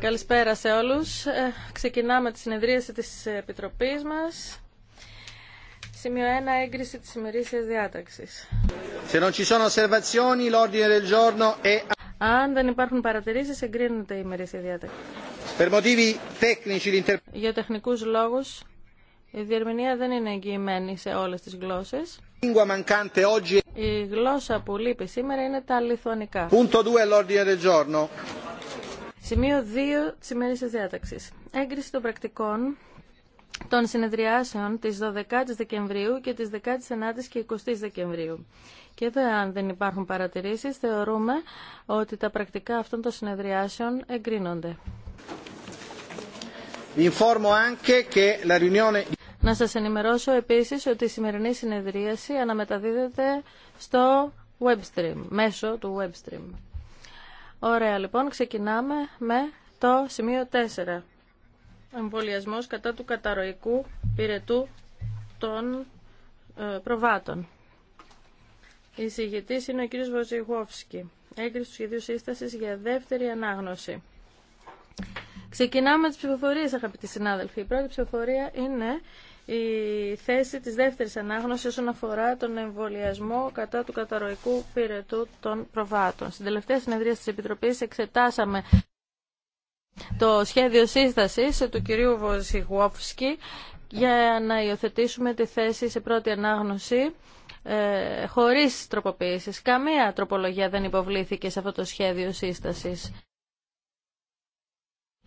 Καλησπέρα σε όλους. Ε, ξεκινάμε τη συνεδρίαση της Επιτροπής μας. Σημείο 1. Έγκριση της ημερήσιας διάταξης. Αν δεν υπάρχουν παρατηρήσεις, εγκρίνεται η ημερήσια διάταξη. Για τεχνικούς λόγους, η διερμηνία δεν είναι εγγυημένη σε όλες τις γλώσσες. Η γλώσσα που λείπει σήμερα είναι τα λιθουανικά. Σημείο 2 της ημέρης διάταξης. Έγκριση των πρακτικών των συνεδριάσεων της 12ης Δεκεμβρίου και της 19ης και 20ης Δεκεμβρίου. Και εδώ, αν δεν υπάρχουν παρατηρήσεις, θεωρούμε ότι τα πρακτικά αυτών των συνεδριάσεων εγκρίνονται. Να σας ενημερώσω επίσης ότι η σημερινή συνεδρίαση αναμεταδίδεται στο webstream, μέσω του webstream. Ωραία λοιπόν, ξεκινάμε με το σημείο 4. Εμβολιασμό κατά του καταρροϊκού πυρετού των ε, προβάτων. Η συγγετής είναι ο κ. Βοζιγόφσκι. Έγκριση του σχεδίου σύστασης για δεύτερη ανάγνωση. Ξεκινάμε τις ψηφοφορίες, αγαπητοί συνάδελφοι. Η πρώτη ψηφοφορία είναι η θέση της δεύτερης ανάγνωσης όσον αφορά τον εμβολιασμό κατά του καταρροϊκού πυρετού των προβάτων. Στην τελευταία συνεδρία της Επιτροπής εξετάσαμε το σχέδιο σύστασης του κυρίου Βοζιγουόφσκι για να υιοθετήσουμε τη θέση σε πρώτη ανάγνωση ε, χωρίς τροποποίησης. Καμία τροπολογία δεν υποβλήθηκε σε αυτό το σχέδιο σύστασης.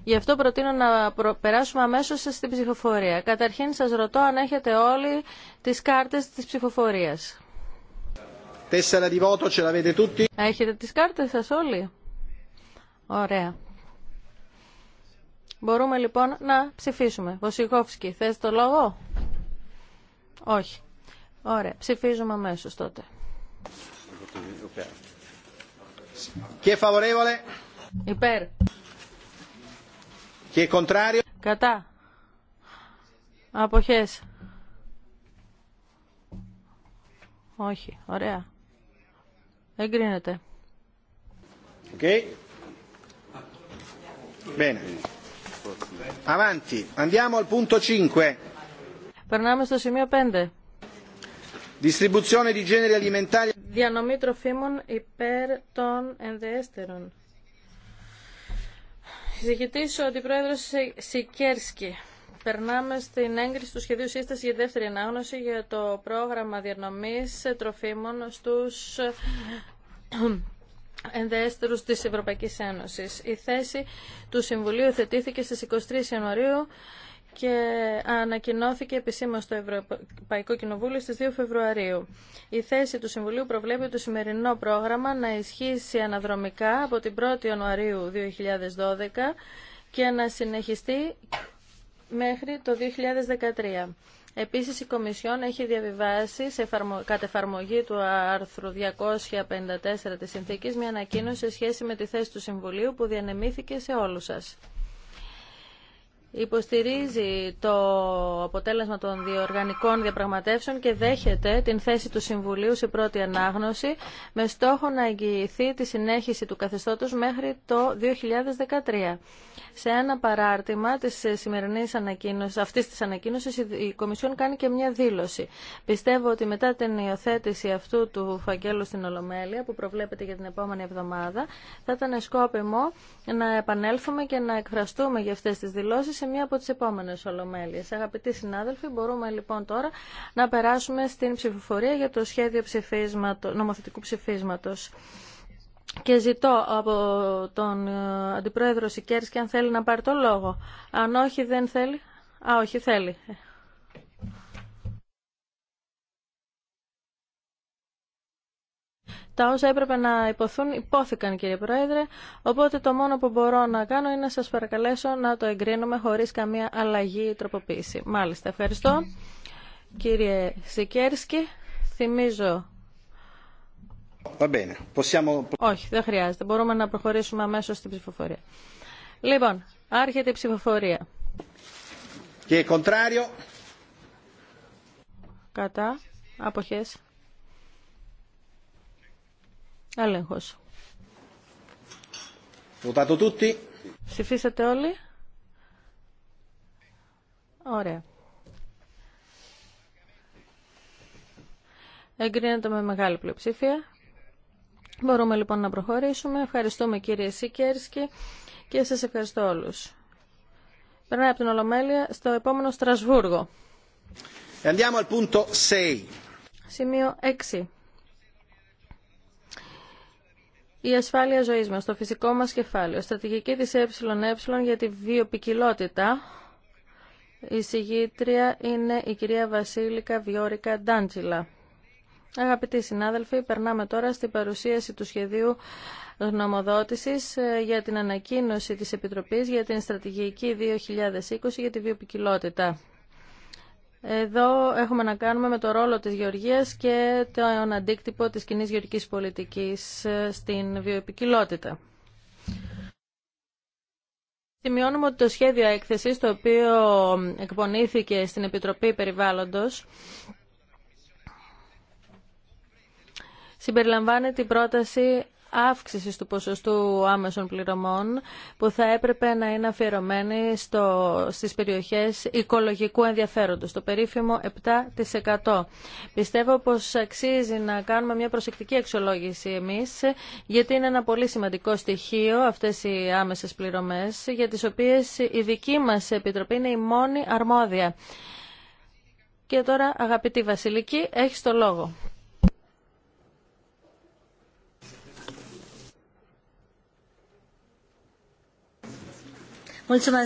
Γι' αυτό προτείνω να περάσουμε αμέσω στην ψηφοφορία. Καταρχήν σα ρωτώ αν έχετε όλοι τι κάρτε τη ψηφοφορία. Έχετε τι κάρτε σα όλοι. Ωραία. Μπορούμε λοιπόν να ψηφίσουμε. Βοσιγόφσκι, θες το λόγο? Όχι. Ωραία. Ψηφίζουμε αμέσω τότε. Και favorevole. Υπέρ. Κατά. Αποχές. Όχι. Ωραία. Εγκρίνεται. Okay. Bene. Avanti. Andiamo al punto 5. Περνάμε στο σημείο 5. Distribuzione di generi alimentari. Διανομή τροφίμων υπέρ των ενδεέστερων. Εισηγητής ο Πρόεδρο Σικέρσκι. Περνάμε στην έγκριση του σχεδίου σύσταση για δεύτερη ανάγνωση για το πρόγραμμα διανομή τροφίμων στου ενδέστερου τη Ευρωπαϊκή Ένωση. Η θέση του Συμβουλίου θετήθηκε στι 23 Ιανουαρίου και ανακοινώθηκε επισήμω στο Ευρωπαϊκό Κοινοβούλιο στι 2 Φεβρουαρίου. Η θέση του Συμβουλίου προβλέπει το σημερινό πρόγραμμα να ισχύσει αναδρομικά από την 1η Ιανουαρίου 2012 και να συνεχιστεί μέχρι το 2013. Επίσης, η Κομισιόν έχει διαβιβάσει σε κατ' εφαρμογή του άρθρου 254 της Συνθήκης μια ανακοίνωση σε σχέση με τη θέση του Συμβουλίου που διανεμήθηκε σε όλους σας υποστηρίζει το αποτέλεσμα των διοργανικών διαπραγματεύσεων και δέχεται την θέση του Συμβουλίου σε πρώτη ανάγνωση με στόχο να εγγυηθεί τη συνέχιση του καθεστώτος μέχρι το 2013. Σε ένα παράρτημα της σημερινής ανακοίνωσης, αυτής της ανακοίνωσης η Κομισιόν κάνει και μια δήλωση. Πιστεύω ότι μετά την υιοθέτηση αυτού του φαγγέλου στην Ολομέλεια που προβλέπεται για την επόμενη εβδομάδα θα ήταν σκόπιμο να επανέλθουμε και να εκφραστούμε για αυτές τις δηλώσεις σε μία από τις επόμενες ολομέλειες. Αγαπητοί συνάδελφοι, μπορούμε λοιπόν τώρα να περάσουμε στην ψηφοφορία για το σχέδιο ψηφίσματο, νομοθετικού ψηφίσματος. Και ζητώ από τον ε, Αντιπρόεδρο Σικέρης και αν θέλει να πάρει το λόγο. Αν όχι δεν θέλει. Α, όχι θέλει. Τα όσα έπρεπε να υποθούν υπόθηκαν κύριε Πρόεδρε, οπότε το μόνο που μπορώ να κάνω είναι να σας παρακαλέσω να το εγκρίνουμε χωρίς καμία αλλαγή ή τροποποίηση. Μάλιστα, ευχαριστώ. Κύριε Σικέρσκι, θυμίζω... Όχι, δεν χρειάζεται. Μπορούμε να προχωρήσουμε αμέσως στην ψηφοφορία. Λοιπόν, άρχεται η ψηφοφορία. Κατά. Αποχές. Έλεγχος. Ψηφίσατε όλοι. Ωραία. Εγκρίνεται με μεγάλη πλειοψηφία. Μπορούμε λοιπόν να προχωρήσουμε. Ευχαριστούμε κύριε Σικέρσκι και σας ευχαριστώ όλους. Περνάει από την Ολομέλεια στο επόμενο Στρασβούργο. Σημείο 6. Η ασφάλεια ζωής μας, το φυσικό μας κεφάλαιο, στρατηγική της ΕΕ για τη βιοπικιλότητα, η συγγήτρια είναι η κυρία Βασίλικα Βιόρικα Ντάντζιλα. Αγαπητοί συνάδελφοι, περνάμε τώρα στην παρουσίαση του σχεδίου γνωμοδότησης ε, για την ανακοίνωση της Επιτροπής για την Στρατηγική 2020 για τη Βιοπικιλότητα. Εδώ έχουμε να κάνουμε με το ρόλο της γεωργίας και το αντίκτυπο της κοινή γεωργικής πολιτικής ε, στην βιοεπικιλότητα. Σημειώνουμε ότι το σχέδιο έκθεσης, το οποίο εκπονήθηκε στην Επιτροπή Περιβάλλοντος, συμπεριλαμβάνει την πρόταση αύξησης του ποσοστού άμεσων πληρωμών που θα έπρεπε να είναι αφιερωμένη στο, στις περιοχές οικολογικού ενδιαφέροντος, το περίφημο 7%. Πιστεύω πως αξίζει να κάνουμε μια προσεκτική αξιολόγηση εμείς, γιατί είναι ένα πολύ σημαντικό στοιχείο αυτές οι άμεσες πληρωμές, για τις οποίες η δική μας Επιτροπή είναι η μόνη αρμόδια. Και τώρα, αγαπητή Βασιλική, έχει το λόγο. Ευχαριστώ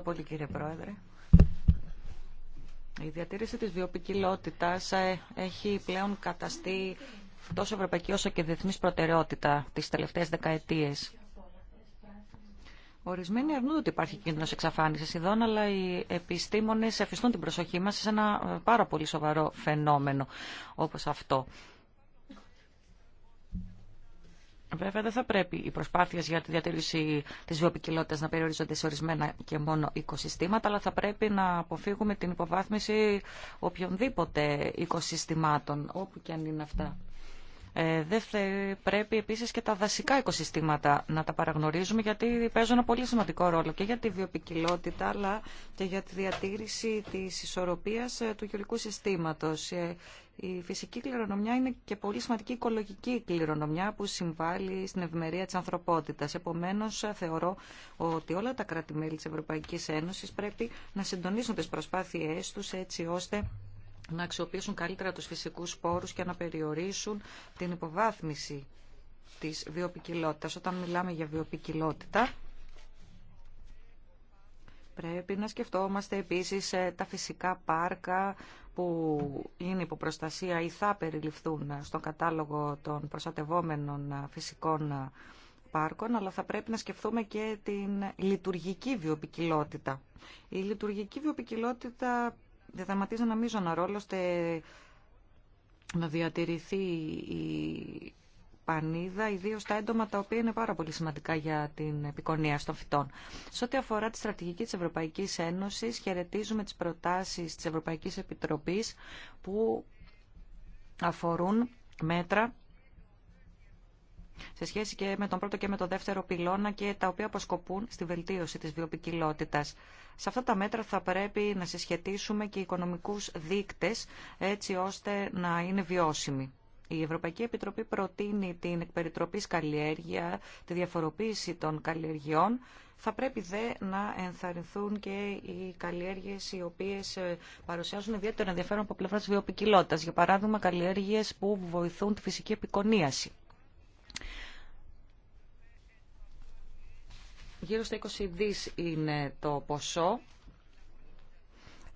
πολύ κύριε Πρόεδρε. Η διατήρηση της βιοπικιλότητας ε, έχει πλέον καταστεί τόσο ευρωπαϊκή όσο και διεθνή προτεραιότητα τις τελευταίες δεκαετίες. Ορισμένοι αρνούνται ότι υπάρχει κίνδυνο εξαφάνιση ειδών, αλλά οι επιστήμονε αφιστούν την προσοχή μα σε ένα ε, πάρα πολύ σοβαρό φαινόμενο όπω αυτό. Βέβαια δεν θα πρέπει οι προσπάθειε για τη διατήρηση τη βιοπικιλότητα να περιορίζονται σε ορισμένα και μόνο οικοσυστήματα, αλλά θα πρέπει να αποφύγουμε την υποβάθμιση οποιονδήποτε οικοσυστημάτων, όπου και αν είναι αυτά. Ε, δεν πρέπει επίσης και τα δασικά οικοσυστήματα να τα παραγνωρίζουμε γιατί παίζουν ένα πολύ σημαντικό ρόλο και για τη βιοπικιλότητα αλλά και για τη διατήρηση της ισορροπίας ε, του γεωλικού συστήματος. Ε, η φυσική κληρονομιά είναι και πολύ σημαντική οικολογική κληρονομιά που συμβάλλει στην ευημερία της ανθρωπότητας. Επομένως, θεωρώ ότι όλα τα κράτη-μέλη της Ευρωπαϊκής Ένωσης πρέπει να συντονίσουν τις προσπάθειές τους έτσι ώστε να αξιοποιήσουν καλύτερα τους φυσικούς πόρους και να περιορίσουν την υποβάθμιση της βιοπικιλότητας. Όταν μιλάμε για βιοπικιλότητα, πρέπει να σκεφτόμαστε επίσης ε, τα φυσικά πάρκα που είναι υποπροστασία ή θα περιληφθούν στον κατάλογο των προστατευόμενων ε, φυσικών ε, πάρκων, αλλά θα πρέπει να σκεφτούμε και την λειτουργική βιοπικιλότητα. Η λειτουργική βιοπικιλότητα διαδραματίζει ένα ρόλο ώστε να διατηρηθεί η πανίδα, ιδίω τα έντομα τα οποία είναι πάρα πολύ σημαντικά για την επικονία των φυτών. Σε ό,τι αφορά τη στρατηγική της Ευρωπαϊκής Ένωσης, χαιρετίζουμε τις προτάσεις της Ευρωπαϊκής Επιτροπής που αφορούν μέτρα σε σχέση και με τον πρώτο και με τον δεύτερο πυλώνα και τα οποία αποσκοπούν στη βελτίωση της βιοπικιλότητας. Σε αυτά τα μέτρα θα πρέπει να συσχετίσουμε και οικονομικούς δείκτες έτσι ώστε να είναι βιώσιμοι. Η Ευρωπαϊκή Επιτροπή προτείνει την εκπεριτροπής καλλιέργεια, τη διαφοροποίηση των καλλιεργειών. Θα πρέπει δε να ενθαρρυνθούν και οι καλλιέργειες οι οποίες ε, παρουσιάζουν ιδιαίτερο ενδιαφέρον από πλευρά τη βιοπικιλότητας. Για παράδειγμα, καλλιέργειες που βοηθούν τη φυσική επικονίαση. Γύρω στα 20 δις είναι το ποσό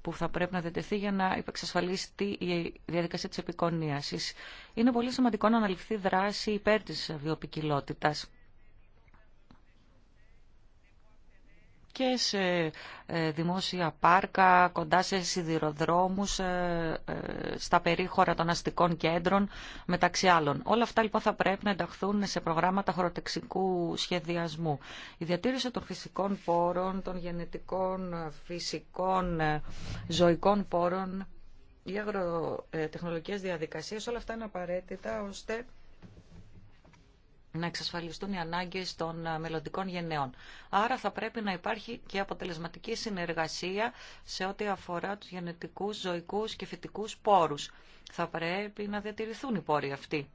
που θα πρέπει να δετεθεί για να υπεξασφαλίσει η διαδικασία της επικονίασης. Είναι πολύ σημαντικό να αναλυφθεί δράση υπέρ της βιοπικιλότητας. και σε ε, δημόσια πάρκα, κοντά σε σιδηροδρόμους, ε, ε, στα περίχωρα των αστικών κέντρων, μεταξύ άλλων. Όλα αυτά λοιπόν θα πρέπει να ενταχθούν σε προγράμματα χωροτεξικού σχεδιασμού. Η διατήρηση των φυσικών πόρων, των γενετικών, φυσικών, ζωικών πόρων, οι αγροτεχνολογικές διαδικασίες, όλα αυτά είναι απαραίτητα ώστε να εξασφαλιστούν οι ανάγκες των ε, μελλοντικών γενναιών. Άρα θα πρέπει να υπάρχει και αποτελεσματική συνεργασία σε ό,τι αφορά τους γενετικούς, ζωικούς και φυτικούς πόρους. Θα πρέπει να διατηρηθούν οι πόροι αυτοί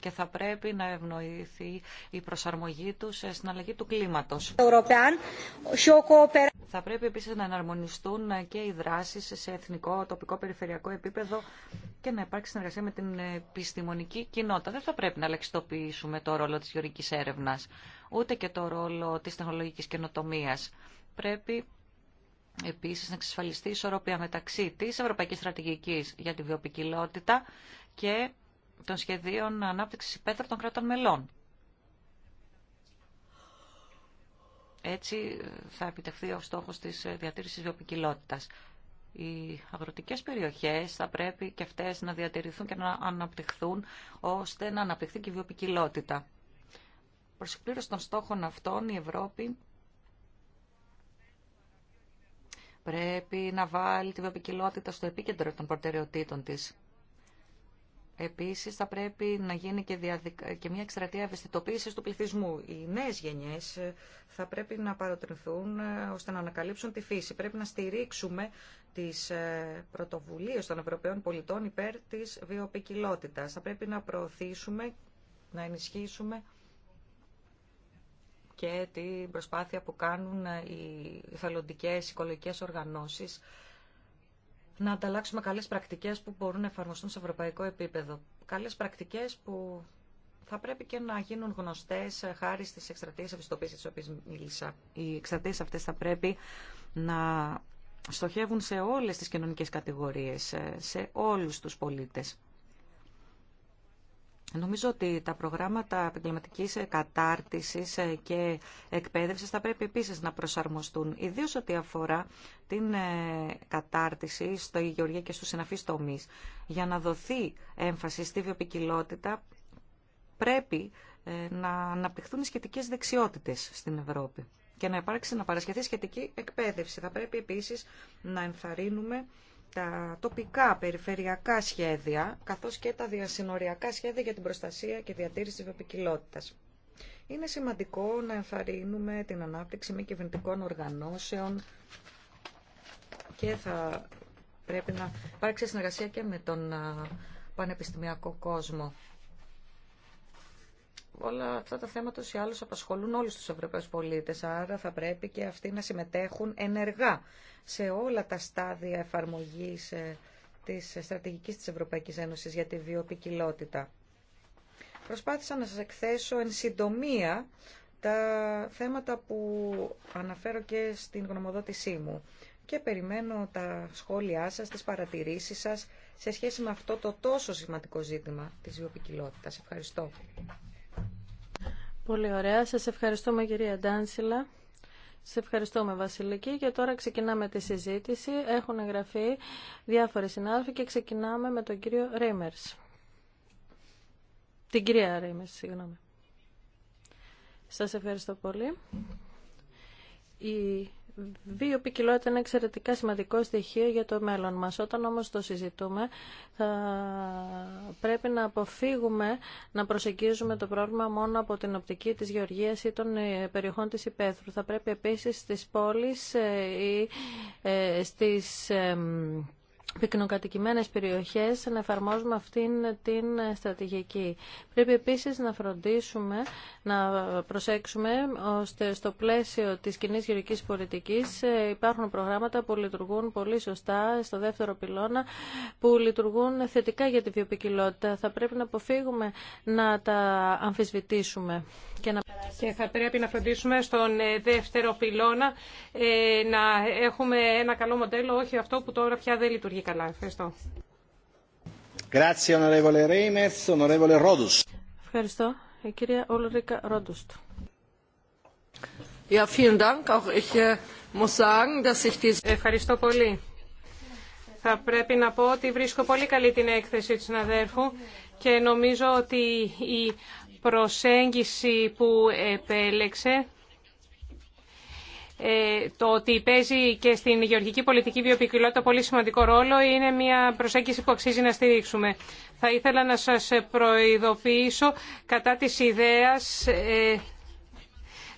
και θα πρέπει να ευνοηθεί η προσαρμογή τους ε, στην αλλαγή του κλίματος. Θα πρέπει επίσης να εναρμονιστούν και οι δράσεις σε εθνικό, τοπικό, περιφερειακό επίπεδο και να υπάρξει συνεργασία με την επιστημονική κοινότητα. Δεν θα πρέπει να λεξιτοποιήσουμε το ρόλο της γεωργικής έρευνας, ούτε και το ρόλο της τεχνολογικής καινοτομίας. Πρέπει επίσης να εξασφαλιστεί η ισορροπία μεταξύ της Ευρωπαϊκής Στρατηγικής για τη βιοπικιλότητα και των σχεδίων ανάπτυξης υπαίθρα των κρατών μελών. Έτσι ε, θα επιτευχθεί ο στόχος της ε, διατήρησης βιοπικιλότητας. Οι αγροτικές περιοχές θα πρέπει και αυτές να διατηρηθούν και να αναπτυχθούν ώστε να αναπτυχθεί και η βιοπικιλότητα. Προς εκπλήρωση των στόχων αυτών η Ευρώπη πρέπει να βάλει τη βιοπικιλότητα στο επίκεντρο των προτεραιοτήτων της. Επίσης θα πρέπει να γίνει και, μια εκστρατεία ευαισθητοποίησης του πληθυσμού. Οι νέες γενιές ε, θα πρέπει να παροτρινθούν ε, ώστε να ανακαλύψουν τη φύση. Πρέπει να στηρίξουμε τις ε, πρωτοβουλίες των Ευρωπαίων πολιτών υπέρ της βιοποικιλότητας. Θα πρέπει να προωθήσουμε, να ενισχύσουμε και την προσπάθεια που κάνουν οι θελοντικές οικολογικές οργανώσεις να ανταλλάξουμε καλές πρακτικές που μπορούν να εφαρμοστούν σε ευρωπαϊκό επίπεδο. Καλές πρακτικές που θα πρέπει και να γίνουν γνωστέ χάρη στι εκστρατείε ευαισθητοποίησης τη οποίες μίλησα. Οι εκστρατείε αυτέ θα πρέπει να στοχεύουν σε όλες τις κοινωνικές κατηγορίες, σε όλους τους πολίτες. Νομίζω ότι τα προγράμματα επαγγελματική κατάρτιση και εκπαίδευση θα πρέπει επίση να προσαρμοστούν, ιδίω ό,τι αφορά την ε, κατάρτιση στο Γεωργία και στου συναφεί τομεί. Για να δοθεί έμφαση στη βιοπικιλότητα, πρέπει ε, να αναπτυχθούν οι σχετικέ δεξιότητε στην Ευρώπη και να υπάρξει να παρασχεθεί σχετική εκπαίδευση. Θα πρέπει επίση να ενθαρρύνουμε τα τοπικά περιφερειακά σχέδια, καθώς και τα διασυνοριακά σχέδια για την προστασία και διατήρηση της βιοποικιλότητας. Είναι σημαντικό να ενθαρρύνουμε την ανάπτυξη μη κυβερνητικών οργανώσεων και θα πρέπει να υπάρξει συνεργασία και με τον πανεπιστημιακό κόσμο όλα αυτά τα θέματα ή άλλως απασχολούν όλους τους Ευρωπαίους πολίτες, άρα θα πρέπει και αυτοί να συμμετέχουν ενεργά σε όλα τα στάδια εφαρμογής ε, της στρατηγικής της Ευρωπαϊκής Ένωσης για τη βιοπικιλότητα. Προσπάθησα να σας εκθέσω εν συντομία τα θέματα που αναφέρω και στην γνωμοδότησή μου και περιμένω τα σχόλιά σας, τις παρατηρήσεις σας σε σχέση με αυτό το τόσο σημαντικό ζήτημα της βιοπικιλότητας. Ευχαριστώ. Πολύ ωραία. Σας ευχαριστούμε κυρία Ντάνσιλα. Σε ευχαριστούμε Βασιλική και τώρα ξεκινάμε τη συζήτηση. Έχουν εγγραφεί διάφοροι συνάδελφοι και ξεκινάμε με τον κύριο Ρέιμερς. Την κυρία Ρέιμερς, συγγνώμη. Σας ευχαριστώ πολύ. Η ποικιλότητα είναι εξαιρετικά σημαντικό στοιχείο για το μέλλον μας. Όταν όμως το συζητούμε θα πρέπει να αποφύγουμε να προσεγγίζουμε το πρόβλημα μόνο από την οπτική της γεωργίας ή των ε, περιοχών της υπαίθρου. Θα πρέπει επίσης στις πόλεις ε, ή ε, στις πυκνοκατοικημένες περιοχές να εφαρμόζουμε αυτήν την στρατηγική. Πρέπει επίσης να φροντίσουμε, να προσέξουμε, ώστε στο πλαίσιο της κοινή γεωρικής πολιτικής ε, υπάρχουν προγράμματα που λειτουργούν πολύ σωστά στο δεύτερο πυλώνα, που λειτουργούν θετικά για τη βιοπικιλότητα. Θα πρέπει να αποφύγουμε να τα αμφισβητήσουμε. Και, να... και θα πρέπει να φροντίσουμε στον ε, δεύτερο πυλώνα ε, να έχουμε ένα καλό μοντέλο, όχι αυτό που τώρα πια δεν λειτουργεί Ευχαριστώ. πολύ. Θα πρέπει να πω ότι βρίσκω πολύ καλή την έκθεση του συναδέρφου και νομίζω ότι η προσέγγιση που επέλεξε ε, το ότι παίζει και στην γεωργική πολιτική βιοποικιλότητα πολύ σημαντικό ρόλο είναι μια προσέγγιση που αξίζει να στηρίξουμε. Θα ήθελα να σας προειδοποιήσω κατά της ιδέας ε,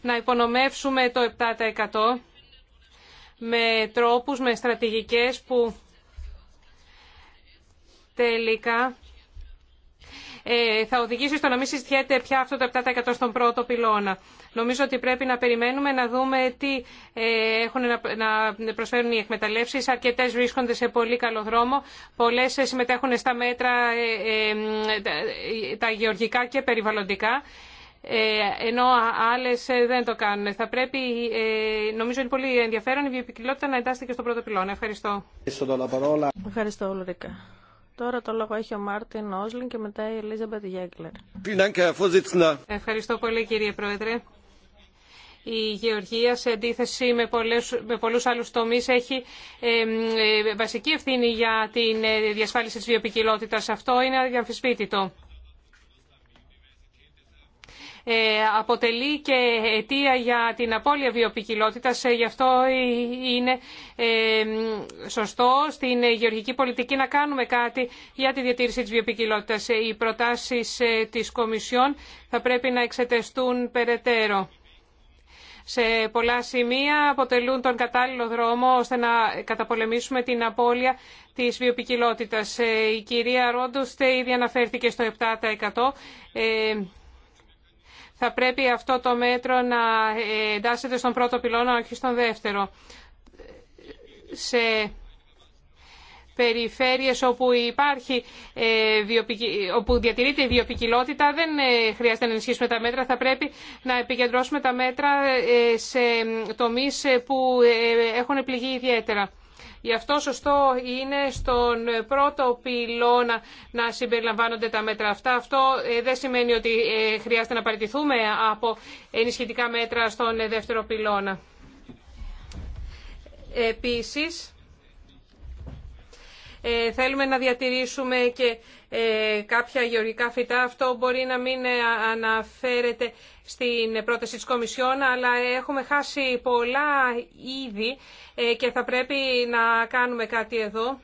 να υπονομεύσουμε το 7% με τρόπους, με στρατηγικές που τελικά ε, θα οδηγήσει στο να μην συζητιέται πια αυτό το 7% στον πρώτο πυλώνα. Νομίζω ότι πρέπει να περιμένουμε να δούμε τι ε, έχουν να προσφέρουν οι εκμεταλλευσει. Αρκετέ βρίσκονται σε πολύ καλό δρόμο. Πολλέ ε, συμμετέχουν στα μέτρα τα γεωργικά και περιβαλλοντικά ενώ άλλες δεν το κάνουν. Θα πρέπει, νομίζω είναι πολύ ενδιαφέρον η βιοπικιλότητα να εντάσσεται και στον πρώτο πυλώνα. Ευχαριστώ. Ευχαριστώ, Τώρα το λόγο έχει ο Μάρτιν Όσλιν και μετά η Ελίζα Μπατιγέγκλερ. Ευχαριστώ πολύ κύριε Πρόεδρε. Η γεωργία, σε αντίθεση με, πολλές, με πολλούς άλλους τομείς, έχει ε, βασική ευθύνη για τη ε, διασφάλιση της βιοποικιλότητας. Αυτό είναι αδιαμφισβήτητο. Ε, αποτελεί και αιτία για την απώλεια βιοπικιλότητας. Ε, γι' αυτό ε, είναι σωστό στην γεωργική πολιτική να κάνουμε κάτι για τη διατήρηση της βιοπικιλότητας. Οι προτάσεις της Κομισιόν θα πρέπει να εξετεστούν περαιτέρω σε πολλά σημεία αποτελούν τον κατάλληλο δρόμο ώστε να καταπολεμήσουμε την απώλεια της βιοπικιλότητας. Η κυρία Ρόντουστε ήδη αναφέρθηκε στο 7% θα πρέπει αυτό το μέτρο να εντάσσεται στον πρώτο πυλώνα, όχι στον δεύτερο. Σε περιφέρειες όπου, υπάρχει, ε, όπου διατηρείται η βιοπικιλότητα δεν ε, χρειάζεται να ενισχύσουμε τα μέτρα. Θα πρέπει να επικεντρώσουμε τα μέτρα ε, σε τομείς που έχουν πληγεί ιδιαίτερα. Γι' αυτό σωστό είναι στον πρώτο πυλώνα να συμπεριλαμβάνονται τα μέτρα αυτά. Αυτό ε, δεν σημαίνει ότι ε, χρειάζεται να παραιτηθούμε από ενισχυτικά μέτρα στον ε, δεύτερο πυλώνα. Επίσης, θέλουμε να διατηρήσουμε και ε, κάποια γεωργικά φυτά. Αυτό μπορεί να μην ε, αναφέρεται στην πρόταση της Κομισιόν, αλλά έχουμε χάσει πολλά είδη ε, και θα πρέπει να κάνουμε κάτι εδώ.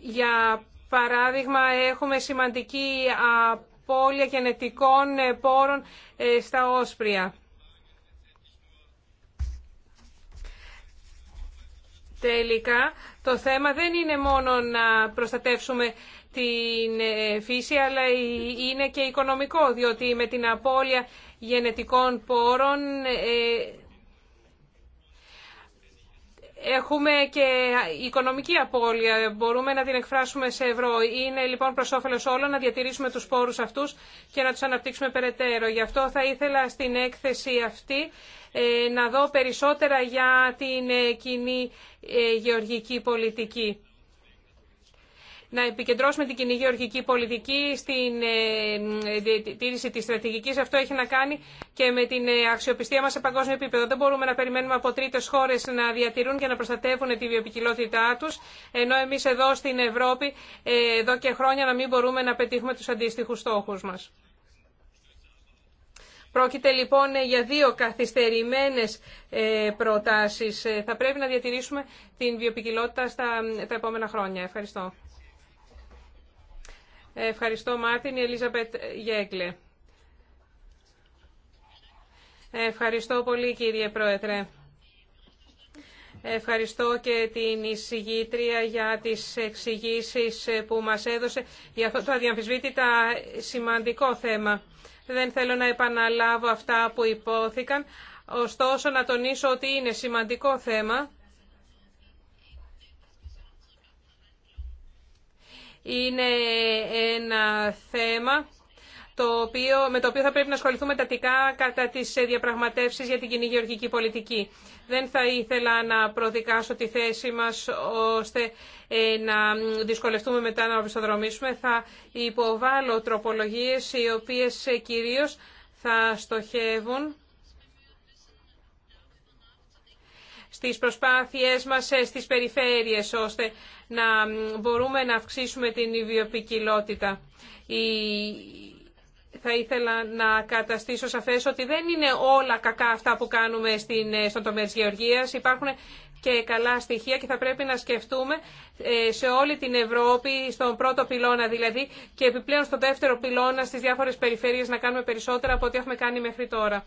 για παράδειγμα, έχουμε σημαντική απώλεια γενετικών πόρων στα όσπρια. Τελικά, το θέμα δεν είναι μόνο να προστατεύσουμε την ε, φύση, αλλά είναι και οικονομικό, διότι με την απώλεια γενετικών πόρων ε, Έχουμε και οικονομική απώλεια, μπορούμε να την εκφράσουμε σε ευρώ. Είναι λοιπόν προ όφελο όλων να διατηρήσουμε τους πόρου αυτούς και να τους αναπτύξουμε περαιτέρω. Γι' αυτό θα ήθελα στην έκθεση αυτή ε, να δω περισσότερα για την ε, κοινή ε, γεωργική πολιτική. Να επικεντρώσουμε την κοινή γεωργική πολιτική στην τήρηση της στρατηγικής. Αυτό έχει να κάνει και με την αξιοπιστία μας σε παγκόσμιο επίπεδο. Δεν μπορούμε να περιμένουμε από τρίτες χώρες να διατηρούν και να προστατεύουν τη βιοπικιλότητά τους, ενώ εμείς εδώ στην Ευρώπη εδώ και χρόνια να μην μπορούμε να πετύχουμε τους αντίστοιχους στόχους μας. Πρόκειται λοιπόν για δύο καθυστερημένες ε, προτάσεις. Ε, θα πρέπει να διατηρήσουμε την βιοπικιλότητα στα ε, τα επόμενα χρόνια. Ευχαριστώ. Ευχαριστώ Μάρτιν, η Ελίζαπετ Γέγκλε. Ευχαριστώ πολύ κύριε Πρόεδρε. Ευχαριστώ και την εισηγήτρια για τις εξηγήσεις που μας έδωσε για αυτό το αδιαμφισβήτητα σημαντικό θέμα. Δεν θέλω να επαναλάβω αυτά που υπόθηκαν, ωστόσο να τονίσω ότι είναι σημαντικό θέμα. Είναι ένα θέμα το με το οποίο θα πρέπει να ασχοληθούμε τατικά κατά τις ε, διαπραγματεύσεις για την κοινή γεωργική πολιτική. Δεν θα ήθελα να προδικάσω τη θέση μας ώστε ε, να δυσκολευτούμε μετά να οπισθοδρομήσουμε. Θα υποβάλω τροπολογίες οι οποίες ε, κυρίως θα στοχεύουν στις προσπάθειές μας στις περιφέρειες, ώστε να μπορούμε να αυξήσουμε την βιοπικιλότητα. Η θα ήθελα να καταστήσω σαφές ότι δεν είναι όλα κακά αυτά που κάνουμε στην, ε, στον τομέα τη Γεωργία. Υπάρχουν και καλά στοιχεία και θα πρέπει να σκεφτούμε ε, σε όλη την Ευρώπη, στον πρώτο πυλώνα δηλαδή και επιπλέον στον δεύτερο πυλώνα στι διάφορε περιφέρειες να κάνουμε περισσότερα από ό,τι έχουμε κάνει μέχρι τώρα.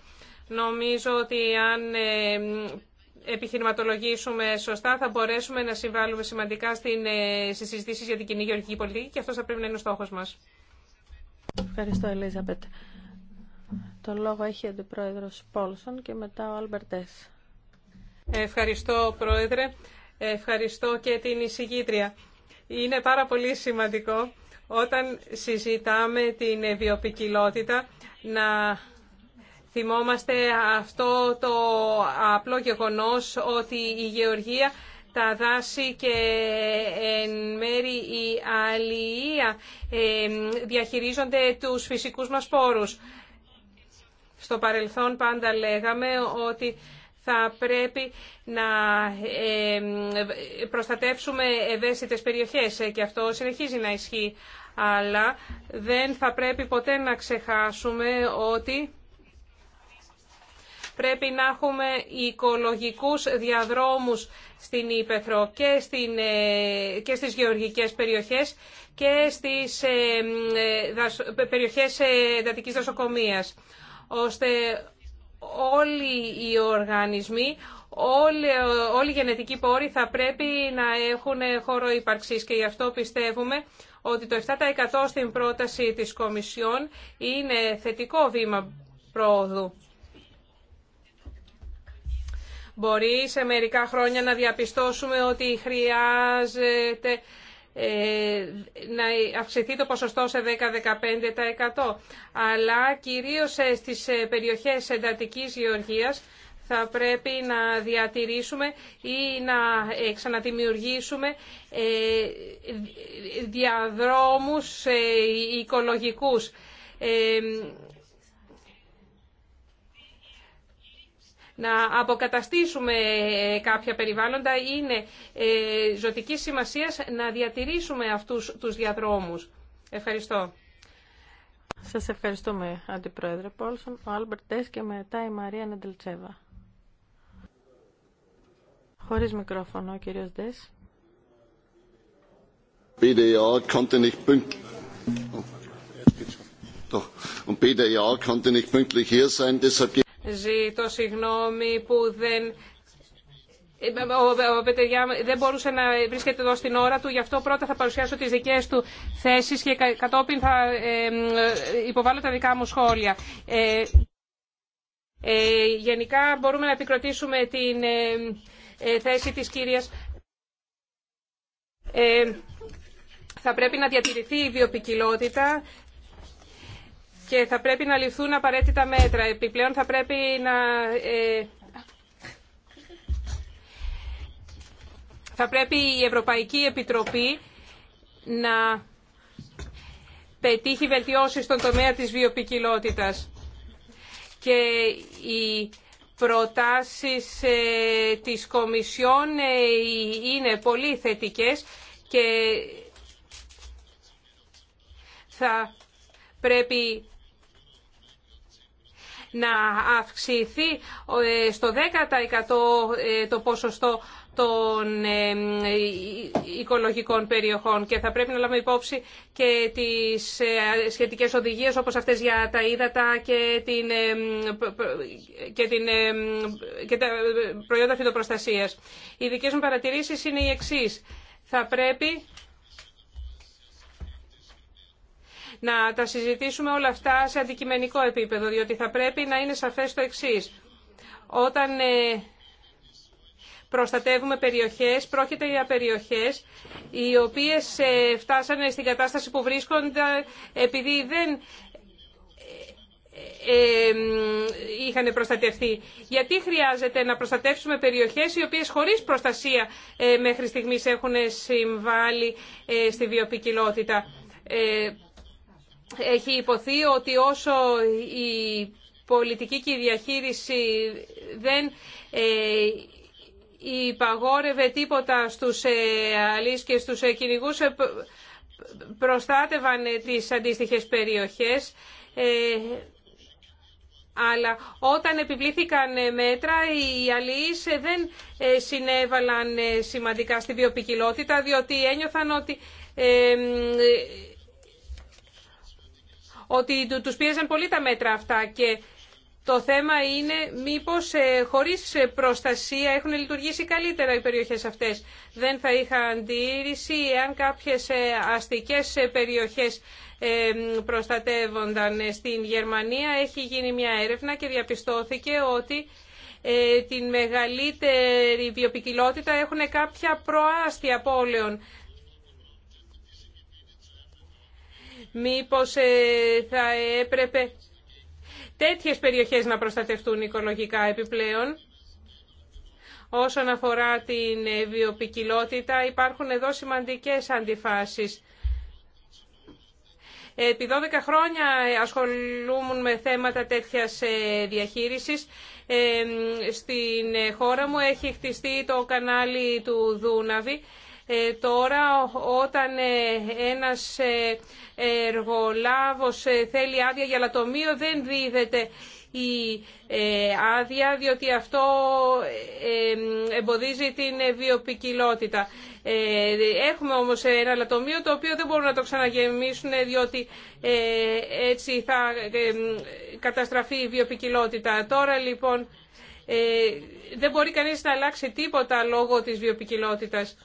Νομίζω ότι αν ε, επιχειρηματολογήσουμε σωστά θα μπορέσουμε να συμβάλλουμε σημαντικά στις συζητήσεις για την κοινή γεωργική πολιτική και αυτό θα πρέπει να είναι ο στόχο μας. Ευχαριστώ, Ελίζαμπετ. Το λόγο έχει ο Αντιπρόεδρος Πόλσον και μετά ο Αλμπερτές. Ευχαριστώ, Πρόεδρε. Ευχαριστώ και την εισηγήτρια. Είναι πάρα πολύ σημαντικό όταν συζητάμε την βιοπικιλότητα να θυμόμαστε αυτό το απλό γεγονός ότι η γεωργία τα δάση και εν μέρη η αλληλεία ε, διαχειρίζονται τους φυσικούς μας πόρους. Στο παρελθόν πάντα λέγαμε ότι θα πρέπει να ε, προστατεύσουμε ευαίσθητες περιοχές ε, και αυτό συνεχίζει να ισχύει. Αλλά δεν θα πρέπει ποτέ να ξεχάσουμε ότι Πρέπει να έχουμε οικολογικούς διαδρόμους στην Ήπεθρο και, στην, ε, και στις γεωργικές περιοχές και στις ε, ε, περιοχές εντατικής δασοκομείας, ώστε όλοι οι οργανισμοί Όλοι, όλοι οι γενετικοί πόροι θα πρέπει να έχουν χώρο ύπαρξης και γι' αυτό πιστεύουμε ότι το 7% στην πρόταση της Κομισιόν είναι θετικό βήμα πρόοδου. Μπορεί σε μερικά χρόνια να διαπιστώσουμε ότι χρειάζεται ε, να αυξηθεί το ποσοστό σε 10-15%. Αλλά κυρίως ε, στις ε, περιοχές εντατικής γεωργίας θα πρέπει να διατηρήσουμε ή να ξαναδημιουργήσουμε διαδρόμους οικολογικούς να αποκαταστήσουμε ε, κάποια περιβάλλοντα. Είναι ε, ζωτική σημασία να διατηρήσουμε αυτούς τους διαδρόμους. Ευχαριστώ. Σας ευχαριστούμε, Αντιπρόεδρε Πόλσον, ο Άλμπερτ Τες και μετά η Μαρία Νεντελτσέβα. Χωρίς μικρόφωνο, ο κύριος oh. Und BDA konnte nicht pünktlich hier sein, deshalb Ζήτω συγγνώμη που δεν... Ο Πετεριά δεν μπορούσε να βρίσκεται εδώ στην ώρα του, γι' αυτό πρώτα θα παρουσιάσω τις δικές του θέσεις και κατόπιν θα υποβάλω τα δικά μου σχόλια. Ε, ε, γενικά μπορούμε να επικροτήσουμε την ε, θέση της κυρίας. θα πρέπει να διατηρηθεί η βιοπικιλότητα και θα πρέπει να ληφθούν απαραίτητα μέτρα. Επιπλέον θα πρέπει να... Ε, θα πρέπει η Ευρωπαϊκή Επιτροπή να πετύχει βελτιώσεις στον τομέα της βιοπικιλότητας. Και οι προτάσεις ε, της Κομισιόν ε, είναι πολύ θετικές και θα πρέπει να αυξηθεί ε, στο 10% ε, το ποσοστό των ε, οικολογικών περιοχών και θα πρέπει να λάβουμε υπόψη και τις σχετικές οδηγίες όπως αυτές για τα ύδατα και, την, την, και τα προϊόντα φυτοπροστασίας. Οι δικές μου παρατηρήσεις είναι οι εξής. Θα πρέπει να τα συζητήσουμε όλα αυτά σε αντικειμενικό επίπεδο, διότι θα πρέπει να είναι σαφές το εξής. Όταν ε, προστατεύουμε περιοχές, πρόκειται για περιοχές οι οποίες ε, φτάσανε στην κατάσταση που βρίσκονται επειδή δεν ε, είχαν προστατευτεί. Γιατί χρειάζεται να προστατεύσουμε περιοχές οι οποίες χωρίς προστασία μέχρι στιγμής έχουν συμβάλει στη βιοπικιλότητα έχει υποθεί ότι όσο η πολιτική και η διαχείριση δεν ε, υπαγόρευε τίποτα στους ε, αλείς και στους ε, κυνηγούς προστάτευαν τις αντίστοιχες περιοχές αλλά όταν επιβλήθηκαν μέτρα οι ε, δεν συνέβαλαν σημαντικά στην βιοποικιλότητα, διότι ένιωθαν ότι ότι τους πίεζαν πολύ τα μέτρα αυτά και το θέμα είναι μήπως ε, χωρίς προστασία έχουν λειτουργήσει καλύτερα οι περιοχές αυτές. Δεν θα είχα αντίρρηση εάν κάποιες ε, αστικές ε, περιοχές προστατεύονταν. Στην Γερμανία έχει γίνει μια έρευνα και διαπιστώθηκε ότι την μεγαλύτερη βιοπικιλότητα έχουν κάποια προάστια πόλεων. Μήπως ε, θα έπρεπε τέτοιες περιοχές να προστατευτούν οικολογικά επιπλέον. Όσον αφορά την ε, βιοπικιλότητα υπάρχουν εδώ σημαντικές αντιφάσεις. Επί 12 χρόνια ε, ασχολούμουν με θέματα τέτοιας διαχείρισης. Στην χώρα μου έχει χτιστεί το κανάλι του Δούναβη ε, τώρα όταν ε, ένας ε, εργολάβος θέλει άδεια για λατομείο δεν δίδεται η άδεια διότι αυτό εμποδίζει την βιοπικιλότητα. Έχουμε όμως ένα λατομείο το οποίο δεν μπορούν να το ξαναγεμίσουν διότι έτσι θα καταστραφεί η βιοπικιλότητα. Τώρα λοιπόν δεν μπορεί κανείς να αλλάξει τίποτα λόγω της βιοπικιλότητας.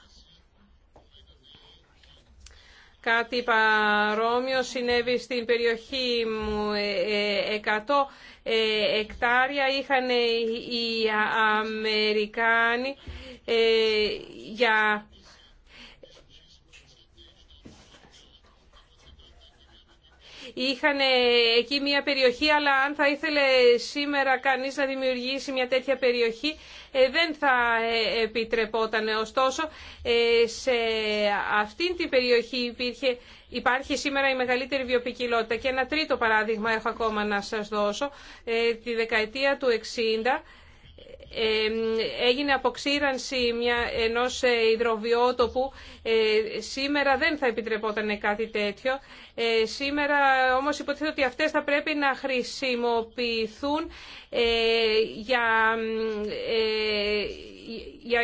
Κάτι παρόμοιο συνέβη στην περιοχή μου. 100 ε, ε, ε, εκτάρια είχαν οι Αμερικάνοι για είχαν ε, εκεί μια περιοχή, αλλά αν θα ήθελε σήμερα κανείς να δημιουργήσει μια τέτοια περιοχή, ε, δεν θα ε, επιτρεπόταν. Ωστόσο, σε αυτήν την περιοχή υπάρχει σήμερα η μεγαλύτερη βιοπικιλότητα. Και ένα τρίτο παράδειγμα έχω ακόμα να σας δώσω, τη δεκαετία του 1960 έγινε αποξήρανση μια, ενός ε, υδροβιότοπου. Ε, σήμερα δεν θα επιτρεπόταν κάτι τέτοιο. Ε, σήμερα όμως υποτίθεται ότι αυτές θα πρέπει να χρησιμοποιηθούν για, για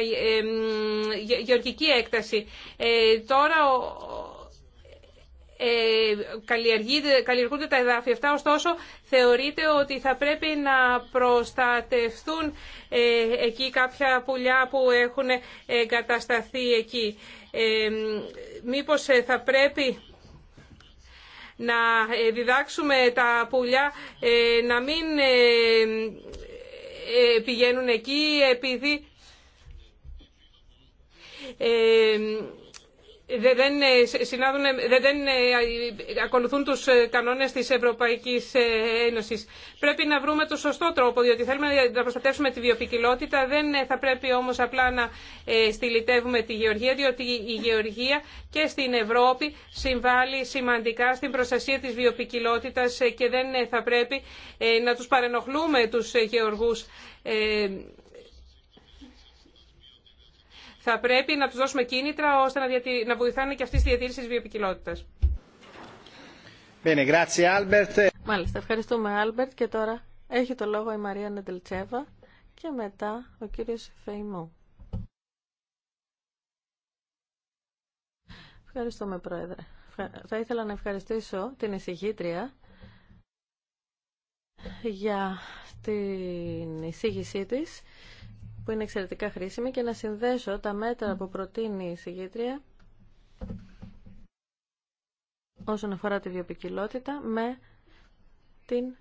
γεωργική έκταση. τώρα ε, καλλιεργούνται τα εδάφια αυτά, ωστόσο θεωρείται ότι θα πρέπει να προστατευτούν ε, εκεί κάποια πουλιά που έχουν κατασταθεί εκεί. Ε, μήπως θα πρέπει να διδάξουμε τα πουλιά να μην πηγαίνουν εκεί επειδή δεν, ε, συνάδουν, ε, δεν ε, ακολουθούν τους κανόνες της Ευρωπαϊκής Ένωσης. Πρέπει να βρούμε το σωστό τρόπο, διότι θέλουμε να προστατεύσουμε τη βιοπικιλότητα, δεν θα πρέπει όμως απλά να στυλιτεύουμε τη γεωργία, διότι η γεωργία και στην Ευρώπη συμβάλλει σημαντικά στην προστασία της βιοπικιλότητας και δεν θα πρέπει να τους παρενοχλούμε τους γεωργούς θα πρέπει να του δώσουμε κίνητρα ώστε να, διατη... να βοηθάνε και αυτή τη διατήρηση τη βιοπικιλότητα. Μάλιστα, ευχαριστούμε Άλμπερτ και τώρα έχει το λόγο η Μαρία Νεντελτσέβα και μετά ο κύριος Φεϊμό. Ευχαριστούμε Πρόεδρε. Θα ήθελα να ευχαριστήσω την εισηγήτρια για την εισήγησή της που είναι εξαιρετικά χρήσιμη και να συνδέσω τα μέτρα που προτείνει η συγγήτρια όσον αφορά τη βιοπικιλότητα με την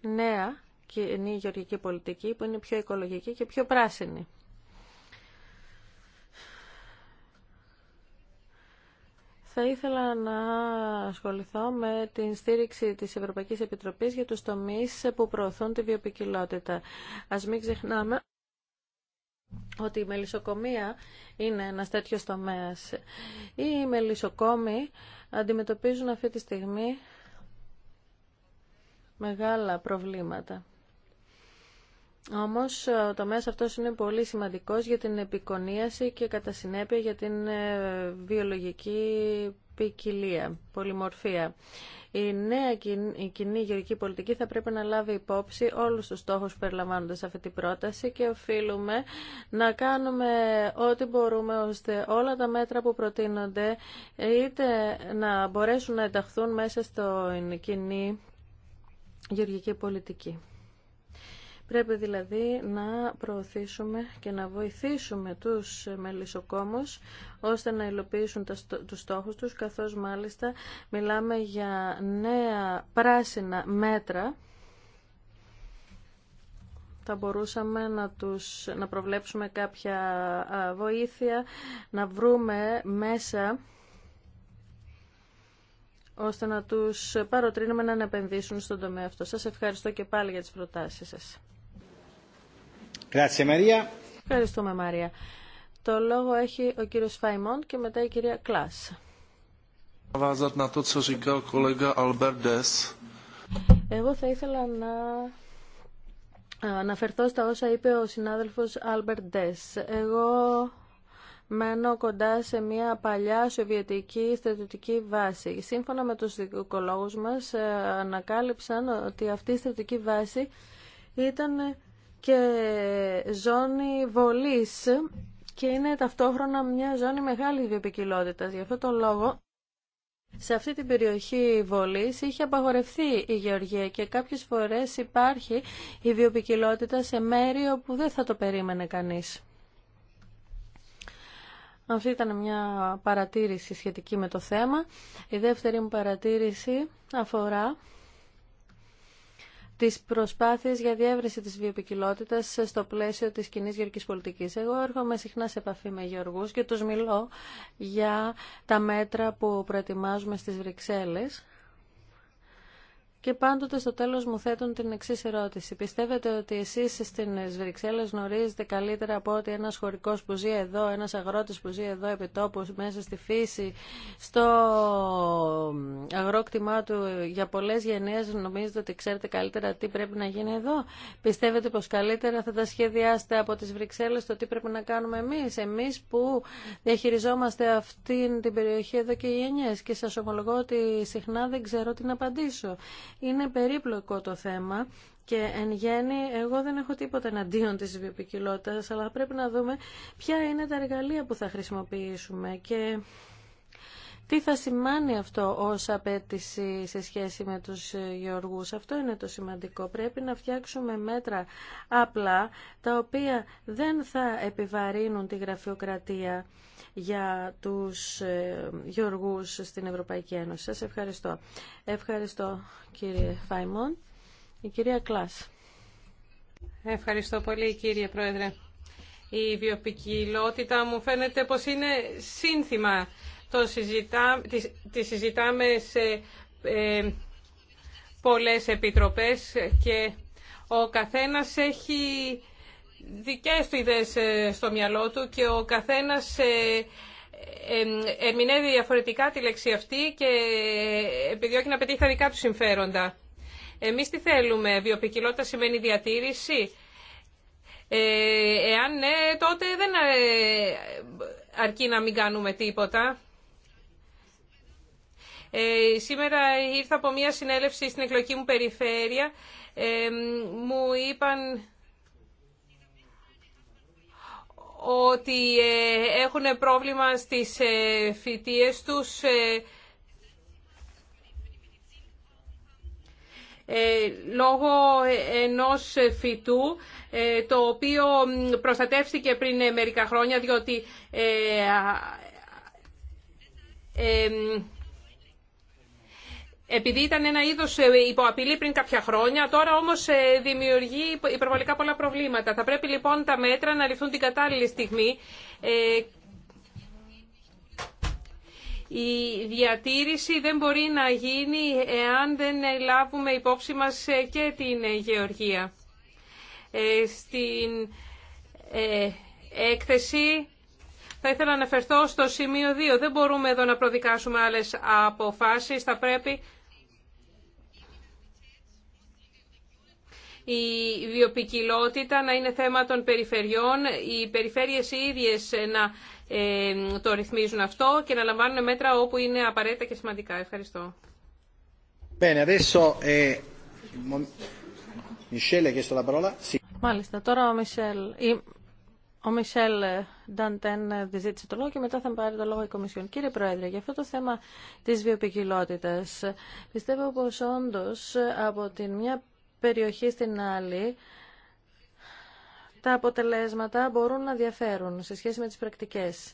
νέα κοινή γεωργική πολιτική που είναι πιο οικολογική και πιο πράσινη. Θα ήθελα να ασχοληθώ με την στήριξη της Ευρωπαϊκής Επιτροπής για τους τομείς που προωθούν τη βιοπικιλότητα. Ας μην ξεχνάμε ότι η μελισσοκομεία είναι ένα τέτοιο τομέα. Οι μελισσοκόμοι αντιμετωπίζουν αυτή τη στιγμή μεγάλα προβλήματα. Όμως ο τομέας αυτός είναι πολύ σημαντικός για την επικονίαση και κατά συνέπεια για την ε, βιολογική ποικιλία, πολυμορφία. Η νέα η κοινή γεωργική πολιτική θα πρέπει να λάβει υπόψη όλους τους στόχους που περιλαμβάνονται σε αυτή την πρόταση και οφείλουμε να κάνουμε ό,τι μπορούμε ώστε όλα τα μέτρα που προτείνονται είτε να μπορέσουν να ενταχθούν μέσα στην κοινή γεωργική πολιτική. Πρέπει δηλαδή να προωθήσουμε και να βοηθήσουμε τους μελισσοκόμους ώστε να υλοποιήσουν τους στόχους τους, καθώς μάλιστα μιλάμε για νέα πράσινα μέτρα θα μπορούσαμε να, τους, να προβλέψουμε κάποια βοήθεια, να βρούμε μέσα ώστε να τους παροτρύνουμε να επενδύσουν στον τομέα αυτό. Σας ευχαριστώ και πάλι για τις προτάσεις σας. Ευχαριστούμε Μαρία. Το λόγο έχει ο κύριος Φαϊμόν και μετά η κυρία Κλάς. Εγώ θα ήθελα να αναφερθώ στα όσα είπε ο συνάδελφος Άλμπερτ Ντες. Εγώ μένω κοντά σε μια παλιά σοβιετική στρατιωτική βάση. Σύμφωνα με τους δικολόγους μας ε, ανακάλυψαν ότι αυτή η στρατιωτική βάση ήταν και ζώνη βολής και είναι ταυτόχρονα μια ζώνη μεγάλης βιοπικιλότητας. Γι' αυτό τον λόγο σε αυτή την περιοχή βολής είχε απαγορευτεί η γεωργία και κάποιες φορές υπάρχει η βιοπικιλότητα σε μέρη όπου δεν θα το περίμενε κανείς. Αυτή ήταν μια παρατήρηση σχετική με το θέμα. Η δεύτερη μου παρατήρηση αφορά τις προσπάθειες για διεύρυνση της βιοποικιλότητας στο πλαίσιο της κοινή γεωργικής πολιτικής. Εγώ έρχομαι συχνά σε επαφή με γεωργούς και τους μιλώ για τα μέτρα που προετοιμάζουμε στις Βρυξέλλες και πάντοτε στο τέλος μου θέτουν την εξή ερώτηση. Πιστεύετε ότι εσείς στην Βρυξέλλες γνωρίζετε καλύτερα από ότι ένας χωρικός που ζει εδώ, ένας αγρότης που ζει εδώ επί τόπου, μέσα στη φύση, στο αγρόκτημά του για πολλές γενναίες νομίζετε ότι ξέρετε καλύτερα τι πρέπει να γίνει εδώ. Πιστεύετε πως καλύτερα θα τα σχεδιάσετε από τις Βρυξέλλες το τι πρέπει να κάνουμε εμείς, εμείς που διαχειριζόμαστε αυτή την περιοχή εδώ και γενιές και σας ομολογώ ότι συχνά δεν ξέρω τι να απαντήσω. Είναι περίπλοκο το θέμα και εν γέννη, εγώ δεν έχω τίποτα εναντίον της βιοποικιλότητας, αλλά πρέπει να δούμε ποια είναι τα εργαλεία που θα χρησιμοποιήσουμε και τι θα σημάνει αυτό ως απέτηση σε σχέση με τους γεωργούς. Αυτό είναι το σημαντικό. Πρέπει να φτιάξουμε μέτρα απλά, τα οποία δεν θα επιβαρύνουν τη γραφειοκρατία για τους ε, γεωργούς στην Ευρωπαϊκή Ένωση. Σας ευχαριστώ. Ευχαριστώ κύριε Φάιμον. Η κυρία Κλάς. Ευχαριστώ πολύ κύριε Πρόεδρε. Η βιοπικιλότητα μου φαίνεται πως είναι σύνθημα. Το συζητά, τη, συζητάμε σε ε, πολλές επιτροπές και ο καθένας έχει δικές του ιδέες ε, στο μυαλό του και ο καθένας ε, ε, ερμηνεύει διαφορετικά τη λέξη αυτή και επιδιώκει να πετύχει τα δικά του συμφέροντα. Εμείς τι θέλουμε, βιοπικιλότητα σημαίνει διατήρηση. Ε, εάν ναι, τότε δεν αρκεί να μην κάνουμε τίποτα. σήμερα ήρθα από μια συνέλευση στην εκλογική μου περιφέρεια. μου είπαν ότι ε, έχουν πρόβλημα στις ε, φοιτίες τους ε, λόγω ενός φυτού το οποίο προστατεύστηκε πριν μερικά χρόνια διότι επειδή ήταν ένα είδο ε, υποαπειλή πριν κάποια χρόνια, τώρα όμως ε, δημιουργεί υπερβολικά πολλά προβλήματα. Θα πρέπει λοιπόν τα μέτρα να ληφθούν την κατάλληλη στιγμή. Ε, η διατήρηση δεν μπορεί να γίνει εάν δεν λάβουμε υπόψη μας και την γεωργία. Στην έκθεση θα ήθελα να αναφερθώ στο σημείο 2. Δεν μπορούμε εδώ να προδικάσουμε άλλες αποφάσεις. Θα πρέπει η βιοπικιλότητα να είναι θέμα των περιφερειών, οι περιφέρειες οι ίδιες ε, να ε, το ρυθμίζουν αυτό και να λαμβάνουν μέτρα όπου είναι απαραίτητα και σημαντικά. Ευχαριστώ. Bene, adesso, eh, la parola. Sì. Μάλιστα, τώρα ο Μισελ, ο Μισελ Νταντέν ζήτησε το λόγο και μετά θα πάρει το λόγο η Κομισιόν. Κύριε Πρόεδρε, για αυτό το θέμα της βιοπικιλότητας, πιστεύω πως όντως από την μια περιοχή στην άλλη, τα αποτελέσματα μπορούν να διαφέρουν σε σχέση με τις πρακτικές.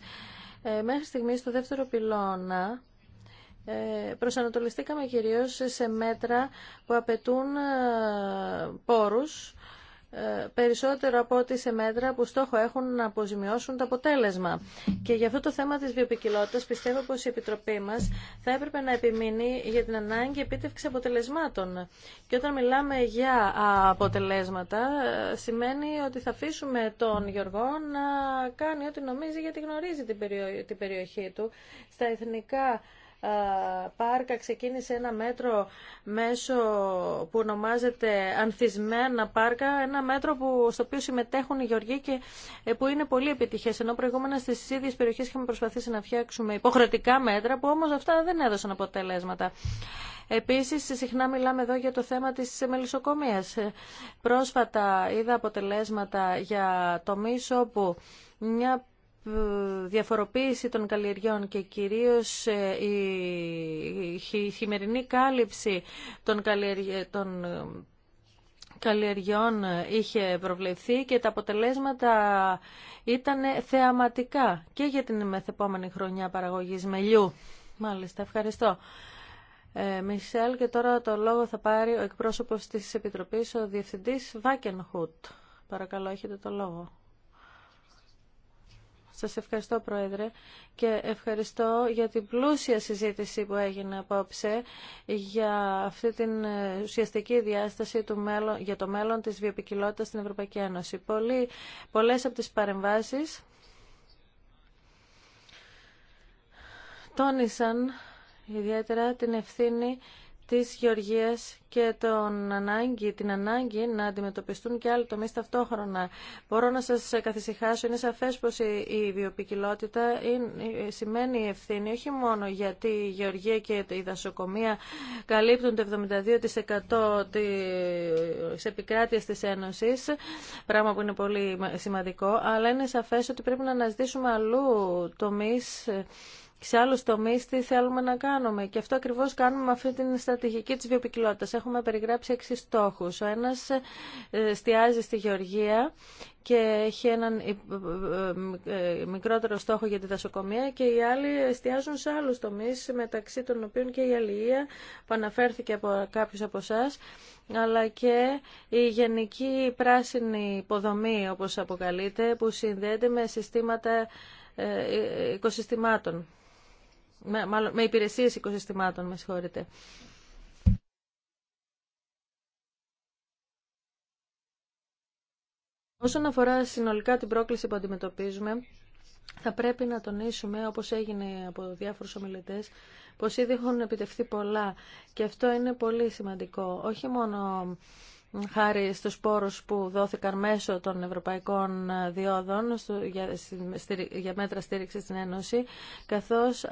Ε, μέχρι στιγμής, στο δεύτερο πυλώνα, ε, προσανατολιστήκαμε κυρίως σε μέτρα που απαιτούν ε, πόρους περισσότερο από ό,τι σε μέτρα που στόχο έχουν να αποζημιώσουν το αποτέλεσμα. Και για αυτό το θέμα της βιοπικιλότητας πιστεύω πως η Επιτροπή μας θα έπρεπε να επιμείνει για την ανάγκη επίτευξη αποτελεσμάτων. Και όταν μιλάμε για αποτελέσματα σημαίνει ότι θα αφήσουμε τον Γιωργό να κάνει ό,τι νομίζει γιατί γνωρίζει την περιοχή του στα εθνικά Πάρκα ξεκίνησε ένα μέτρο μέσω που ονομάζεται Ανθισμένα Πάρκα, ένα μέτρο που, στο οποίο συμμετέχουν οι Γεωργοί και ε, που είναι πολύ επιτυχές, ενώ προηγούμενα στις ίδιε περιοχέ είχαμε προσπαθήσει να φτιάξουμε υποχρεωτικά μέτρα που όμως αυτά δεν έδωσαν αποτελέσματα. Επίσης, συχνά μιλάμε εδώ για το θέμα της μελισσοκομείας. Πρόσφατα είδα αποτελέσματα για το μίσο που μια διαφοροποίηση των καλλιεργιών και κυρίως ε, η χειμερινή κάλυψη των, καλλιεργιών ε, είχε προβλεφθεί και τα αποτελέσματα ήταν θεαματικά και για την μεθεπόμενη χρονιά παραγωγής μελιού. Μάλιστα, ευχαριστώ. Ε, Μισελ, και τώρα το λόγο θα πάρει ο εκπρόσωπος της Επιτροπής, ο Διευθυντής Βάκενχουτ. Παρακαλώ, έχετε το λόγο. Σας ευχαριστώ Πρόεδρε και ευχαριστώ για την πλούσια συζήτηση που έγινε απόψε για αυτή την ε, ουσιαστική διάσταση του μέλλον, για το μέλλον της βιοπικιλότητας στην Ευρωπαϊκή Ένωση. Πολύ, πολλές από τις παρεμβάσεις τόνισαν ιδιαίτερα την ευθύνη της γεωργίας και τον ανάγκη, την ανάγκη να αντιμετωπιστούν και άλλοι τομείς ταυτόχρονα. Μπορώ να σας καθησυχάσω, είναι σαφές πως η, βιοπικιλότητα σημαίνει ευθύνη όχι μόνο γιατί η γεωργία και η δασοκομεία καλύπτουν το 72% της επικράτειας της Ένωσης, πράγμα που είναι πολύ σημαντικό, αλλά είναι σαφές ότι πρέπει να αναζητήσουμε αλλού τομείς σε άλλου τομεί τι θέλουμε να κάνουμε. Και αυτό ακριβώς κάνουμε με αυτή την στρατηγική της βιοπικιλότητας. Έχουμε περιγράψει έξι στόχους. Ο ένας ε, εστιάζει στη γεωργία και έχει έναν ε, ε, μικρότερο στόχο για τη δασοκομεία και οι άλλοι εστιάζουν σε άλλους τομείς μεταξύ των οποίων και η αλληλεία που αναφέρθηκε από κάποιους από εσά, αλλά και η γενική πράσινη υποδομή όπως αποκαλείται που συνδέεται με συστήματα οικοσυστημάτων με, με υπηρεσίες οικοσυστημάτων, με συγχωρείτε. Όσον αφορά συνολικά την πρόκληση που αντιμετωπίζουμε, θα πρέπει να τονίσουμε, όπως έγινε από διάφορους ομιλητές, πως ήδη έχουν επιτευχθεί πολλά και αυτό είναι πολύ σημαντικό. Όχι μόνο χάρη στους πόρους που δόθηκαν μέσω των ευρωπαϊκών διόδων για μέτρα στήριξη στην Ένωση, καθώς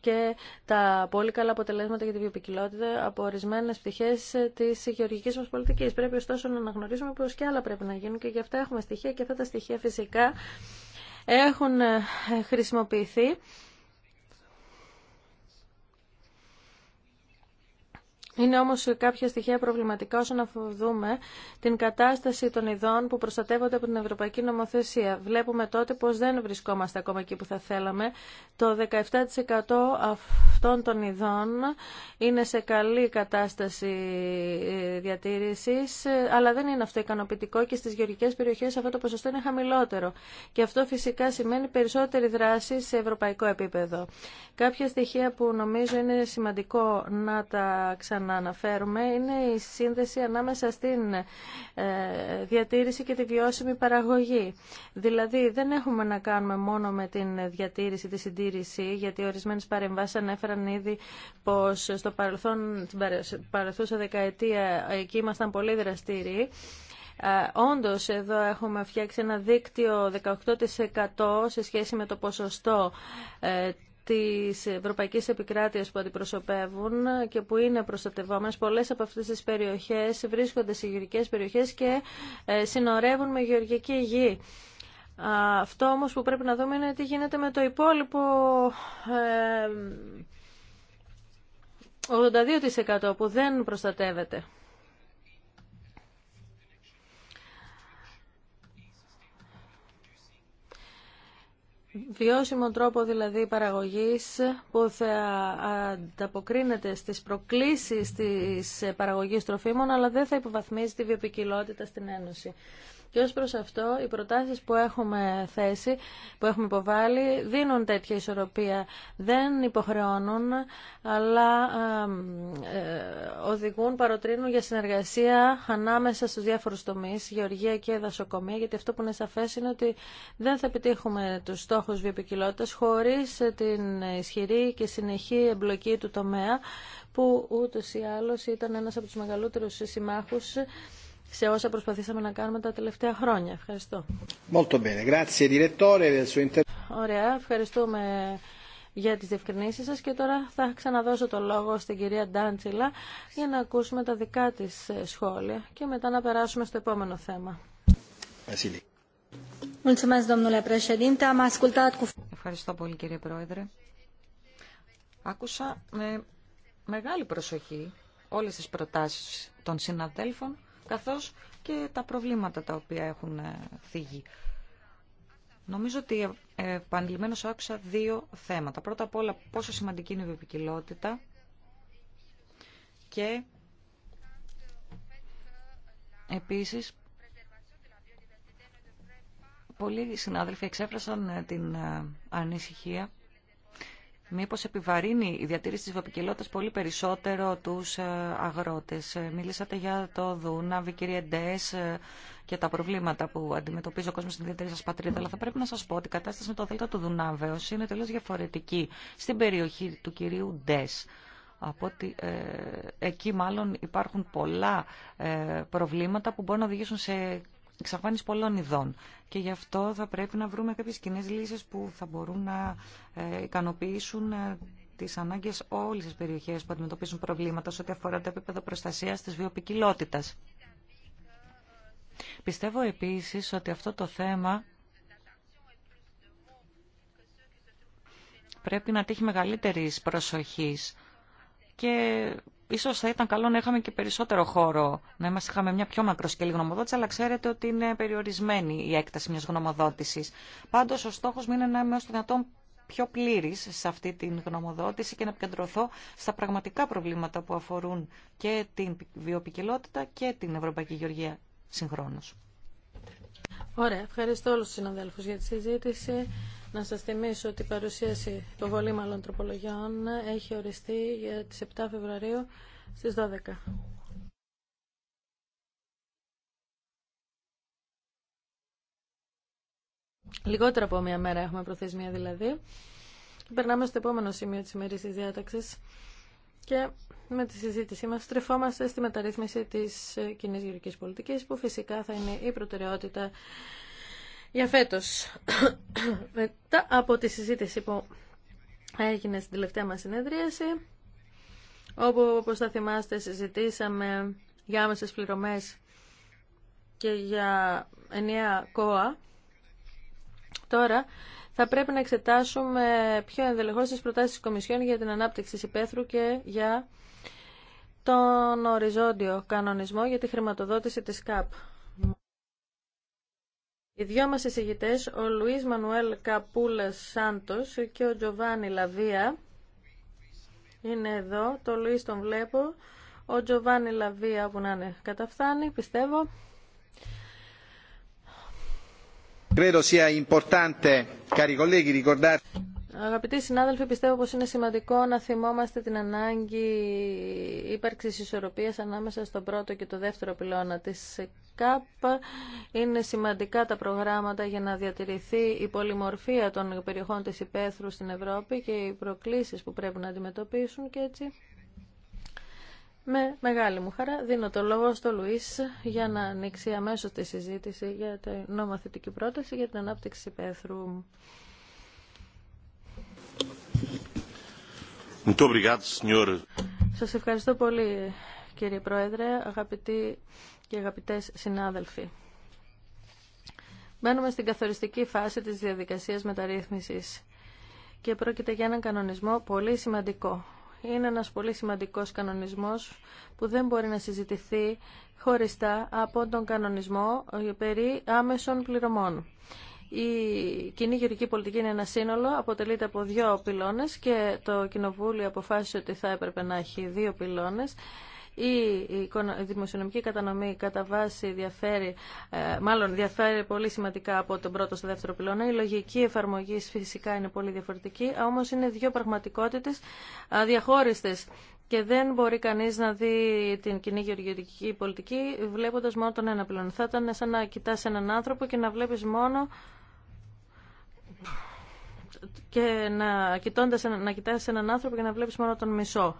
και τα πολύ καλά αποτελέσματα για τη βιοπικιλότητα από ορισμένε πτυχές της γεωργικής μας πολιτικής. Πρέπει ωστόσο να αναγνωρίσουμε πως και άλλα πρέπει να γίνουν και γι' αυτά έχουμε στοιχεία και αυτά τα στοιχεία φυσικά έχουν ε, χρησιμοποιηθεί Είναι όμως κάποια στοιχεία προβληματικά όσον αφορούμε την κατάσταση των ειδών που προστατεύονται από την Ευρωπαϊκή Νομοθεσία. Βλέπουμε τότε πως δεν βρισκόμαστε ακόμα εκεί που θα θέλαμε. Το 17% αυτών των ειδών είναι σε καλή κατάσταση ε, διατήρησης, αλλά δεν είναι αυτό ικανοποιητικό και στις γεωργικές περιοχές αυτό το ποσοστό είναι χαμηλότερο. Και αυτό φυσικά σημαίνει περισσότερη δράση σε ευρωπαϊκό επίπεδο. Κάποια στοιχεία που νομίζω είναι σημαντικό να τα ξανα να αναφέρουμε είναι η σύνδεση ανάμεσα στην ε, διατήρηση και τη βιώσιμη παραγωγή. Δηλαδή δεν έχουμε να κάνουμε μόνο με την διατήρηση, τη συντήρηση, γιατί ορισμένες παρεμβάσεις ανέφεραν ήδη πως στο παρελθόν, την παρελθούσα δεκαετία εκεί ήμασταν πολύ δραστήριοι. Όντως εδώ έχουμε φτιάξει ένα δίκτυο 18% σε σχέση με το ποσοστό ε, της ευρωπαϊκές επικράτειες που αντιπροσωπεύουν και που είναι προστατευόμενες. Πολλές από αυτές τις περιοχές βρίσκονται σε γεωργικές περιοχές και ε, συνορεύουν με γεωργική γη. Αυτό όμως που πρέπει να δούμε είναι τι γίνεται με το υπόλοιπο 82% ε, που δεν προστατεύεται. Βιώσιμο τρόπο δηλαδή παραγωγής που θα ανταποκρίνεται στις προκλήσεις της παραγωγής τροφίμων αλλά δεν θα υποβαθμίζει τη βιοπικιλότητα στην Ένωση. Και ως προς αυτό, οι προτάσεις που έχουμε θέσει, που έχουμε υποβάλει, δίνουν τέτοια ισορροπία. Δεν υποχρεώνουν, αλλά ε, οδηγούν, παροτρύνουν για συνεργασία ανάμεσα στους διάφορους τομείς, γεωργία και δασοκομεία, γιατί αυτό που είναι σαφές είναι ότι δεν θα επιτύχουμε τους στόχους βιοποικιλότητας χωρίς την ισχυρή και συνεχή εμπλοκή του τομέα, που ούτως ή άλλως ήταν ένας από τους μεγαλύτερους συμμάχους σε όσα προσπαθήσαμε να κάνουμε τα τελευταία χρόνια. Ευχαριστώ. Molto Ωραία, ευχαριστούμε για τις διευκρινήσεις σας και τώρα θα ξαναδώσω το λόγο στην κυρία Ντάντσιλα για να ακούσουμε τα δικά της σχόλια και μετά να περάσουμε στο επόμενο θέμα. Ευχαριστώ πολύ κύριε Πρόεδρε. Άκουσα με μεγάλη προσοχή όλες τις προτάσεις των συναδέλφων καθώς και τα προβλήματα τα οποία έχουν ε, θυγεί. Νομίζω ότι ε, επανειλημμένως άκουσα δύο θέματα. Πρώτα απ' όλα πόσο σημαντική είναι η βιοπικιλότητα και επίσης πολλοί συνάδελφοι εξέφρασαν ε, την ανησυχία μήπως επιβαρύνει η διατήρηση τη βιοπικιλότητα πολύ περισσότερο τους ε, αγρότες. Ε, μιλήσατε για το Δούναβι, κύριε Ντές, ε, και τα προβλήματα που αντιμετωπίζει ο κόσμο στην ιδιαίτερη σα πατρίδα. Αλλά θα πρέπει να σα πω ότι η κατάσταση με το Δέλτα του Δουνάβεω είναι τελείω διαφορετική στην περιοχή του κυρίου Ντε. Από εκεί μάλλον υπάρχουν πολλά προβλήματα που μπορούν να οδηγήσουν σε εξαφάνιση πολλών ειδών. Και γι' αυτό θα πρέπει να βρούμε κάποιες κοινέ λύσεις που θα μπορούν να ε, ικανοποιήσουν ε, τις ανάγκες όλες τις περιοχές που αντιμετωπίζουν προβλήματα σε ό,τι αφορά το επίπεδο προστασίας της βιοπικιλότητας. Πιστεύω επίσης ότι αυτό το θέμα πρέπει να τύχει μεγαλύτερης προσοχής και ίσως θα ήταν καλό να είχαμε και περισσότερο χώρο, να είμαστε είχαμε μια πιο μακροσκελή γνωμοδότηση, αλλά ξέρετε ότι είναι περιορισμένη η έκταση μιας γνωμοδότησης. Πάντως ο στόχος μου είναι να είμαι ω δυνατόν πιο πλήρης σε αυτή την γνωμοδότηση και να επικεντρωθώ στα πραγματικά προβλήματα που αφορούν και την βιοπικιλότητα και την Ευρωπαϊκή Γεωργία συγχρόνως. Ωραία, ευχαριστώ όλους τους συναδέλφους για τη συζήτηση. Να σας θυμίσω ότι η παρουσίαση, των βολήμαλων τροπολογιών, έχει οριστεί για τις 7 Φεβρουαρίου στις 12. Λιγότερα από μία μέρα έχουμε προθεσμία δηλαδή. Περνάμε στο επόμενο σημείο της ημερής της διάταξης και με τη συζήτησή μας στρεφόμαστε στη μεταρρύθμιση της ε, κοινή γεωργικής πολιτικής που φυσικά θα είναι η προτεραιότητα για φέτος. Μετά από τη συζήτηση που έγινε στην τελευταία μας συνεδρίαση, όπου όπως θα θυμάστε συζητήσαμε για άμεσες πληρωμές και για ενιαία κόα, τώρα θα πρέπει να εξετάσουμε πιο ενδελεχώς τις προτάσεις της Κομισιόν για την ανάπτυξη της υπαίθρου και για τον οριζόντιο κανονισμό για τη χρηματοδότηση της ΚΑΠ. Οι δυο μας εισηγητές, ο Λουίς Μανουέλ Καπούλα Σάντος και ο Τζοβάνι Λαβία, είναι εδώ. Το Λουίς τον βλέπω. Ο Τζοβάνι Λαβία που να είναι καταφθάνει, πιστεύω. Credo sia importante, cari colleghi, ricordare... Αγαπητοί συνάδελφοι, πιστεύω πως είναι σημαντικό να θυμόμαστε την ανάγκη ύπαρξης ισορροπίας ανάμεσα στον πρώτο και το δεύτερο πυλώνα της ΚΑΠ. Είναι σημαντικά τα προγράμματα για να διατηρηθεί η πολυμορφία των περιοχών της υπαίθρου στην Ευρώπη και οι προκλήσεις που πρέπει να αντιμετωπίσουν και έτσι με μεγάλη μου χαρά δίνω το λόγο στο Λουίς για να ανοίξει αμέσως τη συζήτηση για την νομοθετική πρόταση για την ανάπτυξη υπαίθρου. Σας ευχαριστώ πολύ κύριε Πρόεδρε, αγαπητοί και αγαπητές συνάδελφοι. Μπαίνουμε στην καθοριστική φάση της διαδικασίας μεταρρύθμισης και πρόκειται για έναν κανονισμό πολύ σημαντικό. Είναι ένας πολύ σημαντικός κανονισμός που δεν μπορεί να συζητηθεί χωριστά από τον κανονισμό περί άμεσων πληρωμών. Η κοινή γεωργική πολιτική είναι ένα σύνολο, αποτελείται από δύο πυλώνες και το Κοινοβούλιο αποφάσισε ότι θα έπρεπε να έχει δύο πυλώνες η δημοσιονομική κατανομή κατά βάση διαφέρει, ε, μάλλον διαφέρει πολύ σημαντικά από τον πρώτο στο δεύτερο πυλώνα. Η λογική εφαρμογή φυσικά είναι πολύ διαφορετική, όμω είναι δύο πραγματικότητε αδιαχώριστε και δεν μπορεί κανεί να δει την κοινή γεωργική πολιτική βλέποντα μόνο τον ένα πυλώνα. Θα ήταν σαν να κοιτά έναν άνθρωπο και να βλέπει μόνο και να, κοιτώντας, να κοιτάς έναν άνθρωπο και να βλέπεις μόνο τον μισό.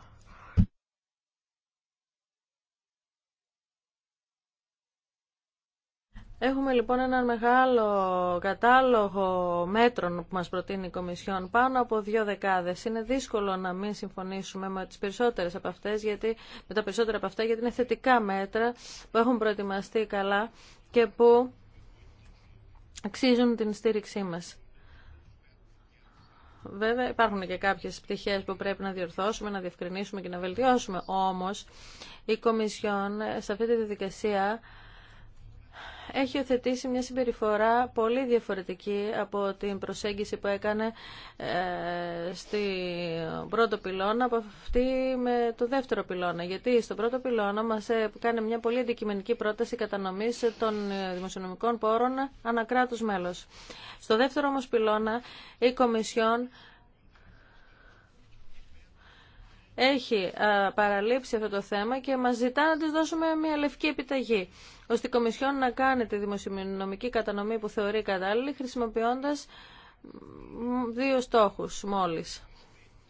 Έχουμε λοιπόν έναν μεγάλο κατάλογο μέτρων που μας προτείνει η Κομισιόν, πάνω από δύο δεκάδες. Είναι δύσκολο να μην συμφωνήσουμε με, τις περισσότερες από αυτές, γιατί, με τα περισσότερα από αυτά, γιατί είναι θετικά μέτρα που έχουν προετοιμαστεί καλά και που αξίζουν την στήριξή μας. Βέβαια υπάρχουν και κάποιες πτυχές που πρέπει να διορθώσουμε, να διευκρινίσουμε και να βελτιώσουμε. Όμως η Κομισιόν σε αυτή τη διαδικασία έχει οθετήσει μια συμπεριφορά πολύ διαφορετική από την προσέγγιση που έκανε ε, στην πρώτο πυλώνα από αυτή με το δεύτερο πυλώνα. Γιατί στο πρώτο πυλώνα μας κάνει μια πολύ αντικειμενική πρόταση κατανομής των δημοσιονομικών πόρων ανακράτους μέλος. Στο δεύτερο όμως πυλώνα η Κομισιόν έχει παραλείψει αυτό το θέμα και μας ζητά να της δώσουμε μια λευκή επιταγή, ώστε η Κομισιόν να κάνει τη δημοσιονομική κατανομή που θεωρεί κατάλληλη, χρησιμοποιώντας δύο στόχους μόλις.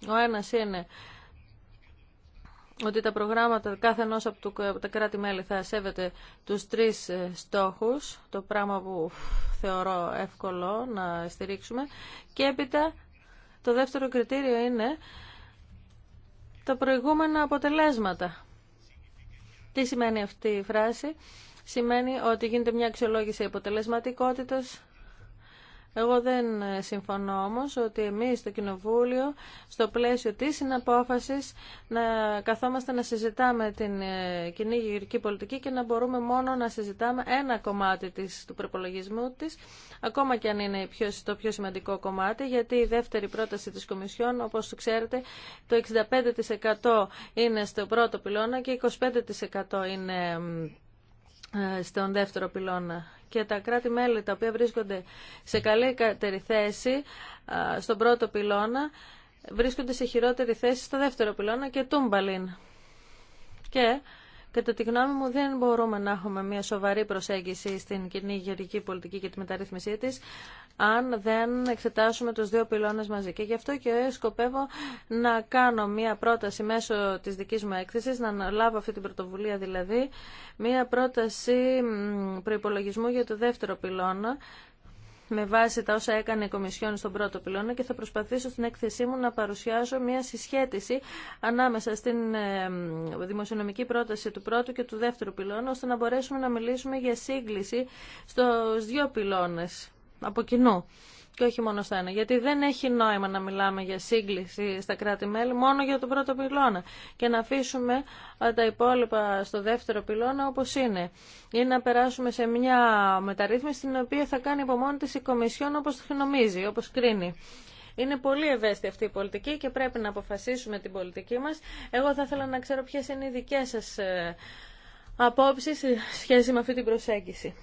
Ο ένας είναι ότι τα προγράμματα κάθε ενός από τα κράτη-μέλη θα σέβεται τους τρεις ε, στόχους, το πράγμα που θεωρώ εύκολο να στηρίξουμε, και έπειτα το δεύτερο κριτήριο είναι τα προηγούμενα αποτελέσματα. Τι σημαίνει αυτή η φράση. Σημαίνει ότι γίνεται μια αξιολόγηση αποτελεσματικότητας εγώ δεν ε, συμφωνώ όμως ότι εμείς στο Κοινοβούλιο, στο πλαίσιο της συναπόφασης, να καθόμαστε να συζητάμε την ε, κοινή γεωργική πολιτική και να μπορούμε μόνο να συζητάμε ένα κομμάτι της, του προπολογισμού της, ακόμα και αν είναι το πιο σημαντικό κομμάτι, γιατί η δεύτερη πρόταση της Κομισιόν, όπως ξέρετε, το 65% είναι στο πρώτο πυλώνα και 25% είναι ε, στον δεύτερο πυλώνα και τα κράτη-μέλη τα οποία βρίσκονται σε καλύτερη θέση ε, στον πρώτο πυλώνα βρίσκονται σε χειρότερη θέση στο δεύτερο πυλώνα και τούμπαλιν. Και κατά τη γνώμη μου δεν μπορούμε να έχουμε μια σοβαρή προσέγγιση στην κοινή γερική πολιτική και τη μεταρρύθμισή της αν δεν εξετάσουμε τους δύο πυλώνες μαζί. Και γι' αυτό και σκοπεύω να κάνω μία πρόταση μέσω της δικής μου έκθεσης, να λάβω αυτή την πρωτοβουλία δηλαδή, μία πρόταση προϋπολογισμού για το δεύτερο πυλώνα, με βάση τα όσα έκανε η Κομισιόν στον πρώτο πυλώνα και θα προσπαθήσω στην έκθεσή μου να παρουσιάσω μια συσχέτιση ανάμεσα στην ε, δημοσιονομική πρόταση του πρώτου και του δεύτερου πυλώνα ώστε να μπορέσουμε να μιλήσουμε για σύγκληση στους δύο πυλώνες από κοινού και όχι μόνο στα ένα. Γιατί δεν έχει νόημα να μιλάμε για σύγκληση στα κράτη-μέλη μόνο για τον πρώτο πυλώνα και να αφήσουμε ε, τα υπόλοιπα στο δεύτερο πυλώνα όπω είναι. Ή να περάσουμε σε μια μεταρρύθμιση την οποία θα κάνει από μόνη τη η Κομισιόν όπως νομίζει, όπω κρίνει. Είναι πολύ ευαίσθητη αυτή η πολιτική και πρέπει να αποφασίσουμε την πολιτική μα. Εγώ θα ήθελα να ξέρω ποιε είναι οι δικές σας ε, απόψεις σχέση με αυτή την προσέγγιση.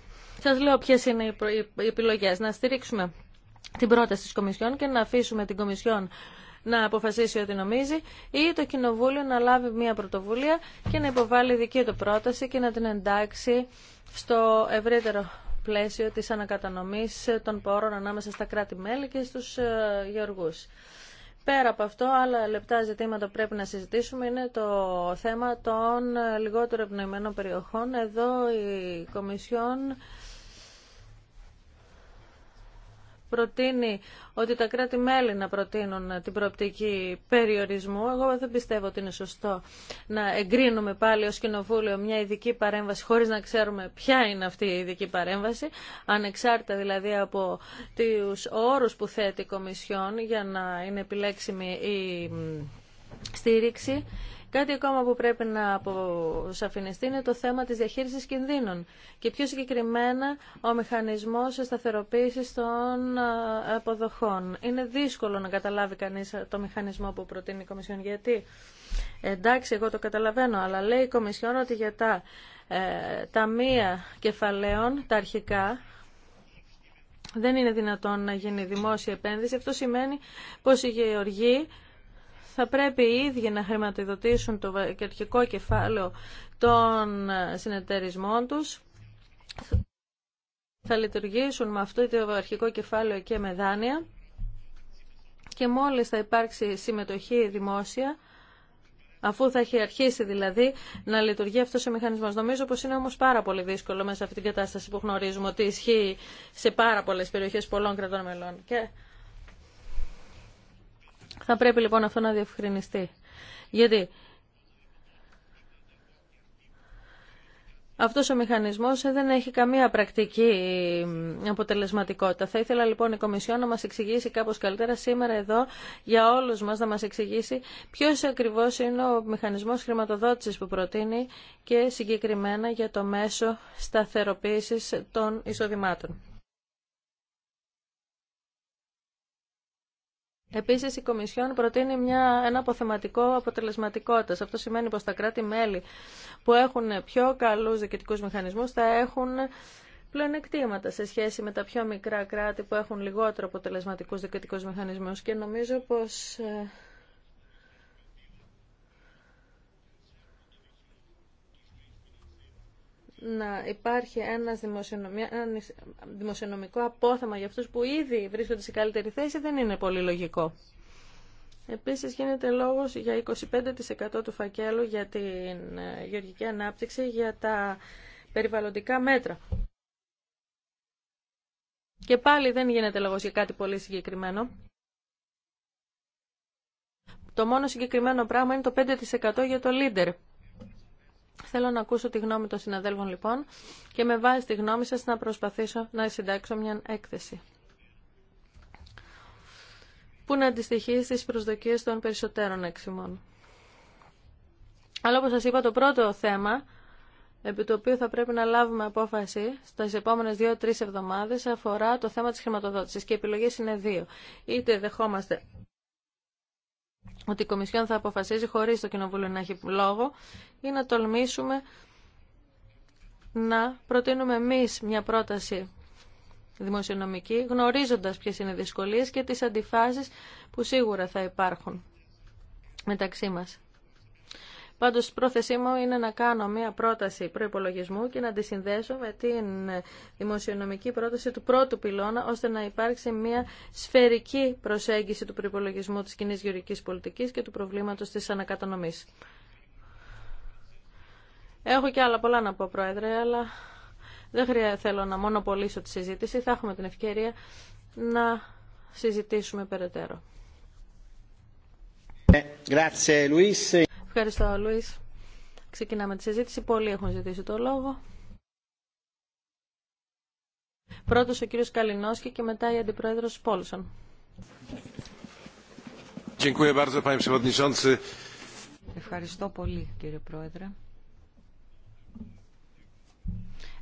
Σας λέω ποιες είναι οι επιλογές. Να στηρίξουμε την πρόταση της Κομισιόν και να αφήσουμε την Κομισιόν να αποφασίσει ό,τι νομίζει ή το Κοινοβούλιο να λάβει μια πρωτοβουλία και να υποβάλει δική του πρόταση και να την εντάξει στο ευρύτερο πλαίσιο της ανακατανομής των πόρων ανάμεσα στα κράτη-μέλη και στους ε, γεωργούς. Πέρα από αυτό, άλλα λεπτά ζητήματα που πρέπει να συζητήσουμε είναι το θέμα των ε, λιγότερο ευνοημένων περιοχών. Εδώ η Κομισιόν προτείνει ότι τα κράτη-μέλη να προτείνουν ε, την προοπτική περιορισμού. Εγώ δεν πιστεύω ότι είναι σωστό να εγκρίνουμε πάλι ως Κοινοβούλιο μια ειδική παρέμβαση χωρίς να ξέρουμε ποια είναι αυτή η ειδική παρέμβαση, ανεξάρτητα δηλαδή από τους όρους που θέτει η Κομισιόν για να είναι επιλέξιμη η στήριξη. Κάτι ακόμα που πρέπει να αποσαφινιστεί είναι το θέμα της διαχείρισης κινδύνων και πιο συγκεκριμένα ο μηχανισμός σταθεροποίησης των ε, αποδοχών. Είναι δύσκολο να καταλάβει κανείς το μηχανισμό που προτείνει η Κομισιόν γιατί εντάξει εγώ το καταλαβαίνω αλλά λέει η Κομισιόν ότι για τα ε, ταμεία κεφαλαίων, τα αρχικά, δεν είναι δυνατόν να γίνει δημόσια επένδυση. Αυτό σημαίνει πως η γεωργοί θα πρέπει οι ίδιοι να χρηματοδοτήσουν το αρχικό κεφάλαιο των ε, συνεταιρισμών τους θα λειτουργήσουν με αυτό το αρχικό κεφάλαιο και με δάνεια και μόλις θα υπάρξει συμμετοχή δημόσια, αφού θα έχει αρχίσει δηλαδή να λειτουργεί αυτός ο μηχανισμός. Νομίζω πως είναι όμως πάρα πολύ δύσκολο μέσα σε αυτή την κατάσταση που γνωρίζουμε ότι ισχύει σε πάρα πολλές περιοχές πολλών κρατών μελών. Θα πρέπει λοιπόν αυτό να διευκρινιστεί. Γιατί Αυτός ο μηχανισμός δεν έχει καμία πρακτική αποτελεσματικότητα. Θα ήθελα λοιπόν η Κομισιό να μας εξηγήσει κάπως καλύτερα σήμερα εδώ για όλους μας να μας εξηγήσει ποιος ακριβώς είναι ο μηχανισμός χρηματοδότησης που προτείνει και συγκεκριμένα για το μέσο σταθεροποίησης των εισοδημάτων. Επίση, η Κομισιόν προτείνει μια, ένα αποθεματικό αποτελεσματικότητα. Αυτό σημαίνει πω τα κράτη-μέλη που έχουν πιο καλούς διοικητικού μηχανισμούς θα έχουν πλεονεκτήματα σε σχέση με τα πιο μικρά κράτη που έχουν λιγότερο αποτελεσματικούς διοικητικού μηχανισμούς και νομίζω πως ε, να υπάρχει ένα δημοσιονομικό απόθεμα για αυτούς που ήδη βρίσκονται σε καλύτερη θέση δεν είναι πολύ λογικό. Επίσης γίνεται λόγος για 25% του φακέλου για την ε, γεωργική ανάπτυξη για τα περιβαλλοντικά μέτρα. Και πάλι δεν γίνεται λόγος για κάτι πολύ συγκεκριμένο. Το μόνο συγκεκριμένο πράγμα είναι το 5% για το leader. Θέλω να ακούσω τη γνώμη των συναδέλφων λοιπόν και με βάση τη γνώμη σας να προσπαθήσω να συντάξω μια έκθεση που να αντιστοιχεί στις προσδοκίες των περισσότερων έξιμων. Αλλά όπως σας είπα το πρώτο θέμα επί το οποίο θα πρέπει να λάβουμε απόφαση στις επόμενες δύο-τρεις εβδομάδες αφορά το θέμα της χρηματοδότησης και οι επιλογές είναι δύο. Είτε δεχόμαστε ότι η Κομισιόν θα αποφασίζει χωρίς το Κοινοβούλιο να έχει λόγο ή να τολμήσουμε να προτείνουμε εμείς μια πρόταση δημοσιονομική, γνωρίζοντας ποιες είναι οι δυσκολίες και τις αντιφάσεις που σίγουρα θα υπάρχουν μεταξύ μας. Πάντως, πρόθεσή μου είναι να κάνω μια πρόταση προϋπολογισμού και να τη συνδέσω με την δημοσιονομική πρόταση του πρώτου πυλώνα, ώστε να υπάρξει μια σφαιρική προσέγγιση του προϋπολογισμού της κοινή γεωργικής πολιτικής και του προβλήματος της ανακατανομής. Έχω και άλλα πολλά να πω, Πρόεδρε, αλλά δεν θέλω να μονοπολίσω τη συζήτηση. Θα έχουμε την ευκαιρία να συζητήσουμε περαιτέρω. Ε, Ευχαριστώ, Λουίς. Ξεκινάμε τη συζήτηση. Πολλοί έχουν ζητήσει το λόγο. Πρώτος ο κύριος Καλινόσκη και, μετά η Αντιπρόεδρος Πόλσον. Ευχαριστώ πολύ, κύριε Πρόεδρε.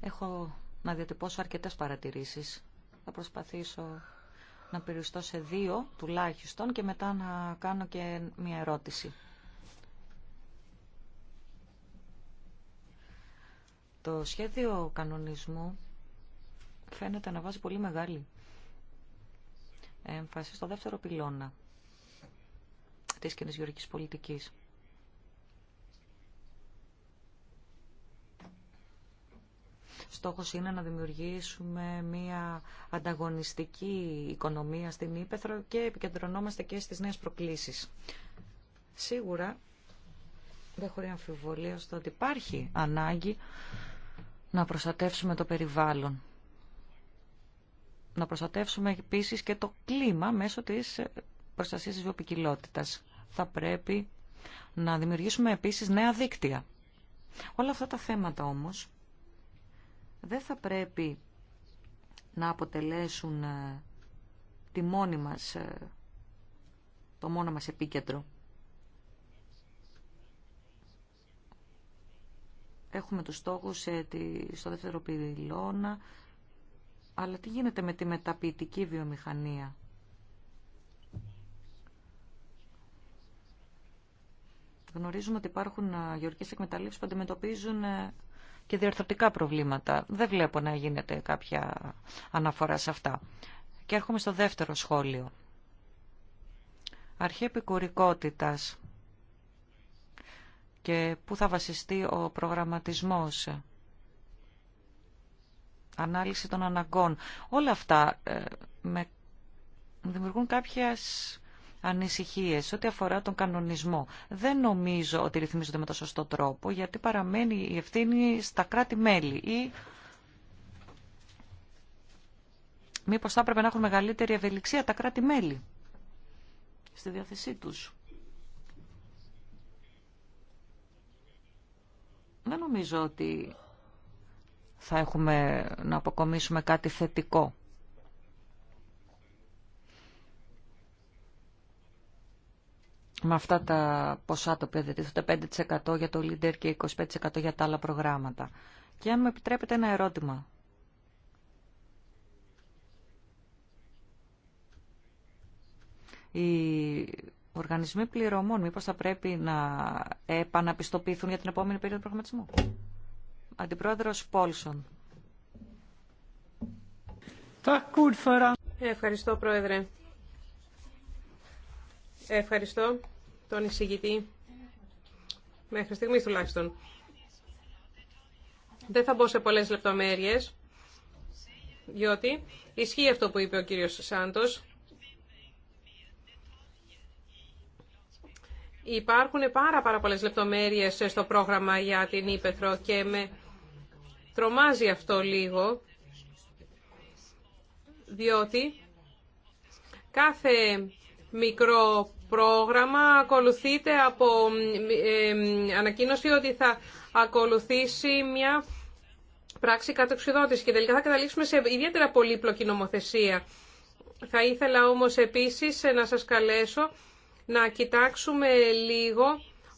Έχω να διατυπώσω αρκετές παρατηρήσεις. Θα προσπαθήσω να περιοριστώ σε δύο τουλάχιστον και μετά να κάνω και μια ερώτηση. Το σχέδιο κανονισμού φαίνεται να βάζει πολύ μεγάλη έμφαση στο δεύτερο πυλώνα της κοινής γεωργικής πολιτικής. Στόχος είναι να δημιουργήσουμε μια ανταγωνιστική οικονομία στην Ήπεθρο και επικεντρωνόμαστε και στις νέες προκλήσεις. Σίγουρα δεν χωρεί αμφιβολία στο ότι υπάρχει ανάγκη να προστατεύσουμε το περιβάλλον. Να προστατεύσουμε επίσης και το κλίμα μέσω της προστασίας της βιοπικιλότητας. Θα πρέπει να δημιουργήσουμε επίσης νέα δίκτυα. Όλα αυτά τα θέματα όμως δεν θα πρέπει να αποτελέσουν ε, τη μόνη μας, ε, το μόνο μας επίκεντρο. Έχουμε τους στόχους ε, στο δεύτερο πυλώνα, αλλά τι γίνεται με τη μεταποιητική βιομηχανία. Γνωρίζουμε ότι υπάρχουν ε, γεωργικές εκμεταλλεύσεις που αντιμετωπίζουν ε, και διορθωτικά προβλήματα. Δεν βλέπω να γίνεται κάποια αναφορά σε αυτά. Και έρχομαι στο δεύτερο σχόλιο. Αρχή επικουρικότητας και πού θα βασιστεί ο προγραμματισμός. Ανάλυση των αναγκών. Όλα αυτά ε, με δημιουργούν κάποιες ανησυχίες ό,τι αφορά τον κανονισμό. Δεν νομίζω ότι ρυθμίζονται με το σωστό τρόπο, γιατί παραμένει η ευθύνη στα κράτη-μέλη ή μήπως θα έπρεπε να έχουν μεγαλύτερη ευελιξία τα κράτη-μέλη στη διάθεσή τους. δεν νομίζω ότι θα έχουμε να αποκομίσουμε κάτι θετικό. Με αυτά τα ποσά το οποία διατίθεται 5% για το Leader και 25% για τα άλλα προγράμματα. Και αν μου επιτρέπετε ένα ερώτημα. Η Οργανισμοί πληρωμών, μήπως θα πρέπει να επαναπιστοποιηθούν για την επόμενη περίοδο προγραμματισμού. Αντιπρόεδρος Πόλσον. Ευχαριστώ, Πρόεδρε. Ευχαριστώ τον εισηγητή, μέχρι στιγμής τουλάχιστον. Δεν θα μπω σε πολλές λεπτομέρειες, διότι ισχύει αυτό που είπε ο κύριος Σάντος. Υπάρχουν πάρα, πάρα πολλές λεπτομέρειες στο πρόγραμμα για την Ήπεθρο και με τρομάζει αυτό λίγο, διότι κάθε μικρό πρόγραμμα ακολουθείται από ε, ε, ανακοίνωση ότι θα ακολουθήσει μια πράξη κατοξιδότηση και τελικά θα καταλήξουμε σε ιδιαίτερα πολύπλοκη νομοθεσία. Θα ήθελα όμως επίσης να σας καλέσω να κοιτάξουμε λίγο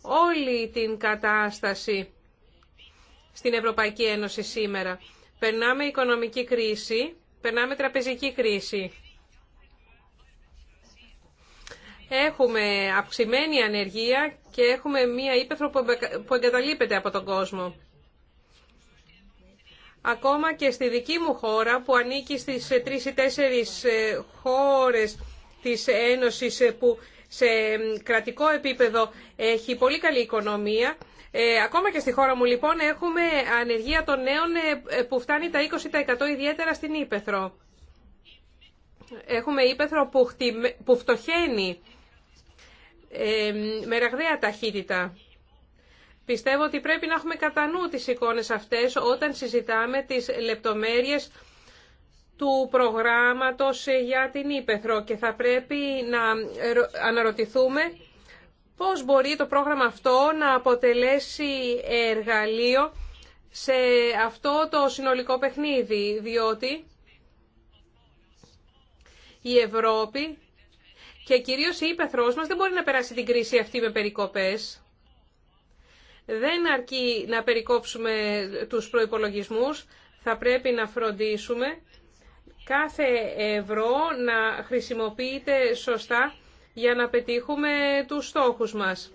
όλη την κατάσταση στην Ευρωπαϊκή Ένωση σήμερα. Περνάμε οικονομική κρίση, περνάμε τραπεζική κρίση. Έχουμε αυξημένη ανεργία και έχουμε μία ύπεθρο που εγκαταλείπεται από τον κόσμο. Ακόμα και στη δική μου χώρα που ανήκει στις τρεις ή τέσσερις ε, χώρες της Ένωσης ε, που σε κρατικό επίπεδο έχει πολύ καλή οικονομία. Ε, ακόμα και στη χώρα μου λοιπόν έχουμε ανεργία των νέων ε, που φτάνει τα 20% ιδιαίτερα στην Ήπεθρο. Έχουμε Ήπεθρο που, που φτωχαίνει ε, με ραγδαία ταχύτητα. Πιστεύω ότι πρέπει να έχουμε κατά νου τις εικόνες αυτές όταν συζητάμε τις λεπτομέρειες του προγράμματος για την Ήπεθρο και θα πρέπει να αναρωτηθούμε πώς μπορεί το πρόγραμμα αυτό να αποτελέσει εργαλείο σε αυτό το συνολικό παιχνίδι, διότι η Ευρώπη και κυρίως η Ήπεθρός μας δεν μπορεί να περάσει την κρίση αυτή με περικοπές. Δεν αρκεί να περικόψουμε τους προϋπολογισμούς, θα πρέπει να φροντίσουμε κάθε ευρώ να χρησιμοποιείται σωστά για να πετύχουμε τους στόχους μας.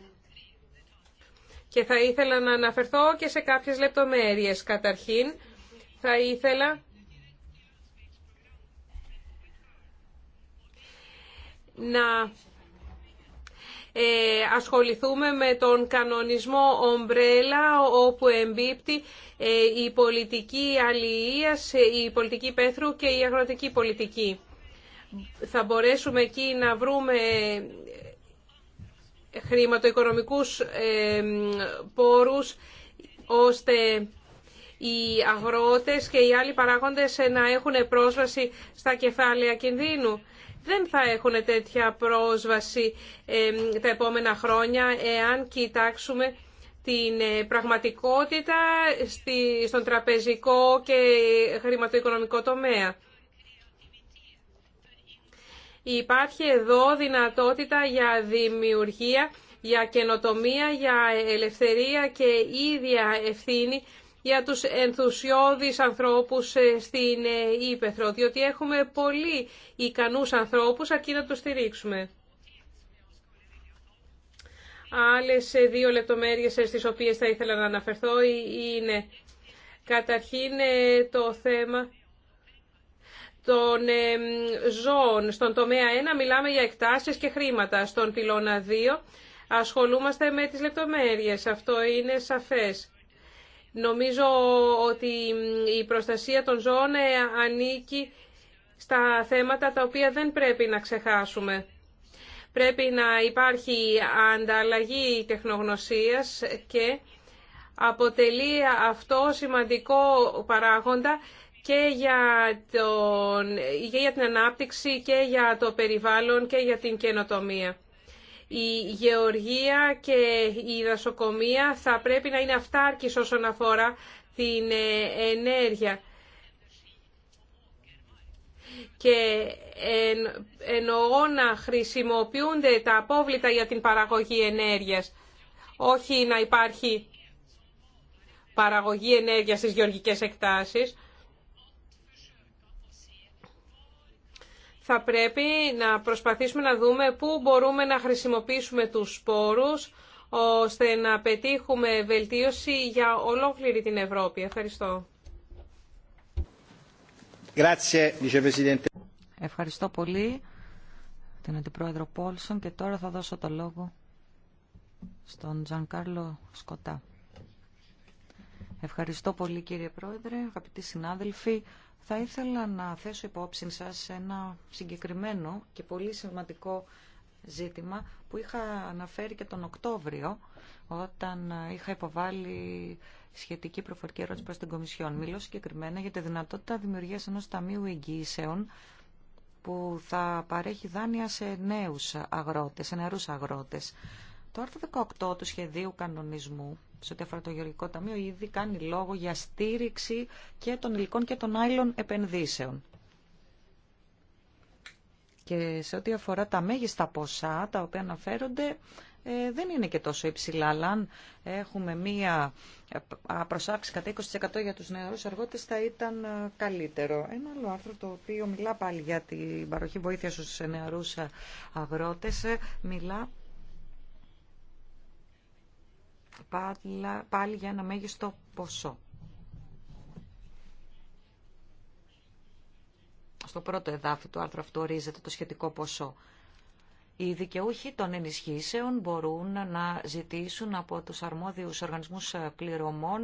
Και θα ήθελα να αναφερθώ και σε κάποιες λεπτομέρειες. Καταρχήν, θα ήθελα να ε, ασχοληθούμε με τον κανονισμό ομπρέλα όπου εμπίπτει ε, η πολιτική αλληλείας, ε, η πολιτική πέθρου και η αγροτική πολιτική. Θα μπορέσουμε εκεί να βρούμε χρηματοοικονομικούς ε, πόρους ώστε οι αγρότες και οι άλλοι παράγοντες να έχουν πρόσβαση στα κεφάλαια κινδύνου. Δεν θα έχουν τέτοια πρόσβαση τα επόμενα χρόνια εάν κοιτάξουμε την ε, πραγματικότητα στον τραπεζικό και χρηματοοικονομικό τομέα. Υπάρχει εδώ δυνατότητα για δημιουργία, για καινοτομία, για ελευθερία και ίδια ευθύνη για τους ενθουσιώδεις ανθρώπους ε, στην ε, Ήπεθρο, διότι έχουμε πολύ ικανούς ανθρώπους αρκεί να τους στηρίξουμε. Άλλες ε, δύο λεπτομέρειες ε, στις οποίες θα ήθελα να αναφερθώ ε, είναι καταρχήν το θέμα των ζώων. Στον τομέα 1 μιλάμε για εκτάσεις και χρήματα. Στον πυλώνα 2 ασχολούμαστε με τις λεπτομέρειες. Αυτό είναι σαφές. Νομίζω ότι η προστασία των ζώων ανήκει στα θέματα τα οποία δεν πρέπει να ξεχάσουμε. Πρέπει να υπάρχει ανταλλαγή τεχνογνωσίας και αποτελεί αυτό σημαντικό παράγοντα και για, τον, για την ανάπτυξη και για το περιβάλλον και για την καινοτομία. Η γεωργία και η δασοκομεία θα πρέπει να είναι αυτάρκης όσον αφορά την ε, ενέργεια και εννοώ να χρησιμοποιούνται τα απόβλητα για την παραγωγή ενέργειας, όχι να υπάρχει παραγωγή ενέργειας στις γεωργικές εκτάσεις. Θα πρέπει να προσπαθήσουμε να δούμε πού μπορούμε να χρησιμοποιήσουμε τους σπόρους ώστε να πετύχουμε βελτίωση για ολόκληρη την Ευρώπη. Ευχαριστώ. Ευχαριστώ πολύ την Αντιπρόεδρο Πόλσον και τώρα θα δώσω το λόγο στον Τζαν Σκοτά. Ευχαριστώ πολύ κύριε Πρόεδρε, αγαπητοί συνάδελφοι. Θα ήθελα να θέσω υπόψη σας ένα συγκεκριμένο και πολύ σημαντικό ζήτημα που είχα αναφέρει και τον Οκτώβριο όταν είχα υποβάλει σχετική προφορική ερώτηση προς την Κομισιόν. Μιλώ συγκεκριμένα για τη δυνατότητα δημιουργίας ενός ταμείου εγγύησεων που θα παρέχει δάνεια σε νέους αγρότες, σε νεαρούς αγρότες. Το άρθρο 18 του σχεδίου κανονισμού, σε ό,τι αφορά το Γεωργικό Ταμείο, ήδη κάνει λόγο για στήριξη και των υλικών και των άλλων επενδύσεων. Και σε ό,τι αφορά τα μέγιστα ποσά, τα οποία αναφέρονται, ε, δεν είναι και τόσο υψηλά, αλλά αν έχουμε μία ε, προσάξη κατά 20% για τους νεαρούς εργότες θα ήταν ε, καλύτερο. Ένα άλλο άρθρο το οποίο μιλά πάλι για την παροχή βοήθεια στους νεαρούς αγρότες, μιλά πάλι για ένα μέγιστο ποσό. Στο πρώτο εδάφιο του άρθρου αυτού ορίζεται το σχετικό ποσό οι δικαιούχοι των ενισχύσεων μπορούν να ζητήσουν από τους αρμόδιους οργανισμούς πληρωμών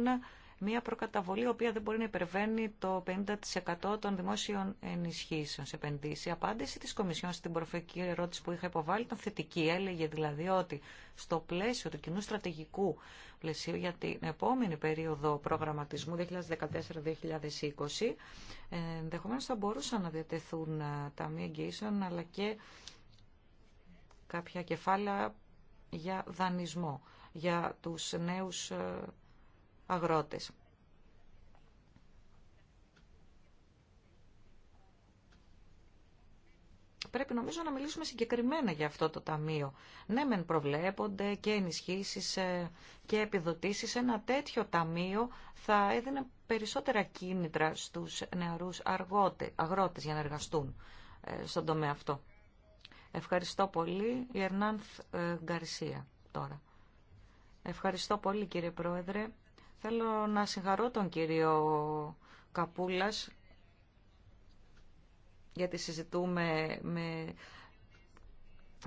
μια προκαταβολή η οποία δεν μπορεί να υπερβαίνει το 50% των δημόσιων ενισχύσεων σε επενδύσει. Η απάντηση της Κομισιόν στην προφορική ερώτηση που είχα υποβάλει ήταν θετική. Έλεγε δηλαδή ότι στο πλαίσιο του κοινού στρατηγικού πλαισίου για την επόμενη περίοδο προγραμματισμού 2014-2020 ενδεχομένω θα μπορούσαν να διατεθούν ε, ταμεία εγγύησεων αλλά και κάποια κεφάλαια για δανεισμό για τους νέους ε, αγρότες. Πρέπει νομίζω να μιλήσουμε συγκεκριμένα για αυτό το ταμείο. Ναι, μεν προβλέπονται και ενισχύσεις ε, και επιδοτήσεις. Ένα τέτοιο ταμείο θα έδινε περισσότερα κίνητρα στους νεαρούς αγρότες για να εργαστούν ε, στον τομέα αυτό. Ευχαριστώ πολύ. Η Ερνάνθ ε, Γκαρσία τώρα. Ευχαριστώ πολύ κύριε Πρόεδρε. Θέλω να συγχαρώ τον κύριο Καπούλας γιατί συζητούμε με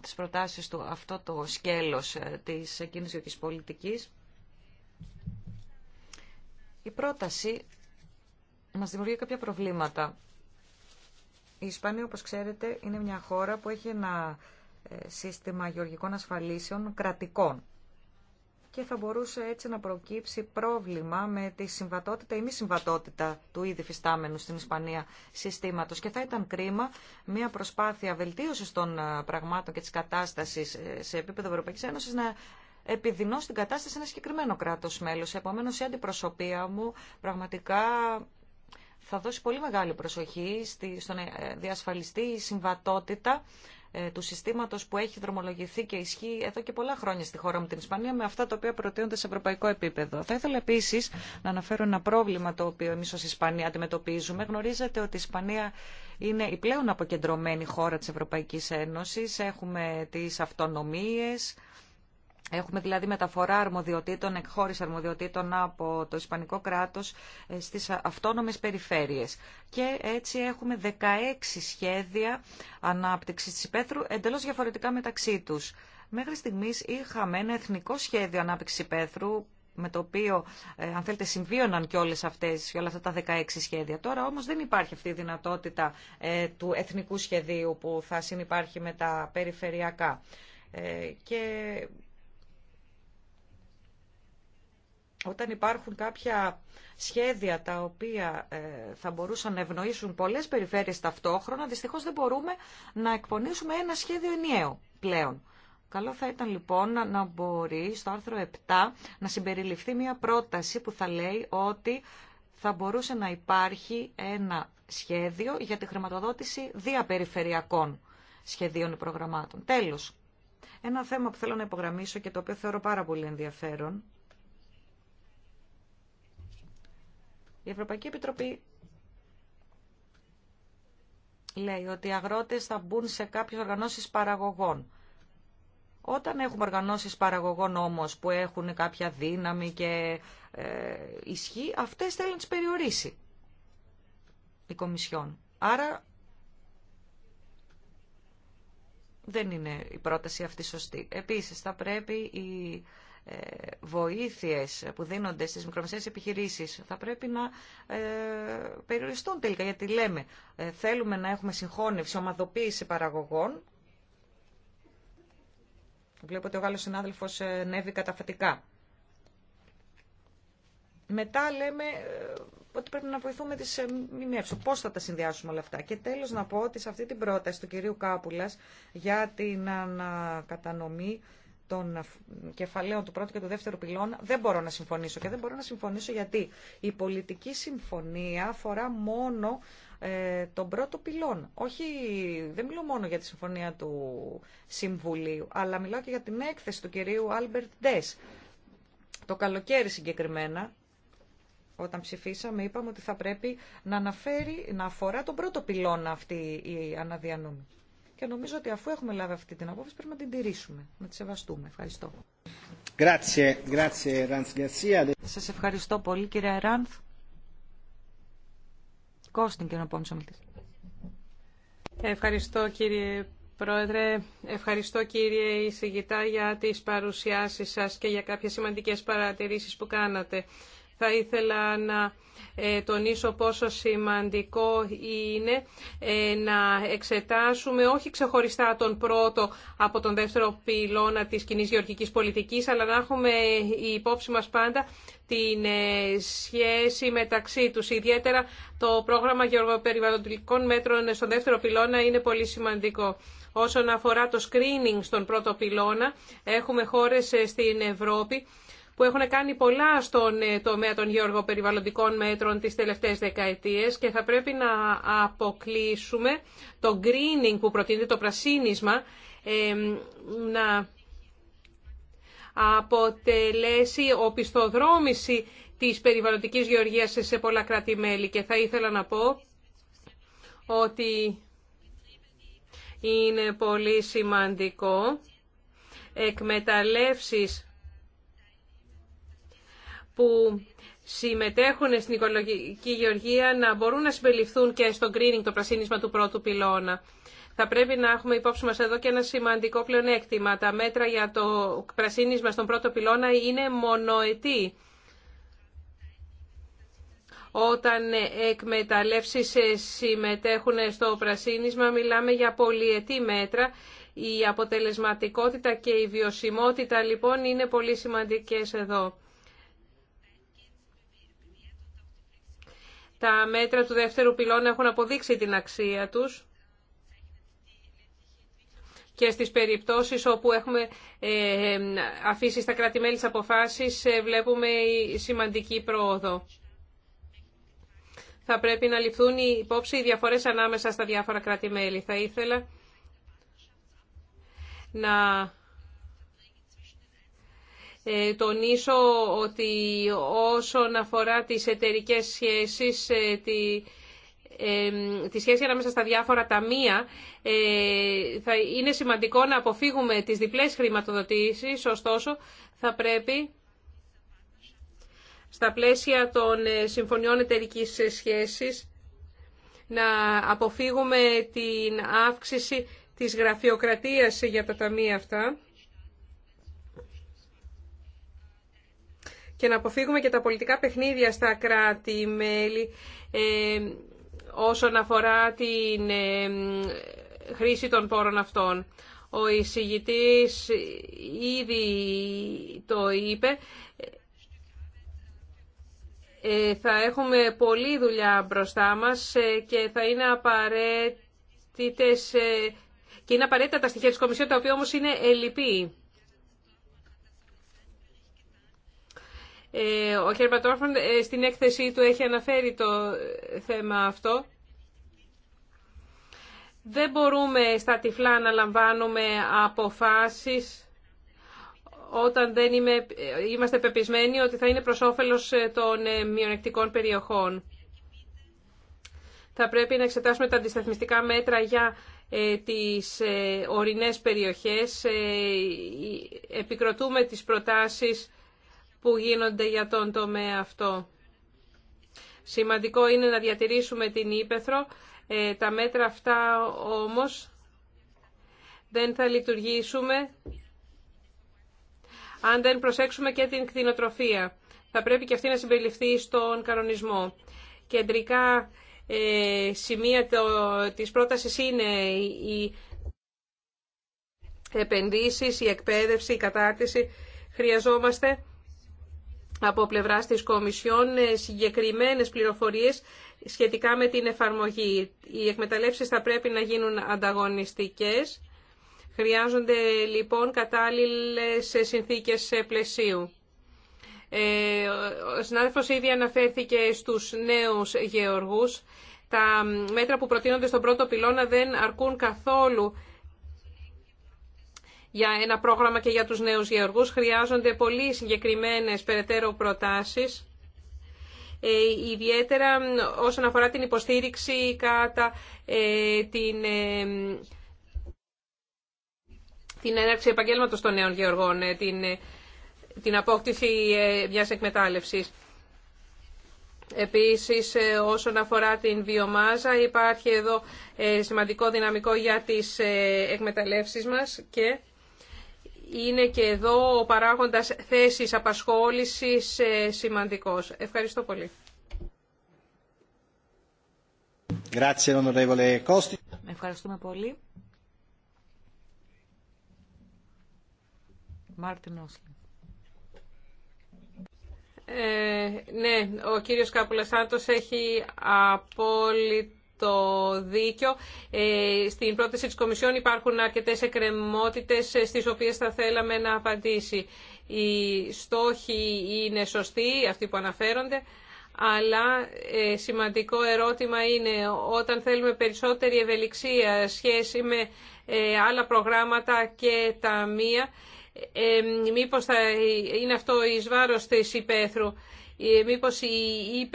τις προτάσεις του αυτό το σκέλος ε, της της πολιτικής. Η πρόταση μας δημιουργεί κάποια προβλήματα η Ισπανία, όπως ξέρετε, είναι μια χώρα που έχει ένα ε, σύστημα γεωργικών ασφαλίσεων κρατικών και θα μπορούσε έτσι να προκύψει πρόβλημα με τη συμβατότητα ή μη συμβατότητα του ήδη φυστάμενου στην Ισπανία συστήματος. Και θα ήταν κρίμα μια προσπάθεια βελτίωσης των ε, πραγμάτων και της κατάστασης ε, σε επίπεδο Ευρωπαϊκής Ένωσης να επιδεινώσει την κατάσταση σε ένα συγκεκριμένο κράτος μέλος. Επομένως η αντιπροσωπεία μου πραγματικά θα δώσει πολύ μεγάλη προσοχή στο να ε, διασφαλιστεί η συμβατότητα ε, του συστήματο που έχει δρομολογηθεί και ισχύει εδώ και πολλά χρόνια στη χώρα μου την Ισπανία με αυτά τα οποία προτείνονται σε ευρωπαϊκό επίπεδο. Θα ήθελα επίση να αναφέρω ένα πρόβλημα το οποίο εμεί ω Ισπανία αντιμετωπίζουμε. Γνωρίζετε ότι η Ισπανία είναι η πλέον αποκεντρωμένη χώρα τη Ευρωπαϊκή Ένωση. Έχουμε τι αυτονομίε Έχουμε δηλαδή μεταφορά αρμοδιοτήτων, εκχώρηση αρμοδιοτήτων από το Ισπανικό κράτος ε, στις αυτόνομε περιφέρειες. Και έτσι έχουμε 16 σχέδια ανάπτυξης τη υπαίθρου εντελώς διαφορετικά μεταξύ τους. Μέχρι στιγμής είχαμε ένα εθνικό σχέδιο ανάπτυξης υπαίθρου με το οποίο, ε, αν θέλετε, συμβίωναν και όλες αυτές, και όλα αυτά τα 16 σχέδια. Τώρα όμως δεν υπάρχει αυτή η δυνατότητα ε, του εθνικού σχεδίου που θα συνυπάρχει με τα περιφερειακά. και όταν υπάρχουν κάποια σχέδια τα οποία ε, θα μπορούσαν να ευνοήσουν πολλές περιφέρειες ταυτόχρονα, δυστυχώς δεν μπορούμε να εκπονήσουμε ένα σχέδιο ενιαίο πλέον. Καλό θα ήταν λοιπόν να μπορεί στο άρθρο 7 να συμπεριληφθεί μια πρόταση που θα λέει ότι θα μπορούσε να υπάρχει ένα σχέδιο για τη χρηματοδότηση διαπεριφερειακών σχεδίων ή προγραμμάτων. Τέλος, ένα θέμα που θέλω να υπογραμμίσω και το οποίο θεωρώ πάρα πολύ ενδιαφέρον Η Ευρωπαϊκή Επιτροπή λέει ότι οι αγρότες θα μπουν σε κάποιες οργανώσεις παραγωγών. Όταν έχουμε οργανώσεις παραγωγών όμως που έχουν κάποια δύναμη και ε, ισχύ, αυτές θέλουν να τις περιορίσει η Κομισιόν. Άρα δεν είναι η πρόταση αυτή σωστή. Επίσης θα πρέπει η... Ε, βοήθειες που δίνονται στις μικρομεσαίες επιχειρήσεις θα πρέπει να ε, περιοριστούν τελικά. Γιατί λέμε ε, θέλουμε να έχουμε συγχώνευση, ομαδοποίηση παραγωγών. Βλέπω ότι ο Γάλλος συνάδελφος νεύει καταφατικά. Μετά λέμε ότι πρέπει να βοηθούμε τις ΜΜΕ. Πώς θα τα συνδυάσουμε όλα αυτά. Και τέλος να πω ότι σε αυτή την πρόταση του κυρίου Κάπουλας για την ανακατανομή των κεφαλαίων του πρώτου και του δεύτερου πυλώνα δεν μπορώ να συμφωνήσω. Και δεν μπορώ να συμφωνήσω γιατί η πολιτική συμφωνία αφορά μόνο ε, τον πρώτο πυλών. Όχι, δεν μιλώ μόνο για τη συμφωνία του Συμβουλίου, αλλά μιλάω και για την έκθεση του κυρίου Άλμπερτ Ντες. Το καλοκαίρι συγκεκριμένα, όταν ψηφίσαμε, είπαμε ότι θα πρέπει να αναφέρει, να αφορά τον πρώτο πυλώνα αυτή η αναδιανομή και νομίζω ότι αφού έχουμε λάβει αυτή την απόφαση πρέπει να την τηρήσουμε, να τη σεβαστούμε. Ευχαριστώ. Σας ευχαριστώ πολύ κύριε Ράνθ. Κώστην και να πω Ευχαριστώ κύριε Πρόεδρε, ευχαριστώ κύριε Ισηγητά για τις παρουσιάσεις σας και για κάποιες σημαντικές παρατηρήσεις που κάνατε. Θα ήθελα να ε, τονίσω πόσο σημαντικό είναι ε, να εξετάσουμε όχι ξεχωριστά τον πρώτο από τον δεύτερο πυλώνα της κοινή γεωργικής πολιτικής, αλλά να έχουμε η υπόψη μας πάντα την ε, σχέση μεταξύ τους. Ιδιαίτερα το πρόγραμμα γεωργοπεριβαλλοντικών μέτρων στον δεύτερο πυλώνα είναι πολύ σημαντικό. Όσον αφορά το screening στον πρώτο πυλώνα, έχουμε χώρες στην Ευρώπη που έχουν κάνει πολλά στον ε, τομέα των γεωργοπεριβαλλοντικών μέτρων τις τελευταίες δεκαετίες και θα πρέπει να αποκλείσουμε το greening που προτείνεται, το πρασίνισμα, να αποτελέσει οπισθοδρόμηση της περιβαλλοντικής γεωργίας σε πολλά κράτη-μέλη. Και θα ήθελα να πω ότι είναι πολύ σημαντικό εκμεταλλεύσεις που συμμετέχουν στην οικολογική γεωργία να μπορούν να συμπεριληφθούν και στο greening, το πρασίνισμα του πρώτου πυλώνα. Θα πρέπει να έχουμε υπόψη μας εδώ και ένα σημαντικό πλεονέκτημα. Τα μέτρα για το πρασίνισμα στον πρώτο πυλώνα είναι μονοετή. Όταν εκμεταλλεύσεις συμμετέχουν στο πρασίνισμα, μιλάμε για πολυετή μέτρα. Η αποτελεσματικότητα και η βιωσιμότητα λοιπόν είναι πολύ σημαντικές εδώ. Τα μέτρα του δεύτερου πυλώνα έχουν αποδείξει την αξία τους και στις περιπτώσεις όπου έχουμε ε, αφήσει στα κράτη-μέλη τις αποφάσεις ε, βλέπουμε σημαντική πρόοδο. Θα πρέπει να ληφθούν οι υπόψη οι διαφορές ανάμεσα στα διάφορα Θα ήθελα να ε, τονίσω ότι όσον αφορά τις εταιρικέ σχέσεις, ε, τη, ε, τη σχέση ανάμεσα στα διάφορα ταμεία, θα είναι σημαντικό να αποφύγουμε τις διπλές χρηματοδοτήσεις, ωστόσο θα πρέπει στα πλαίσια των συμφωνιών εταιρική σχέσης να αποφύγουμε την αύξηση της γραφειοκρατίας για τα ταμεία αυτά. και να αποφύγουμε και τα πολιτικά παιχνίδια στα κράτη-μέλη ε, όσον αφορά την ε, χρήση των πόρων αυτών. Ο εισηγητής ήδη το είπε. Ε, θα έχουμε πολλή δουλειά μπροστά μας και θα είναι απαραίτητες και είναι απαραίτητα τα στοιχεία της Κομισιόν, τα οποία όμως είναι ελλειπή. Ε, ο κ. Ε, στην έκθεσή του έχει αναφέρει το θέμα αυτό. Δεν μπορούμε στα τυφλά να λαμβάνουμε αποφάσεις όταν δεν ε, είμαστε πεπισμένοι ότι θα είναι προς όφελος των μειονεκτικών περιοχών. Θα πρέπει να εξετάσουμε τα αντισταθμιστικά μέτρα για τις ορεινές περιοχές. Επικροτούμε τις προτάσεις που γίνονται για τον τομέα αυτό. Σημαντικό είναι να διατηρήσουμε την ύπεθρο. Ε, τα μέτρα αυτά όμως δεν θα λειτουργήσουμε αν δεν προσέξουμε και την κτηνοτροφία. Θα πρέπει και αυτή να συμπεριληφθεί στον κανονισμό. Κεντρικά ε, σημεία το, της πρότασης είναι η επενδύσεις, η εκπαίδευση, η κατάρτιση. Χρειαζόμαστε από πλευρά της Κομισιόν ε, συγκεκριμένες πληροφορίες σχετικά με την εφαρμογή. Οι εκμεταλλεύσεις θα πρέπει να γίνουν ανταγωνιστικές. Χρειάζονται λοιπόν κατάλληλες ε, συνθήκες ε, πλαισίου. Ο συνάδελφος ήδη αναφέρθηκε στους νέους γεωργούς. Τα μέτρα που προτείνονται στον πρώτο πυλώνα δεν αρκούν καθόλου για ένα πρόγραμμα και για τους νέους γεωργούς. Χρειάζονται πολύ συγκεκριμένες περαιτέρω προτάσεις, ε, ιδιαίτερα όσον αφορά την υποστήριξη κατά ε, την ε, την έναρξη επαγγέλματος των νέων γεωργών, την, την απόκτηση μιας εκμετάλλευσης. Επίσης, όσον αφορά την βιομάζα, υπάρχει εδώ σημαντικό δυναμικό για τις εκμεταλλεύσεις μας και είναι και εδώ ο παράγοντας θέσης απασχόλησης ε, σημαντικός. Ευχαριστώ πολύ. Ευχαριστούμε πολύ. Μάρτιν Όσλιν. Ε, ναι, ο κύριος Κάπουλας έχει απόλυτη το δίκιο. Ε, στην πρόταση της Κομισιόν υπάρχουν αρκετές εκκρεμότητες ε, στις οποίες θα θέλαμε να απαντήσει. Οι στόχοι είναι σωστοί, αυτοί που αναφέρονται, αλλά ε, σημαντικό ερώτημα είναι όταν θέλουμε περισσότερη ευελιξία σχέση με άλλα προγράμματα και τα ταμεία, μήπως θα είναι αυτό η βάρος της υπαίθρου, μήπως η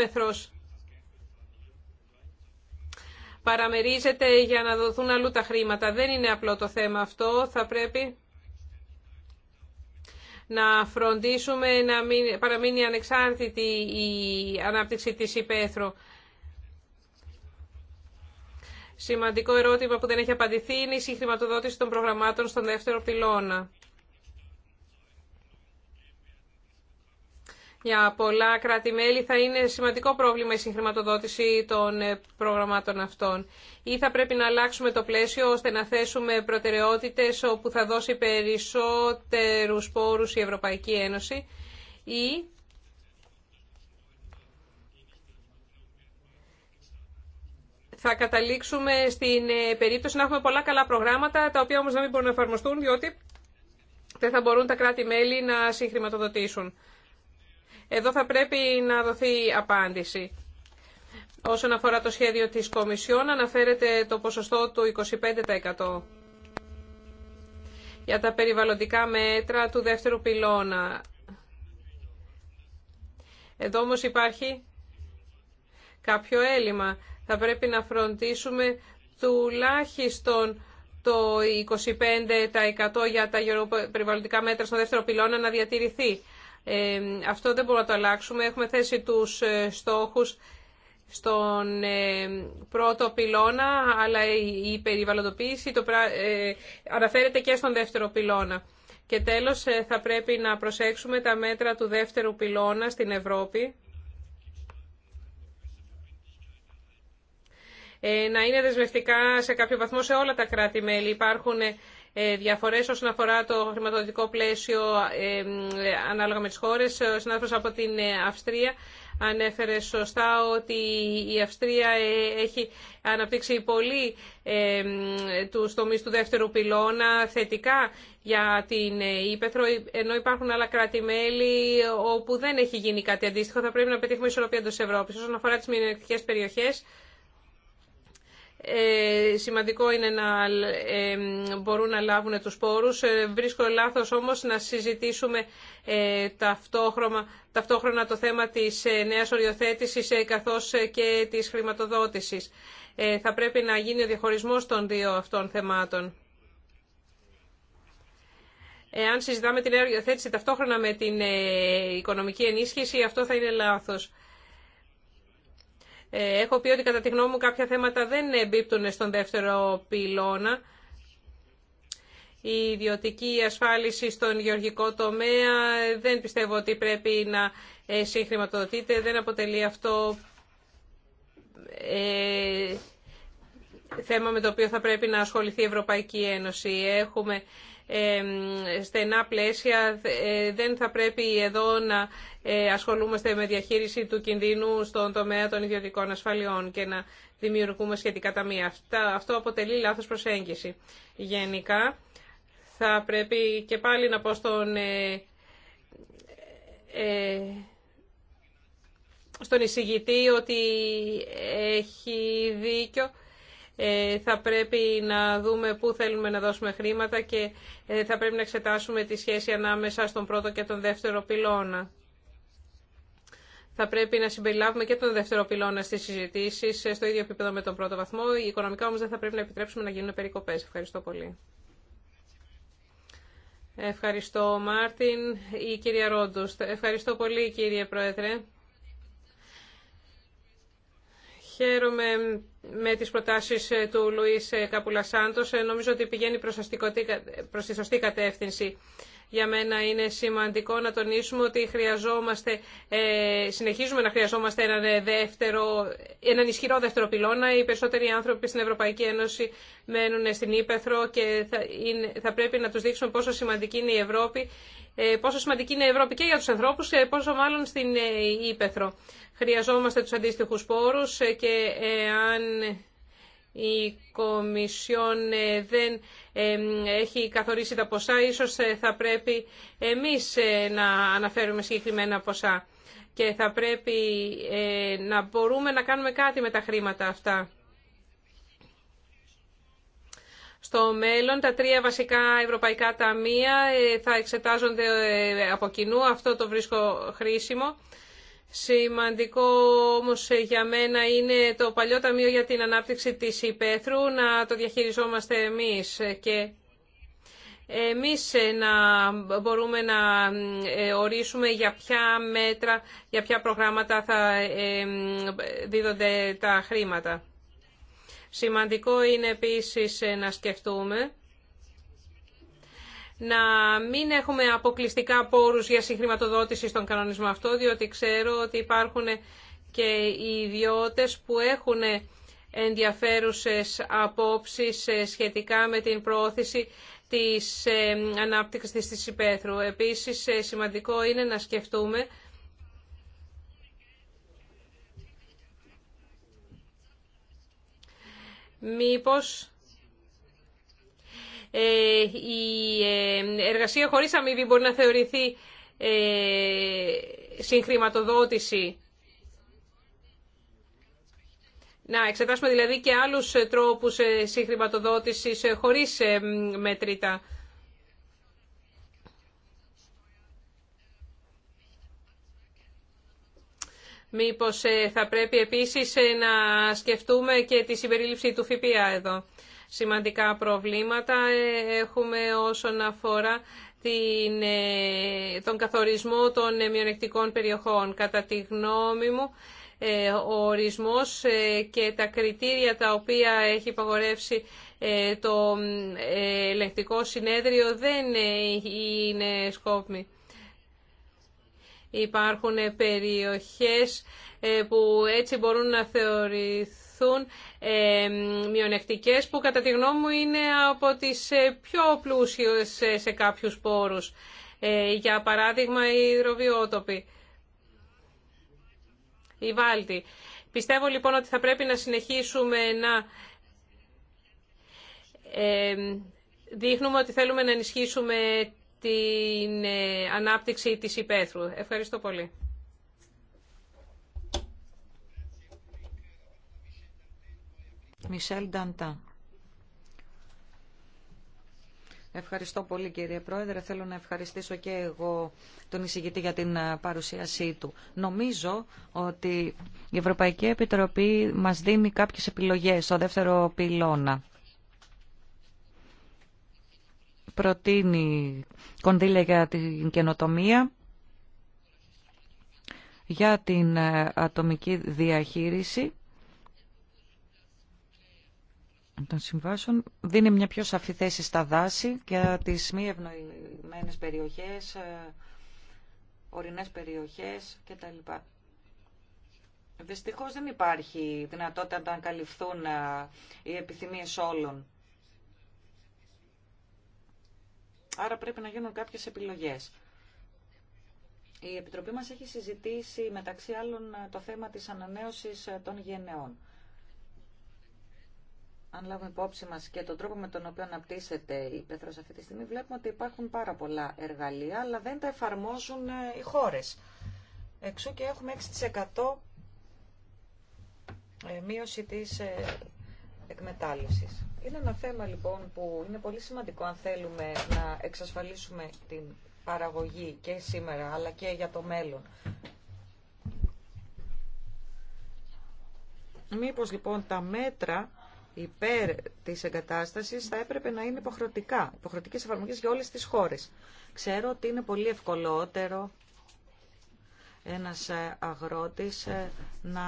παραμερίζεται για να δοθούν αλλού τα χρήματα. Δεν είναι απλό το θέμα αυτό. Θα πρέπει να φροντίσουμε να μην, παραμείνει ανεξάρτητη η ανάπτυξη της υπαίθρου. Σημαντικό ερώτημα που δεν έχει απαντηθεί είναι η συγχρηματοδότηση των προγραμμάτων στον δεύτερο πυλώνα. για πολλά κράτη-μέλη θα είναι σημαντικό πρόβλημα η συγχρηματοδότηση των ε, προγραμμάτων αυτών. Ή θα πρέπει να αλλάξουμε το πλαίσιο ώστε να θέσουμε προτεραιότητες όπου θα δώσει περισσότερους πόρους η Ευρωπαϊκή Ένωση ή θα καταλήξουμε στην ε, περίπτωση να έχουμε πολλά καλά προγράμματα, τα οποία όμως να μπορούν να εφαρμοστούν, διότι δεν θα μπορούν τα κράτη-μέλη να συγχρηματοδοτήσουν. Εδώ θα πρέπει να δοθεί απάντηση. Όσον αφορά το σχέδιο της Κομισιόν, αναφέρεται το ποσοστό του 25% για τα περιβαλλοντικά μέτρα του δεύτερου πυλώνα. Εδώ όμως υπάρχει κάποιο έλλειμμα. Θα πρέπει να φροντίσουμε τουλάχιστον το 25% για τα περιβαλλοντικά μέτρα στο δεύτερο πυλώνα να διατηρηθεί αυτό δεν μπορούμε να το αλλάξουμε. Έχουμε θέσει τους ε, στόχους στον ε, πρώτο πυλώνα, αλλά η περιβαλλοντοποίηση το ε, αναφέρεται και στον δεύτερο πυλώνα. Και τέλος, θα πρέπει να προσέξουμε τα μέτρα του δεύτερου πυλώνα στην Ευρώπη. να είναι δεσμευτικά σε κάποιο βαθμό σε όλα τα κράτη-μέλη. Υπάρχουν ε, διαφορές όσον αφορά το χρηματοδοτικό πλαίσιο ε, ανάλογα με τις χώρες. Ο συνάδελφος από την ε, Αυστρία ανέφερε σωστά ότι η Αυστρία έχει αναπτύξει πολύ τους τομείς του δεύτερου πυλώνα θετικά για την Ήπεθρο, ενώ υπάρχουν άλλα κράτη-μέλη όπου δεν έχει γίνει κάτι αντίστοιχο. Θα πρέπει να πετύχουμε ισορροπία εντός Ευρώπης. Όσον αφορά τις μειονεκτικές περιοχές, ε, σημαντικό είναι να ε, μπορούν να λάβουν τους πόρους. Ε, βρίσκω λάθος όμως να συζητήσουμε ταυτόχρονα το θέμα της νέας οριοθέτησης καθώς και της χρηματοδότησης. Θα πρέπει να γίνει ο διαχωρισμός των δύο αυτών θεμάτων. Εάν συζητάμε την νέα οριοθέτηση ταυτόχρονα με την οικονομική ενίσχυση, αυτό θα είναι λάθος. Ε, έχω πει ότι κατά τη γνώμη μου κάποια θέματα δεν εμπίπτουν στον δεύτερο πυλώνα. Η ιδιωτική ασφάλιση στον γεωργικό τομέα δεν πιστεύω ότι πρέπει να ε, συγχρηματοδοτείται. Δεν αποτελεί αυτό ε, θέμα με το οποίο θα πρέπει να ασχοληθεί η Ευρωπαϊκή Ένωση. Έχουμε στενά πλαίσια. Ε, δεν θα πρέπει εδώ να ε, ασχολούμαστε με διαχείριση του κινδύνου στον τομέα των ιδιωτικών ασφαλιών και να δημιουργούμε σχετικά ταμεία. Αυτό αποτελεί λάθος προσέγγιση. Γενικά, θα πρέπει και πάλι να πω στον, ε, στον εισηγητή ότι έχει δίκιο ε, θα πρέπει να δούμε πού θέλουμε να δώσουμε χρήματα και ε, θα πρέπει να εξετάσουμε τη σχέση ανάμεσα στον πρώτο και τον δεύτερο πυλώνα. Θα πρέπει να συμπεριλάβουμε και τον δεύτερο πυλώνα στις συζητήσεις ε, στο ίδιο επίπεδο με τον πρώτο βαθμό. οικονομικά όμως δεν θα πρέπει να επιτρέψουμε να γίνουν περικοπές. Ευχαριστώ πολύ. Ευχαριστώ Μάρτιν ή κυρία Ρόντουστ. Ευχαριστώ πολύ κύριε Πρόεδρε. Χαίρομαι με τις προτάσεις ε, του Λουίς ε, Καπουλασάντος. Ε, νομίζω ότι πηγαίνει προς τη σωστή κατεύθυνση για μένα είναι σημαντικό να τονίσουμε ότι χρειαζόμαστε, ε, συνεχίζουμε να χρειαζόμαστε έναν, δεύτερο, έναν ισχυρό δεύτερο πυλώνα. Οι περισσότεροι άνθρωποι στην Ευρωπαϊκή Ένωση μένουν στην Ήπεθρο και θα, είναι, θα πρέπει να τους δείξουμε πόσο σημαντική είναι η Ευρώπη ε, πόσο σημαντική είναι η Ευρώπη και για τους ανθρώπους και πόσο μάλλον στην ε, Ήπεθρο. Χρειαζόμαστε τους αντίστοιχους πόρους και αν η Κομισιόν ε, δεν ε, έχει καθορίσει τα ποσά, ίσως ε, θα πρέπει εμείς να αναφέρουμε συγκεκριμένα ποσά και θα πρέπει να μπορούμε να κάνουμε κάτι με τα χρήματα αυτά. Στο μέλλον τα τρία βασικά ευρωπαϊκά ταμεία θα εξετάζονται από κοινού, αυτό το βρίσκω χρήσιμο. Σημαντικό όμως για μένα είναι το παλιό Ταμείο για την Ανάπτυξη της Υπέθρου να το διαχειριζόμαστε εμείς και εμείς να μπορούμε να ε, ορίσουμε για ποια μέτρα, για ποια προγράμματα θα ε, δίδονται τα χρήματα. Σημαντικό είναι επίσης να σκεφτούμε να μην έχουμε αποκλειστικά πόρους για συγχρηματοδότηση στον κανονισμό αυτό, διότι ξέρω ότι υπάρχουν και οι ιδιώτες που έχουν ενδιαφέρουσες απόψεις σχετικά με την πρόθεση της ε, ανάπτυξης της υπαίθρου. Επίσης, ε, σημαντικό είναι να σκεφτούμε μήπως ε, η ε, εργασία χωρίς αμοιβή μπορεί να θεωρηθεί ε, συγχρηματοδότηση. Να εξετάσουμε δηλαδή και άλλους τρόπους συγχρηματοδότησης χωρίς μετρήτα. Μήπως θα πρέπει επίσης να σκεφτούμε και τη συμπερίληψη του ΦΠΑ εδώ σημαντικά προβλήματα ε, έχουμε όσον αφορά την, ε, τον καθορισμό των ε, μειονεκτικών περιοχών. Κατά τη γνώμη μου, ο ορισμός και τα κριτήρια τα οποία έχει υπαγορεύσει το ελεκτικό συνέδριο δεν είναι σκόπιμοι. Υπάρχουν περιοχές που έτσι μπορούν να θεωρηθούν προωθούν μειονεκτικές που κατά τη γνώμη μου είναι από τις ε, πιο πλούσιες σε κάποιους πόρους. Ε, για παράδειγμα οι υδροβιότοποι, η βάλτη Πιστεύω λοιπόν ότι θα πρέπει να συνεχίσουμε να δείχνουμε ότι θέλουμε να ενισχύσουμε την ε, ανάπτυξη της υπαίθρου. Ευχαριστώ πολύ. Μισελ Νταντά. Ευχαριστώ πολύ κύριε Πρόεδρε. Θέλω να ευχαριστήσω και εγώ τον εισηγητή για την ε, παρουσίασή του. Νομίζω ότι η Ευρωπαϊκή Επιτροπή μας δίνει κάποιες επιλογές στο δεύτερο πυλώνα. Προτείνει κονδύλια για την καινοτομία, για την ε, ατομική διαχείριση των συμβάσεων δίνει μια πιο σαφή θέση στα δάση και τις μη ευνοημένες περιοχές, ε, ορεινές περιοχές κτλ. Δυστυχώς δεν υπάρχει δυνατότητα να καλυφθούν ε, οι επιθυμίες όλων. Άρα πρέπει να γίνουν κάποιες επιλογές. Η Επιτροπή μας έχει συζητήσει μεταξύ άλλων ε, το θέμα της ανανέωσης των γενεών αν λάβουμε υπόψη μας και τον τρόπο με τον οποίο αναπτύσσεται η πέθρος αυτή τη στιγμή, βλέπουμε ότι υπάρχουν πάρα πολλά εργαλεία, αλλά δεν τα εφαρμόζουν ε, οι χώρες. Εξού και έχουμε 6% ε, μείωση της ε, εκμετάλλευσης. Είναι ένα θέμα λοιπόν που είναι πολύ σημαντικό αν θέλουμε να εξασφαλίσουμε την παραγωγή και σήμερα, αλλά και για το μέλλον. Μήπως λοιπόν τα μέτρα υπέρ τη εγκατάστασης θα έπρεπε να είναι υποχρεωτικά, Υποχρεωτικέ εφαρμογέ για όλες τις χώρες. Ξέρω ότι είναι πολύ ευκολότερο ένας ε, αγρότης ε, να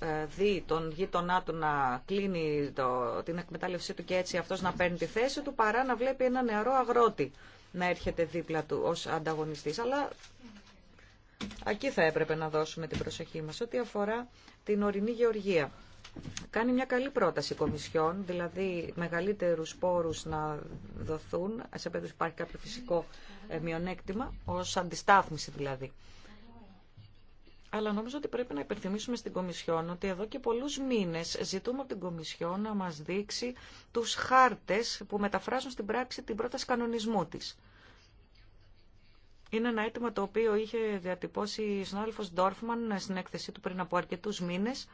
ε, δει τον γείτονά του να κλείνει το, την εκμετάλλευσή του και έτσι αυτός να παίρνει τη θέση του παρά να βλέπει ένα νεαρό αγρότη να έρχεται δίπλα του ως ανταγωνιστής. Αλλά εκεί θα έπρεπε να δώσουμε την προσοχή μας ό,τι αφορά την ορεινή γεωργία κάνει μια καλή πρόταση η Κομισιόν, δηλαδή μεγαλύτερους πόρους να δοθούν, σε περίπτωση υπάρχει κάποιο φυσικό ε, μειονέκτημα, ως αντιστάθμιση δηλαδή. Αλλά νομίζω ότι πρέπει να υπενθυμίσουμε στην Κομισιόν ότι εδώ και πολλούς μήνες ζητούμε από την Κομισιόν να μας δείξει τους χάρτες που μεταφράζουν στην πράξη την πρόταση κανονισμού της. Είναι ένα αίτημα το οποίο είχε διατυπώσει ο συνάδελφος Ντόρφμαν στην έκθεσή του πριν από αρκετούς μήνες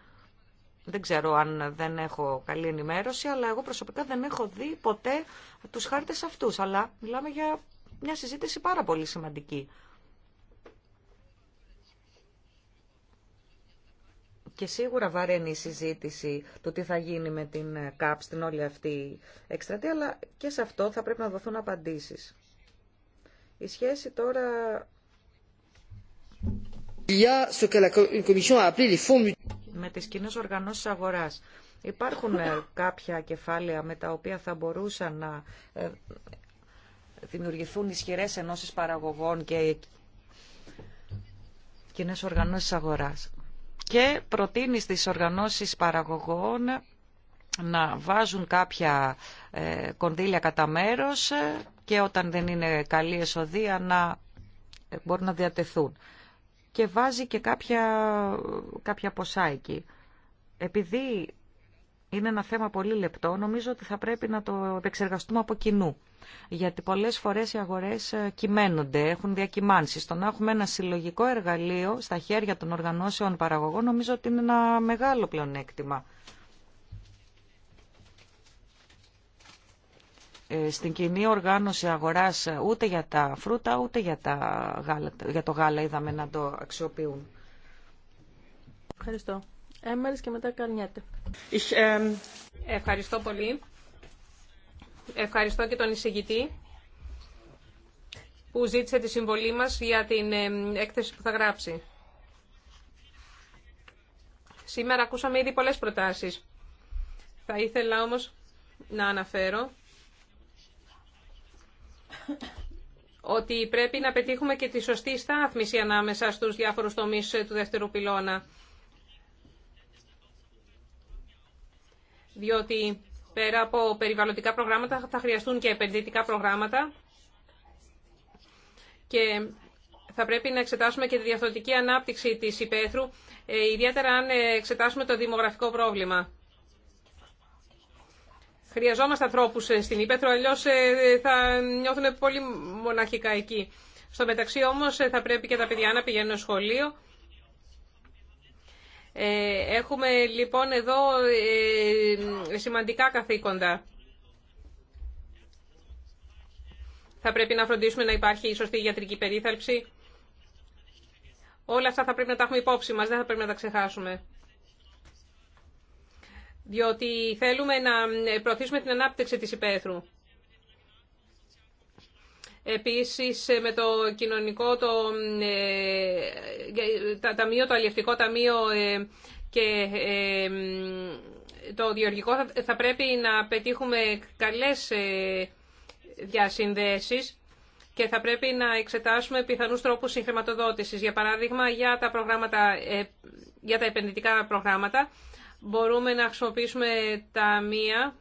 δεν ξέρω αν δεν έχω καλή ενημέρωση, αλλά εγώ προσωπικά δεν έχω δει ποτέ τους χάρτες αυτούς. Αλλά μιλάμε για μια συζήτηση πάρα πολύ σημαντική. Και σίγουρα βαραίνει η συζήτηση του τι θα γίνει με την ΚΑΠ στην όλη αυτή εκστρατεία, αλλά και σε αυτό θα πρέπει να δοθούν απαντήσεις. Η σχέση τώρα με τις κοινέ οργανώσεις αγοράς. Υπάρχουν ε, κάποια κεφάλαια με τα οποία θα μπορούσαν να ε, δημιουργηθούν ισχυρές ενώσεις παραγωγών και κοινέ οργανώσεις αγοράς. Και προτείνει στις οργανώσεις παραγωγών να βάζουν κάποια ε, κονδύλια κατά μέρος και όταν δεν είναι καλή εσοδεία να μπορούν να διατεθούν και βάζει και κάποια, κάποια ποσά εκεί. Επειδή είναι ένα θέμα πολύ λεπτό, νομίζω ότι θα πρέπει να το επεξεργαστούμε από κοινού. Γιατί πολλές φορές οι αγορές ε, κυμαίνονται, έχουν διακυμάνσεις. Το να έχουμε ένα συλλογικό εργαλείο στα χέρια των οργανώσεων παραγωγών νομίζω ότι είναι ένα μεγάλο πλεονέκτημα. στην κοινή οργάνωση αγοράς ούτε για τα φρούτα ούτε για, γάλα, για το γάλα είδαμε να το αξιοποιούν. Ευχαριστώ. Έμερες και μετά Ευχαριστώ πολύ. Ευχαριστώ και τον εισηγητή που ζήτησε τη συμβολή μας για την έκθεση που θα γράψει. Σήμερα ακούσαμε ήδη πολλές προτάσεις. Θα ήθελα όμως να αναφέρω ότι πρέπει να πετύχουμε και τη σωστή στάθμιση ανάμεσα στους διάφορους τομείς του δεύτερου πυλώνα. Διότι πέρα από περιβαλλοντικά προγράμματα θα χρειαστούν και επενδυτικά προγράμματα και θα πρέπει να εξετάσουμε και τη διαφορετική ανάπτυξη της υπαίθρου, ε, ιδιαίτερα αν εξετάσουμε το δημογραφικό πρόβλημα. Χρειαζόμαστε ανθρώπου ε, στην Ήπεθρο, αλλιώ ε, θα νιώθουν πολύ μοναχικά εκεί. Στο μεταξύ όμως ε, θα πρέπει και τα παιδιά να πηγαίνουν σχολείο. Έχουμε λοιπόν εδώ σημαντικά καθήκοντα. Θα πρέπει να φροντίσουμε να υπάρχει η σωστή γιατρική περίθαλψη. Όλα αυτά θα πρέπει να τα έχουμε υπόψη μας, δεν θα πρέπει να τα ξεχάσουμε διότι θέλουμε να ε, προωθήσουμε την ανάπτυξη της υπαίθρου. Επίσης ε, με το κοινωνικό, το ε, ταμείο, το αλληλευτικό ταμείο και το διοργικό θα πρέπει να πετύχουμε καλές διασυνδέσεις και θα πρέπει να εξετάσουμε πιθανούς τρόπους συγχρηματοδότησης. Για παράδειγμα, για τα, προγράμματα, για τα επενδυτικά προγράμματα μπορούμε να χρησιμοποιήσουμε μία,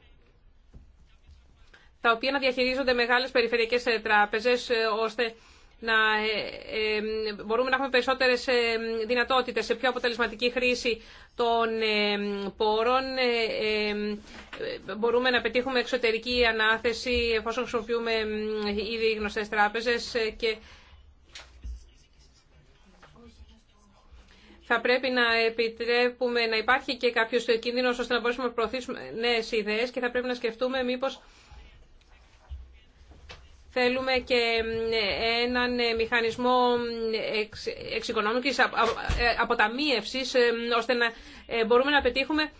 τα οποία να διαχειρίζονται μεγάλες περιφερειακές ε, τράπεζες ε, ώστε να ε, μπορούμε να έχουμε περισσότερες δυνατότητες σε πιο αποτελεσματική χρήση των πόρων. Μπορούμε να πετύχουμε εξωτερική ανάθεση εφόσον χρησιμοποιούμε ήδη γνωστές τράπεζες και θα πρέπει να επιτρέπουμε να υπάρχει και κάποιος κίνδυνο ώστε να μπορέσουμε να προωθήσουμε νέες ιδέες και θα πρέπει να σκεφτούμε μήπω θέλουμε και ε, έναν ε, μηχανισμό ε, εξοικονόμηση εξοικονόμησης αποταμίευσης ώστε να μπορούμε να πετύχουμε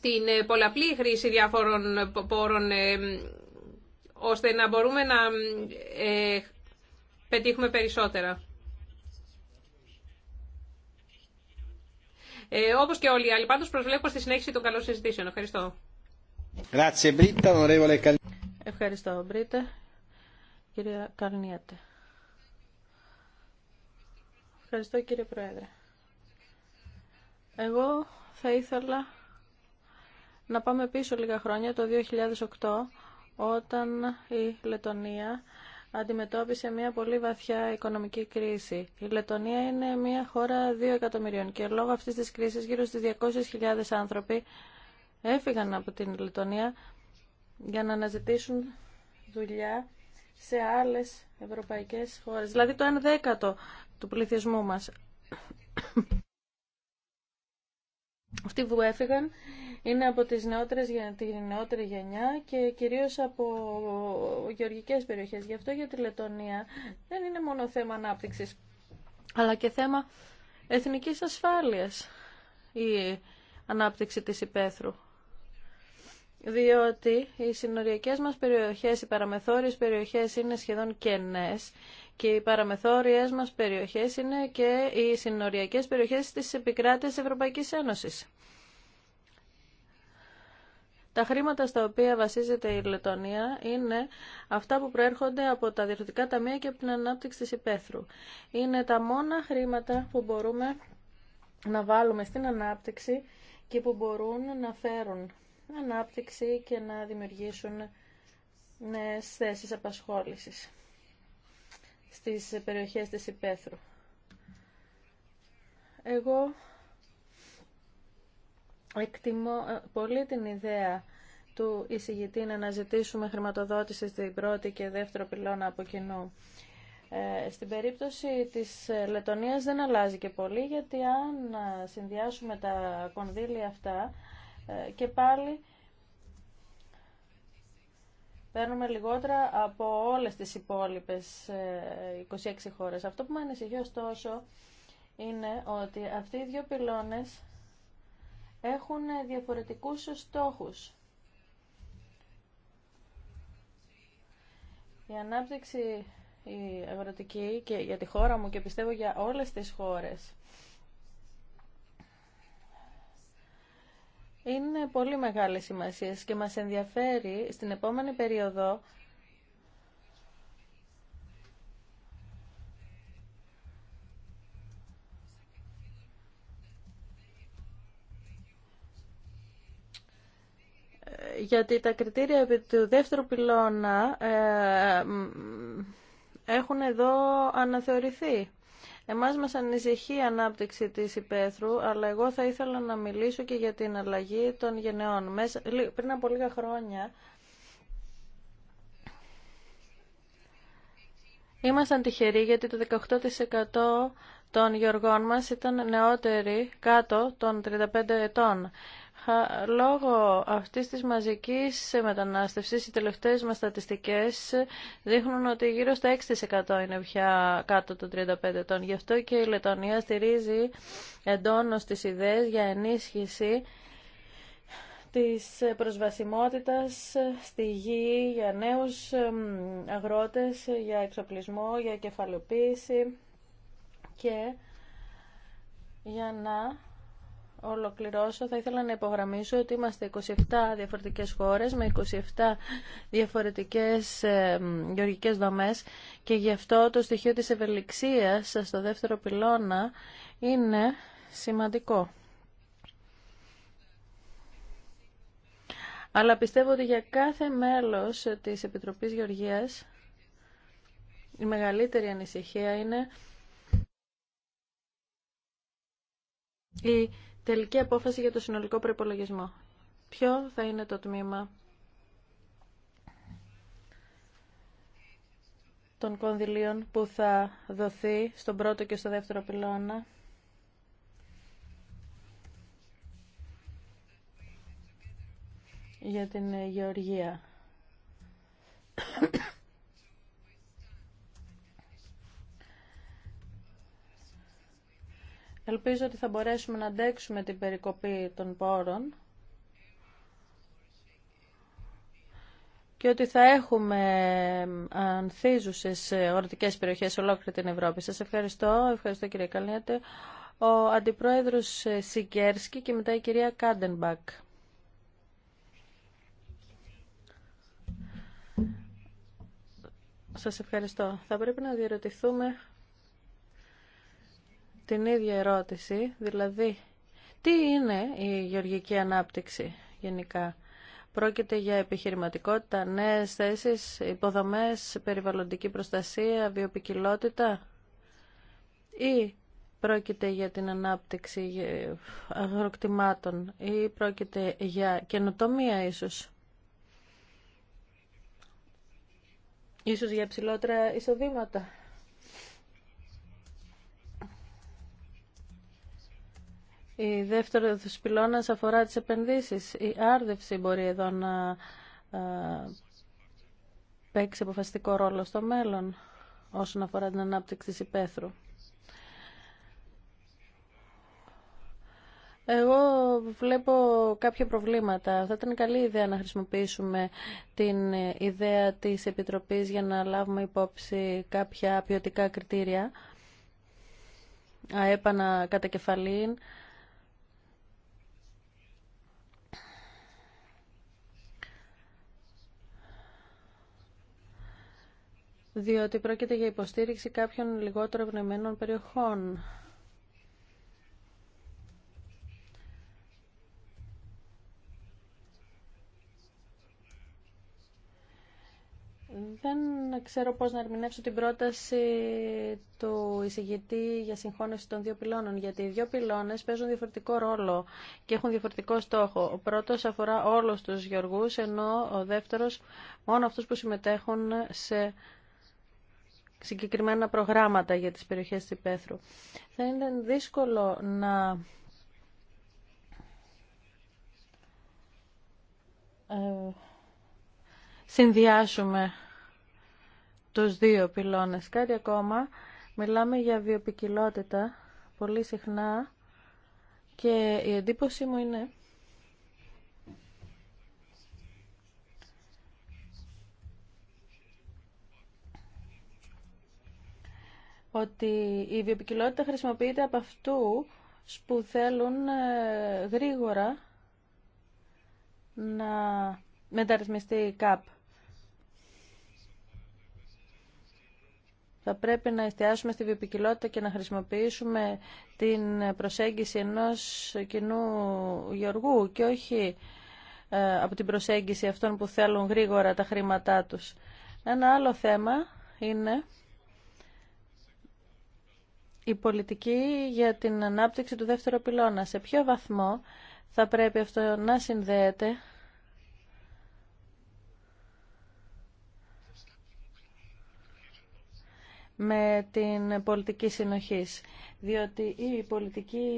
την πολλαπλή χρήση διάφορων πόρων ώστε να μπορούμε να πετύχουμε περισσότερα. Ε, Όπω και όλοι οι άλλοι, πάντω προσβλέπω στη συνέχιση των καλών συζητήσεων. Ευχαριστώ. Ευχαριστώ, Μπρίτα. Κυρία Καρνιέτε. Ευχαριστώ, κύριε Πρόεδρε. Εγώ θα ήθελα να πάμε πίσω λίγα χρόνια, το 2008, όταν η Λετωνία αντιμετώπισε μια πολύ βαθιά οικονομική κρίση. Η Λετωνία είναι μια χώρα 2 εκατομμυρίων και λόγω αυτής της κρίσης γύρω στις 200.000 άνθρωποι έφυγαν από την Λετωνία για να αναζητήσουν δουλειά σε άλλες ευρωπαϊκές χώρες. Δηλαδή το 1 δέκατο του πληθυσμού μας. Αυτοί που έφυγαν είναι από τις νεότερες, νεότερη γενιά και κυρίως από γεωργικές περιοχές. Γι' αυτό για τη Λετωνία δεν είναι μόνο θέμα ανάπτυξης, αλλά και θέμα εθνικής ασφάλειας η ανάπτυξη της υπαίθρου. Διότι οι συνοριακές μας περιοχές, οι παραμεθόριες περιοχές είναι σχεδόν κενές και οι παραμεθόριες μας περιοχές είναι και οι συνοριακές περιοχές της επικράτειας Ευρωπαϊκής Ένωσης. Τα χρήματα στα οποία βασίζεται η Λετωνία είναι αυτά που προέρχονται από τα διευθυντικά ταμεία και από την ανάπτυξη της υπαίθρου. Είναι τα μόνα χρήματα που μπορούμε να βάλουμε στην ανάπτυξη και που μπορούν να φέρουν ανάπτυξη και να δημιουργήσουν νέες θέσεις απασχόλησης στις περιοχές της υπαίθρου. Εγώ Εκτιμώ ε, πολύ την ιδέα του εισηγητή να αναζητήσουμε χρηματοδότηση στην πρώτη και δεύτερο πυλώνα από κοινού. Ε, στην περίπτωση της ε, Λετωνίας δεν αλλάζει και πολύ, γιατί αν συνδυάσουμε τα κονδύλια αυτά ε, και πάλι παίρνουμε λιγότερα από όλες τις υπόλοιπες 26 χώρες. Αυτό που με ανησυχεί ωστόσο είναι ότι αυτοί οι δύο πυλώνες έχουν διαφορετικούς στόχους. Η ανάπτυξη η αγροτική και για τη χώρα μου και πιστεύω για όλες τις χώρες είναι πολύ μεγάλη σημασία και μας ενδιαφέρει στην επόμενη περίοδο γιατί τα κριτήρια του δεύτερου πυλώνα ε, έχουν εδώ αναθεωρηθεί. Εμάς μας ανησυχεί η ανάπτυξη της υπαίθρου, αλλά εγώ θα ήθελα να μιλήσω και για την αλλαγή των γενεών. πριν από λίγα χρόνια ήμασταν τυχεροί γιατί το 18% των γεωργών μας ήταν νεότεροι κάτω των 35 ετών. Λόγω αυτής της μαζικής μετανάστευσης, οι τελευταίες μας στατιστικές δείχνουν ότι γύρω στα 6% είναι πια κάτω των 35 ετών. Γι' αυτό και η Λετωνία στηρίζει εντόνως τις ιδέες για ενίσχυση της προσβασιμότητας στη γη για νέους αγρότες, για εξοπλισμό, για κεφαλοποίηση και για να ολοκληρώσω, θα ήθελα να υπογραμμίσω ότι είμαστε 27 διαφορετικές χώρες με 27 διαφορετικές ε, γεωργικές δομές και γι' αυτό το στοιχείο της ευελιξίας στο δεύτερο πυλώνα είναι σημαντικό. Αλλά πιστεύω ότι για κάθε μέλος της Επιτροπής Γεωργίας η μεγαλύτερη ανησυχία είναι Τελική απόφαση για το συνολικό προπολογισμό. Ποιο θα είναι το τμήμα των κονδυλίων που θα δοθεί στον πρώτο και στο δεύτερο πυλώνα. για την γεωργία. Ελπίζω ότι θα μπορέσουμε να αντέξουμε την περικοπή των πόρων και ότι θα έχουμε ανθίζουσες ορτικές περιοχές σε ολόκληρη την Ευρώπη. Σας ευχαριστώ. Ευχαριστώ κύριε Καλνιέτε. Ο Αντιπρόεδρος Σικέρσκι και μετά η κυρία Κάντενμπακ. Σας ευχαριστώ. Θα πρέπει να διερωτηθούμε την ίδια ερώτηση, δηλαδή τι είναι η γεωργική ανάπτυξη γενικά. Πρόκειται για επιχειρηματικότητα, νέες θέσεις, υποδομές, περιβαλλοντική προστασία, βιοπικιλότητα ή πρόκειται για την ανάπτυξη αγροκτημάτων ή πρόκειται για καινοτομία ίσως. Ίσως για ψηλότερα εισοδήματα. Η δεύτερη πυλώνας αφορά τις επενδύσεις. Η άρδευση μπορεί εδώ να ε, παίξει αποφασιστικό ρόλο στο μέλλον όσον αφορά την ανάπτυξη της υπαίθρου. Εγώ βλέπω κάποια προβλήματα. Θα ήταν καλή ιδέα να χρησιμοποιήσουμε την ιδέα της Επιτροπής για να λάβουμε υπόψη κάποια ποιοτικά κριτήρια, αέπανα κατά κεφαλήν, διότι πρόκειται για υποστήριξη κάποιων λιγότερο ευνοημένων περιοχών. Δεν ξέρω πώς να ερμηνεύσω την πρόταση του εισηγητή για συγχώνευση των δύο πυλώνων, γιατί οι δύο πυλώνες παίζουν διαφορετικό ρόλο και έχουν διαφορετικό στόχο. Ο πρώτος αφορά όλους τους γεωργούς, ενώ ο δεύτερος μόνο αυτούς που συμμετέχουν σε συγκεκριμένα προγράμματα για τις περιοχές της Πέθρου. Θα ήταν δύσκολο να ε, συνδυάσουμε τους δύο πυλώνες. Κάτι ακόμα, μιλάμε για βιοπικιλότητα πολύ συχνά και η εντύπωση μου είναι ότι η βιοπικιλότητα χρησιμοποιείται από αυτού που θέλουν ε, γρήγορα να μεταρρυθμιστεί η ΚΑΠ. Θα πρέπει να εστιάσουμε στη βιοπικιλότητα και να χρησιμοποιήσουμε την προσέγγιση ενός κοινού γεωργού και όχι ε, από την προσέγγιση αυτών που θέλουν γρήγορα τα χρήματά τους. Ένα άλλο θέμα είναι η πολιτική για την ανάπτυξη του δεύτερου πυλώνα. Σε ποιο βαθμό θα πρέπει αυτό να συνδέεται με την πολιτική συνοχής. Διότι η πολιτική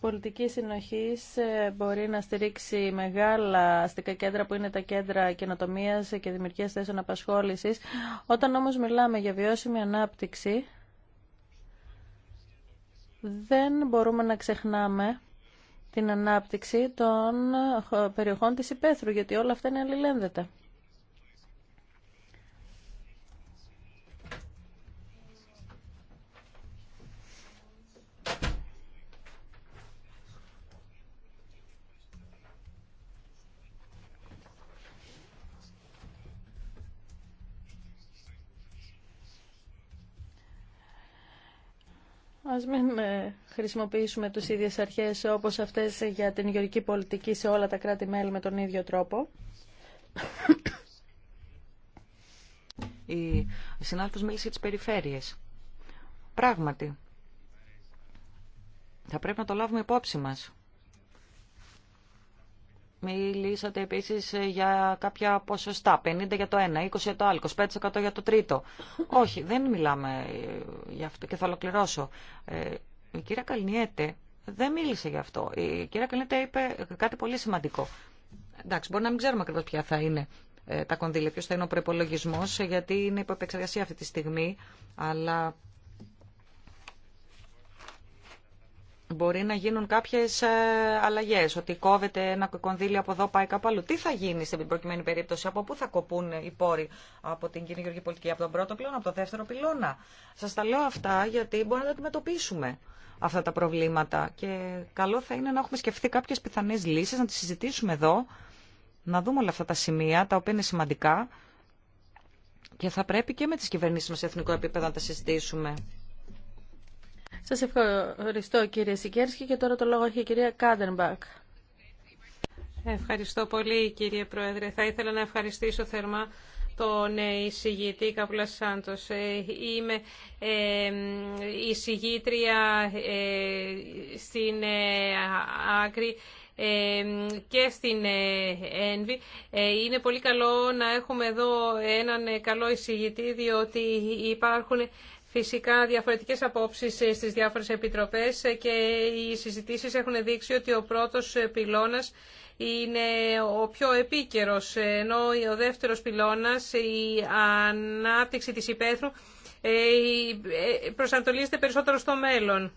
πολιτική συνοχή ε, μπορεί να στηρίξει μεγάλα αστικά κέντρα που είναι τα κέντρα καινοτομία και δημιουργία θέσεων απασχόληση. Όταν όμω μιλάμε για βιώσιμη ανάπτυξη, δεν μπορούμε να ξεχνάμε την ανάπτυξη των περιοχών της υπαίθρου, γιατί όλα αυτά είναι αλληλένδετα. Ας μην ε, χρησιμοποιήσουμε τις ίδιες αρχές όπως αυτές για την γεωρική πολιτική σε όλα τα κράτη-μέλη με τον ίδιο τρόπο. Η συνάδελφος μίλησε για τις περιφέρειες. Πράγματι, θα πρέπει να το λάβουμε υπόψη μας. Μιλήσατε επίση ε, για κάποια ποσοστά, 50 για το ένα, 20 για το άλλο, 25% για το τρίτο. Όχι, δεν μιλάμε ε, για αυτό και θα ολοκληρώσω. Ε, η κυρία Καλνιέτε δεν μίλησε γι' αυτό. Η κυρία Καλνιέτε είπε κάτι πολύ σημαντικό. Εντάξει, μπορεί να μην ξέρουμε ακριβώ ποια θα είναι τα κονδύλια, ποιο θα είναι ο προπολογισμό, γιατί είναι υπό επεξεργασία αυτή τη στιγμή, αλλά Μπορεί να γίνουν κάποιε αλλαγέ, ότι κόβεται ένα κονδύλι από εδώ, πάει κάπου αλλού. Τι θα γίνει στην προκειμένη περίπτωση, από πού θα κοπούν οι πόροι από την κοινή γεωργική πολιτική, από τον πρώτο πυλώνα, από τον δεύτερο πυλώνα. Σα τα λέω αυτά γιατί μπορούμε να τα αντιμετωπίσουμε αυτά τα προβλήματα. Και καλό θα είναι να έχουμε σκεφτεί κάποιε πιθανέ λύσει, να τι συζητήσουμε εδώ, να δούμε όλα αυτά τα σημεία τα οποία είναι σημαντικά και θα πρέπει και με τις κυβερνήσει μα σε εθνικό επίπεδο να τα συζητήσουμε. Σας ευχαριστώ κύριε Σικέρσκη και τώρα το λόγο έχει η κυρία Κάντερμπακ. Ευχαριστώ πολύ κύριε Πρόεδρε. Θα ήθελα να ευχαριστήσω θερμά τον εισηγητή Καπλά ε, Είμαι ε, εισηγήτρια ε, στην άκρη και στην ΕΝΒΗ. Είναι πολύ καλό να έχουμε εδώ έναν καλό εισηγητή διότι υπάρχουν Φυσικά διαφορετικές απόψεις ε, στις διάφορες επιτροπές ε, και οι συζητήσεις έχουν δείξει ότι ο πρώτος ε, πυλώνας είναι ο πιο επίκαιρος, ενώ ο δεύτερος πυλώνας, η ανάπτυξη της υπαίθρου, προσανατολίζεται περισσότερο στο μέλλον.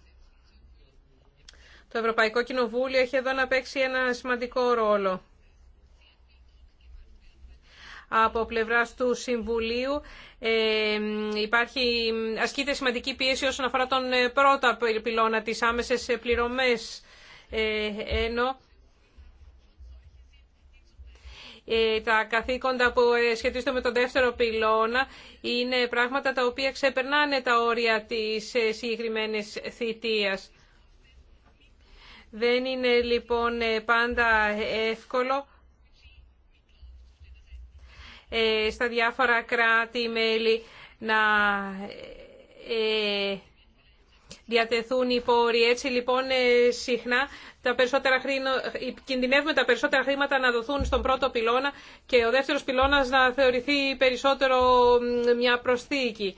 Το Ευρωπαϊκό Κοινοβούλιο έχει εδώ να παίξει ένα σημαντικό ρόλο από πλευράς του Συμβουλίου. Ε, υπάρχει, ασκείται σημαντική πίεση όσον αφορά τον ε, πρώτο πυλώνα, τις άμεσες πληρωμές, ε, ενώ τα καθήκοντα που σχετίζονται με τον δεύτερο πυλώνα είναι πράγματα τα οποία ξεπερνάνε τα όρια της συγκεκριμένη θητείας. Δεν είναι λοιπόν πάντα εύκολο ε, στα διάφορα κράτη-μέλη να ε, διατεθούν οι πόροι. Έτσι λοιπόν ε, συχνά τα περισσότερα χρήματα, κινδυνεύουμε τα περισσότερα χρήματα να δοθούν στον πρώτο πυλώνα και ο δεύτερος πυλώνας να θεωρηθεί περισσότερο μια προσθήκη,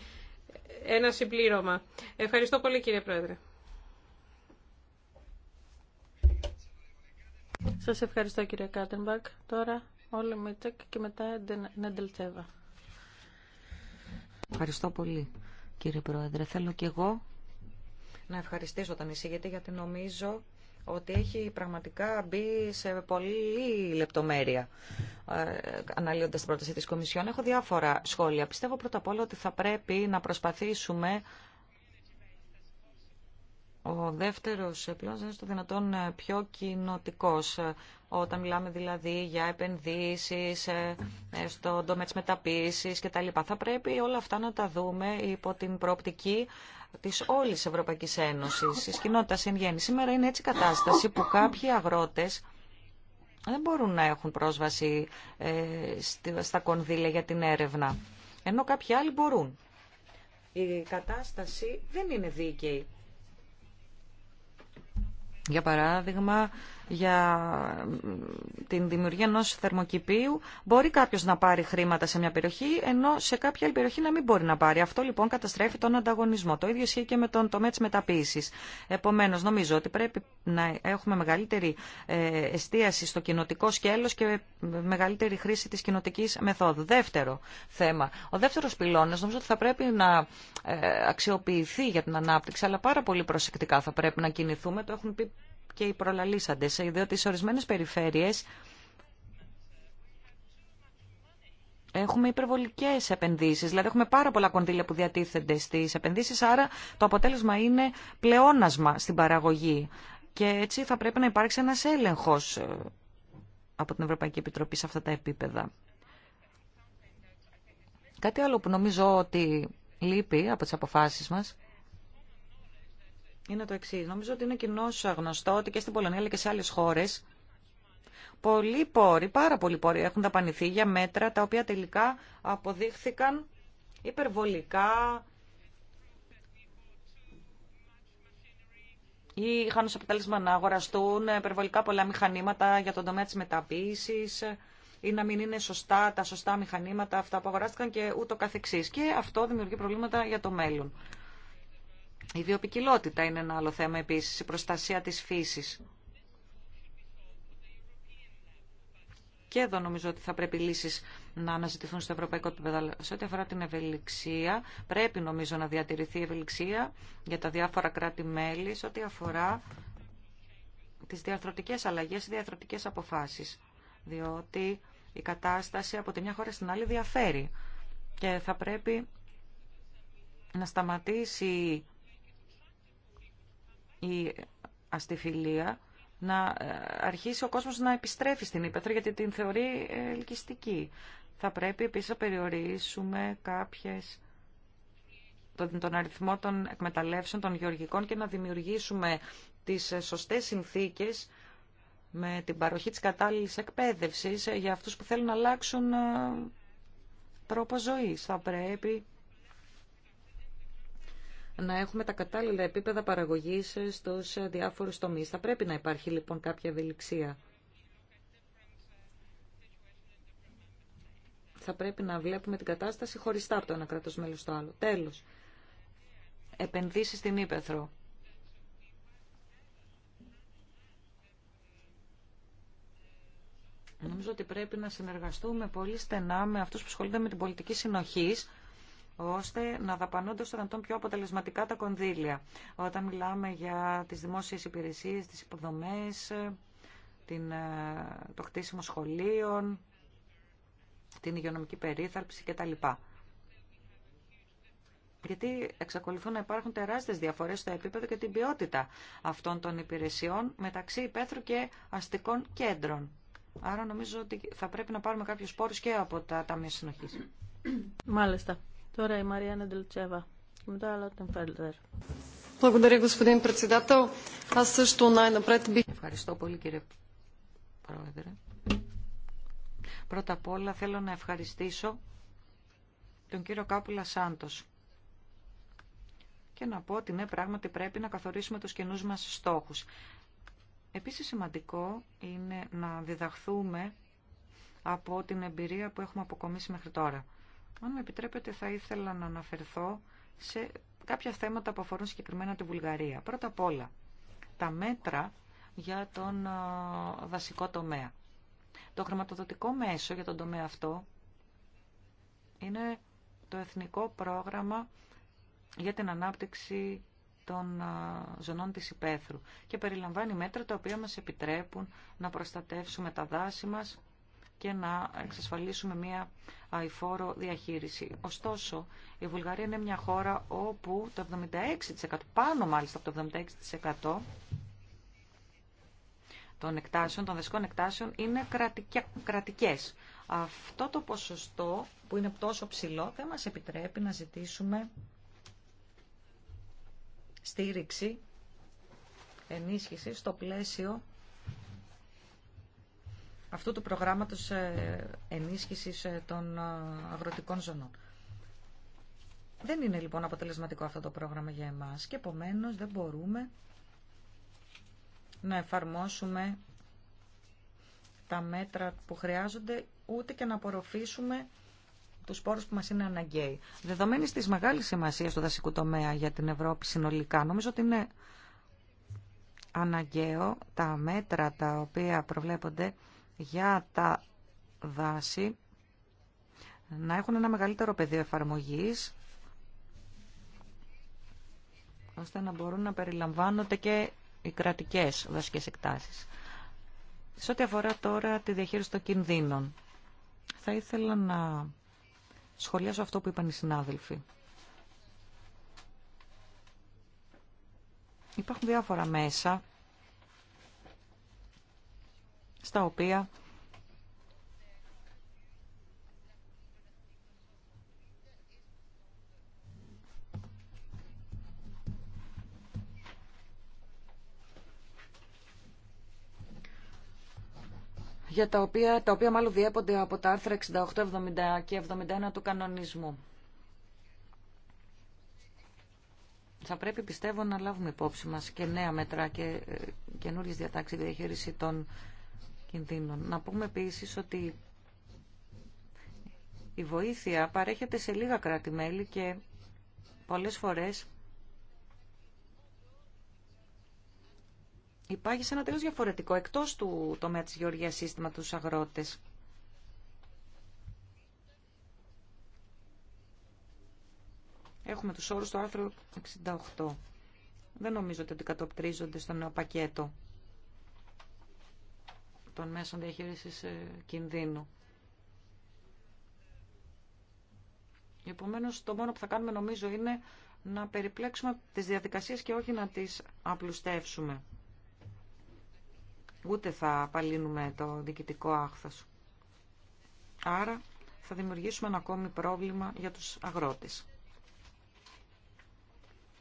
ένα συμπλήρωμα. Ευχαριστώ πολύ κύριε Πρόεδρε. Σας ευχαριστώ κύριε Κάτεμπακ. Τώρα με Μίτσακ και μετά Νεντελτσέβα. Ευχαριστώ πολύ κύριε Πρόεδρε. Θέλω και εγώ να ευχαριστήσω τον εισηγητή γιατί νομίζω ότι έχει πραγματικά μπει σε πολλή λεπτομέρεια ε, αναλύοντας την πρόταση της Κομισιόν. Έχω διάφορα σχόλια. Πιστεύω πρώτα απ' όλα ότι θα πρέπει να προσπαθήσουμε ο δεύτερος πλέον είναι στο δυνατόν ε, πιο κοινοτικό. Ε, όταν μιλάμε δηλαδή για επενδύσεις ε, στον τομέα τη μεταποίησης κτλ. Θα πρέπει όλα αυτά να τα δούμε υπό την προοπτική της όλης Ευρωπαϊκής Ένωσης, της κοινότητας εν γέννη. Σήμερα είναι έτσι η κατάσταση που κάποιοι αγρότες δεν μπορούν να έχουν πρόσβαση στα κονδύλια για την έρευνα, ενώ κάποιοι άλλοι μπορούν. Η κατάσταση δεν είναι δίκαιη για παράδειγμα, για την δημιουργία ενός θερμοκηπίου μπορεί κάποιος να πάρει χρήματα σε μια περιοχή ενώ σε κάποια άλλη περιοχή να μην μπορεί να πάρει. Αυτό λοιπόν καταστρέφει τον ανταγωνισμό. Το ίδιο ισχύει και με τον τομέα της μεταποίησης. Επομένως νομίζω ότι πρέπει να έχουμε μεγαλύτερη ε, εστίαση στο κοινοτικό σκέλος και μεγαλύτερη χρήση της κοινοτική μεθόδου. Δεύτερο θέμα. Ο δεύτερος πυλώνας νομίζω ότι θα πρέπει να ε, αξιοποιηθεί για την ανάπτυξη αλλά πάρα πολύ προσεκτικά θα πρέπει να κινηθούμε. Το έχουν και οι προλαλήσαντε. διότι σε ορισμένες περιφέρειες Έχουμε υπερβολικέ επενδύσει. Δηλαδή, έχουμε πάρα πολλά κονδύλια που διατίθενται στι επενδύσει. Άρα, το αποτέλεσμα είναι πλεόνασμα στην παραγωγή. Και έτσι θα πρέπει να υπάρξει ένα έλεγχο ε, από την Ευρωπαϊκή Επιτροπή σε αυτά τα επίπεδα. Κάτι άλλο που νομίζω ότι λείπει από τις αποφάσεις μας είναι το εξή. Νομίζω ότι είναι κοινό γνωστό ότι και στην Πολωνία αλλά και σε άλλε χώρε πολλοί πόροι, πάρα πολλοί πόροι έχουν ταπανηθεί για μέτρα τα οποία τελικά αποδείχθηκαν υπερβολικά ή είχαν ως αποτέλεσμα να αγοραστούν υπερβολικά πολλά μηχανήματα για τον τομέα της μεταποίησης ή να μην είναι σωστά τα σωστά μηχανήματα αυτά που αγοράστηκαν και ούτω καθεξής. Και αυτό δημιουργεί προβλήματα για το μέλλον. Η βιοπικιλότητα είναι ένα άλλο θέμα επίσης, η προστασία της φύσης. Και εδώ νομίζω ότι θα πρέπει λύσεις να αναζητηθούν στο ευρωπαϊκό επίπεδο. Σε ό,τι αφορά την ευελιξία, πρέπει νομίζω να διατηρηθεί η ευελιξία για τα διάφορα κράτη-μέλη, σε ό,τι αφορά τις διαρθρωτικές αλλαγές, διαρθρωτικές αποφάσεις. Διότι η κατάσταση από τη μια χώρα στην άλλη διαφέρει. Και θα πρέπει να σταματήσει η αστιφιλία να ε, αρχίσει ο κόσμος να επιστρέφει στην Ήπεθρο γιατί την θεωρεί ε, ελκυστική. Θα πρέπει επίσης να περιορίσουμε κάποιες τον, αριθμό των εκμεταλλεύσεων των γεωργικών και να δημιουργήσουμε τις ε, σωστές συνθήκες με την παροχή της κατάλληλης εκπαίδευσης για αυτούς που θέλουν να αλλάξουν τρόπο ζωής. Θα πρέπει να έχουμε τα κατάλληλα επίπεδα παραγωγής στους διάφορους τομείς. Θα πρέπει να υπάρχει λοιπόν κάποια ευελιξία. Θα πρέπει να βλέπουμε την κατάσταση χωριστά από το ένα κράτος μέλος στο άλλο. Τέλος, επενδύσεις στην Ήπεθρο. Νομίζω ότι πρέπει να συνεργαστούμε πολύ στενά με αυτούς που ασχολούνται με την πολιτική συνοχής ώστε να δαπανούνται στον δυνατόν πιο αποτελεσματικά τα κονδύλια. Όταν μιλάμε για τις δημόσιες υπηρεσίες, τις υποδομές, την, ε, το χτίσιμο σχολείων, την υγειονομική περίθαλψη κτλ. Γιατί εξακολουθούν να υπάρχουν τεράστιες διαφορές στο επίπεδο και την ποιότητα αυτών των υπηρεσιών μεταξύ υπαίθρου και αστικών κέντρων. Άρα νομίζω ότι θα πρέπει να πάρουμε κάποιους πόρους και από τα ταμεία συνοχής. Μάλιστα. Τώρα η Μαρία Νεντελτσέβα και μετά Φέλτερ. Ευχαριστώ πολύ κύριε Πρόεδρε. Πρώτα απ' όλα θέλω να ευχαριστήσω τον κύριο Κάπουλα Σάντος και να πω ότι ναι πράγματι πρέπει να καθορίσουμε τους κοινού μα στόχους. Επίσης σημαντικό είναι να διδαχθούμε από την εμπειρία που έχουμε αποκομίσει μέχρι τώρα. Αν με επιτρέπετε θα ήθελα να αναφερθώ σε κάποια θέματα που αφορούν συγκεκριμένα τη Βουλγαρία. Πρώτα απ' όλα, τα μέτρα για τον δασικό τομέα. Το χρηματοδοτικό μέσο για τον τομέα αυτό είναι το Εθνικό Πρόγραμμα για την Ανάπτυξη των Ζωνών της Υπαίθρου και περιλαμβάνει μέτρα τα οποία μας επιτρέπουν να προστατεύσουμε τα δάση μας και να εξασφαλίσουμε μια αηφόρο διαχείριση. Ωστόσο, η Βουλγαρία είναι μια χώρα όπου το 76%, πάνω μάλιστα από το 76% των εκτάσεων, των εκτάσεων είναι κρατικές. Αυτό το ποσοστό που είναι τόσο ψηλό δεν μας επιτρέπει να ζητήσουμε στήριξη, ενίσχυση στο πλαίσιο αυτού του προγράμματος ε, ενίσχυσης ε, των ε, αγροτικών ζωνών. Δεν είναι λοιπόν αποτελεσματικό αυτό το πρόγραμμα για εμάς και επομένως δεν μπορούμε να εφαρμόσουμε τα μέτρα που χρειάζονται ούτε και να απορροφήσουμε τους πόρους που μας είναι αναγκαίοι. Δεδομένης της μεγάλης σημασίας του δασικού τομέα για την Ευρώπη συνολικά, νομίζω ότι είναι αναγκαίο τα μέτρα τα οποία προβλέπονται για τα δάση να έχουν ένα μεγαλύτερο πεδίο εφαρμογής ώστε να μπορούν να περιλαμβάνονται και οι κρατικές δασικές εκτάσεις. Σε ό,τι αφορά τώρα τη διαχείριση των κινδύνων, θα ήθελα να σχολιάσω αυτό που είπαν οι συνάδελφοι. Υπάρχουν διάφορα μέσα στα οποία για τα οποία, τα οποία μάλλον διέπονται από τα άρθρα 68, 70 και 71 του κανονισμού. Θα πρέπει, πιστεύω, να λάβουμε υπόψη μας και νέα μέτρα και ε, καινούργιες διατάξεις διαχείριση των κινδύνων. Να πούμε επίση ότι η βοήθεια παρέχεται σε λίγα κράτη-μέλη και πολλές φορές υπάρχει σε ένα τέλος διαφορετικό εκτός του τομέα της γεωργίας σύστημα τους αγρότες. Έχουμε τους όρους του άρθρο 68. Δεν νομίζω ότι αντικατοπτρίζονται στο νέο πακέτο των μέσων διαχείρισης ε, κινδύνου. Επομένως, το μόνο που θα κάνουμε νομίζω είναι να περιπλέξουμε τις διαδικασίες και όχι να τις απλουστεύσουμε. Ούτε θα απαλύνουμε το διοικητικό άχθος. Άρα θα δημιουργήσουμε ένα ακόμη πρόβλημα για τους αγρότες.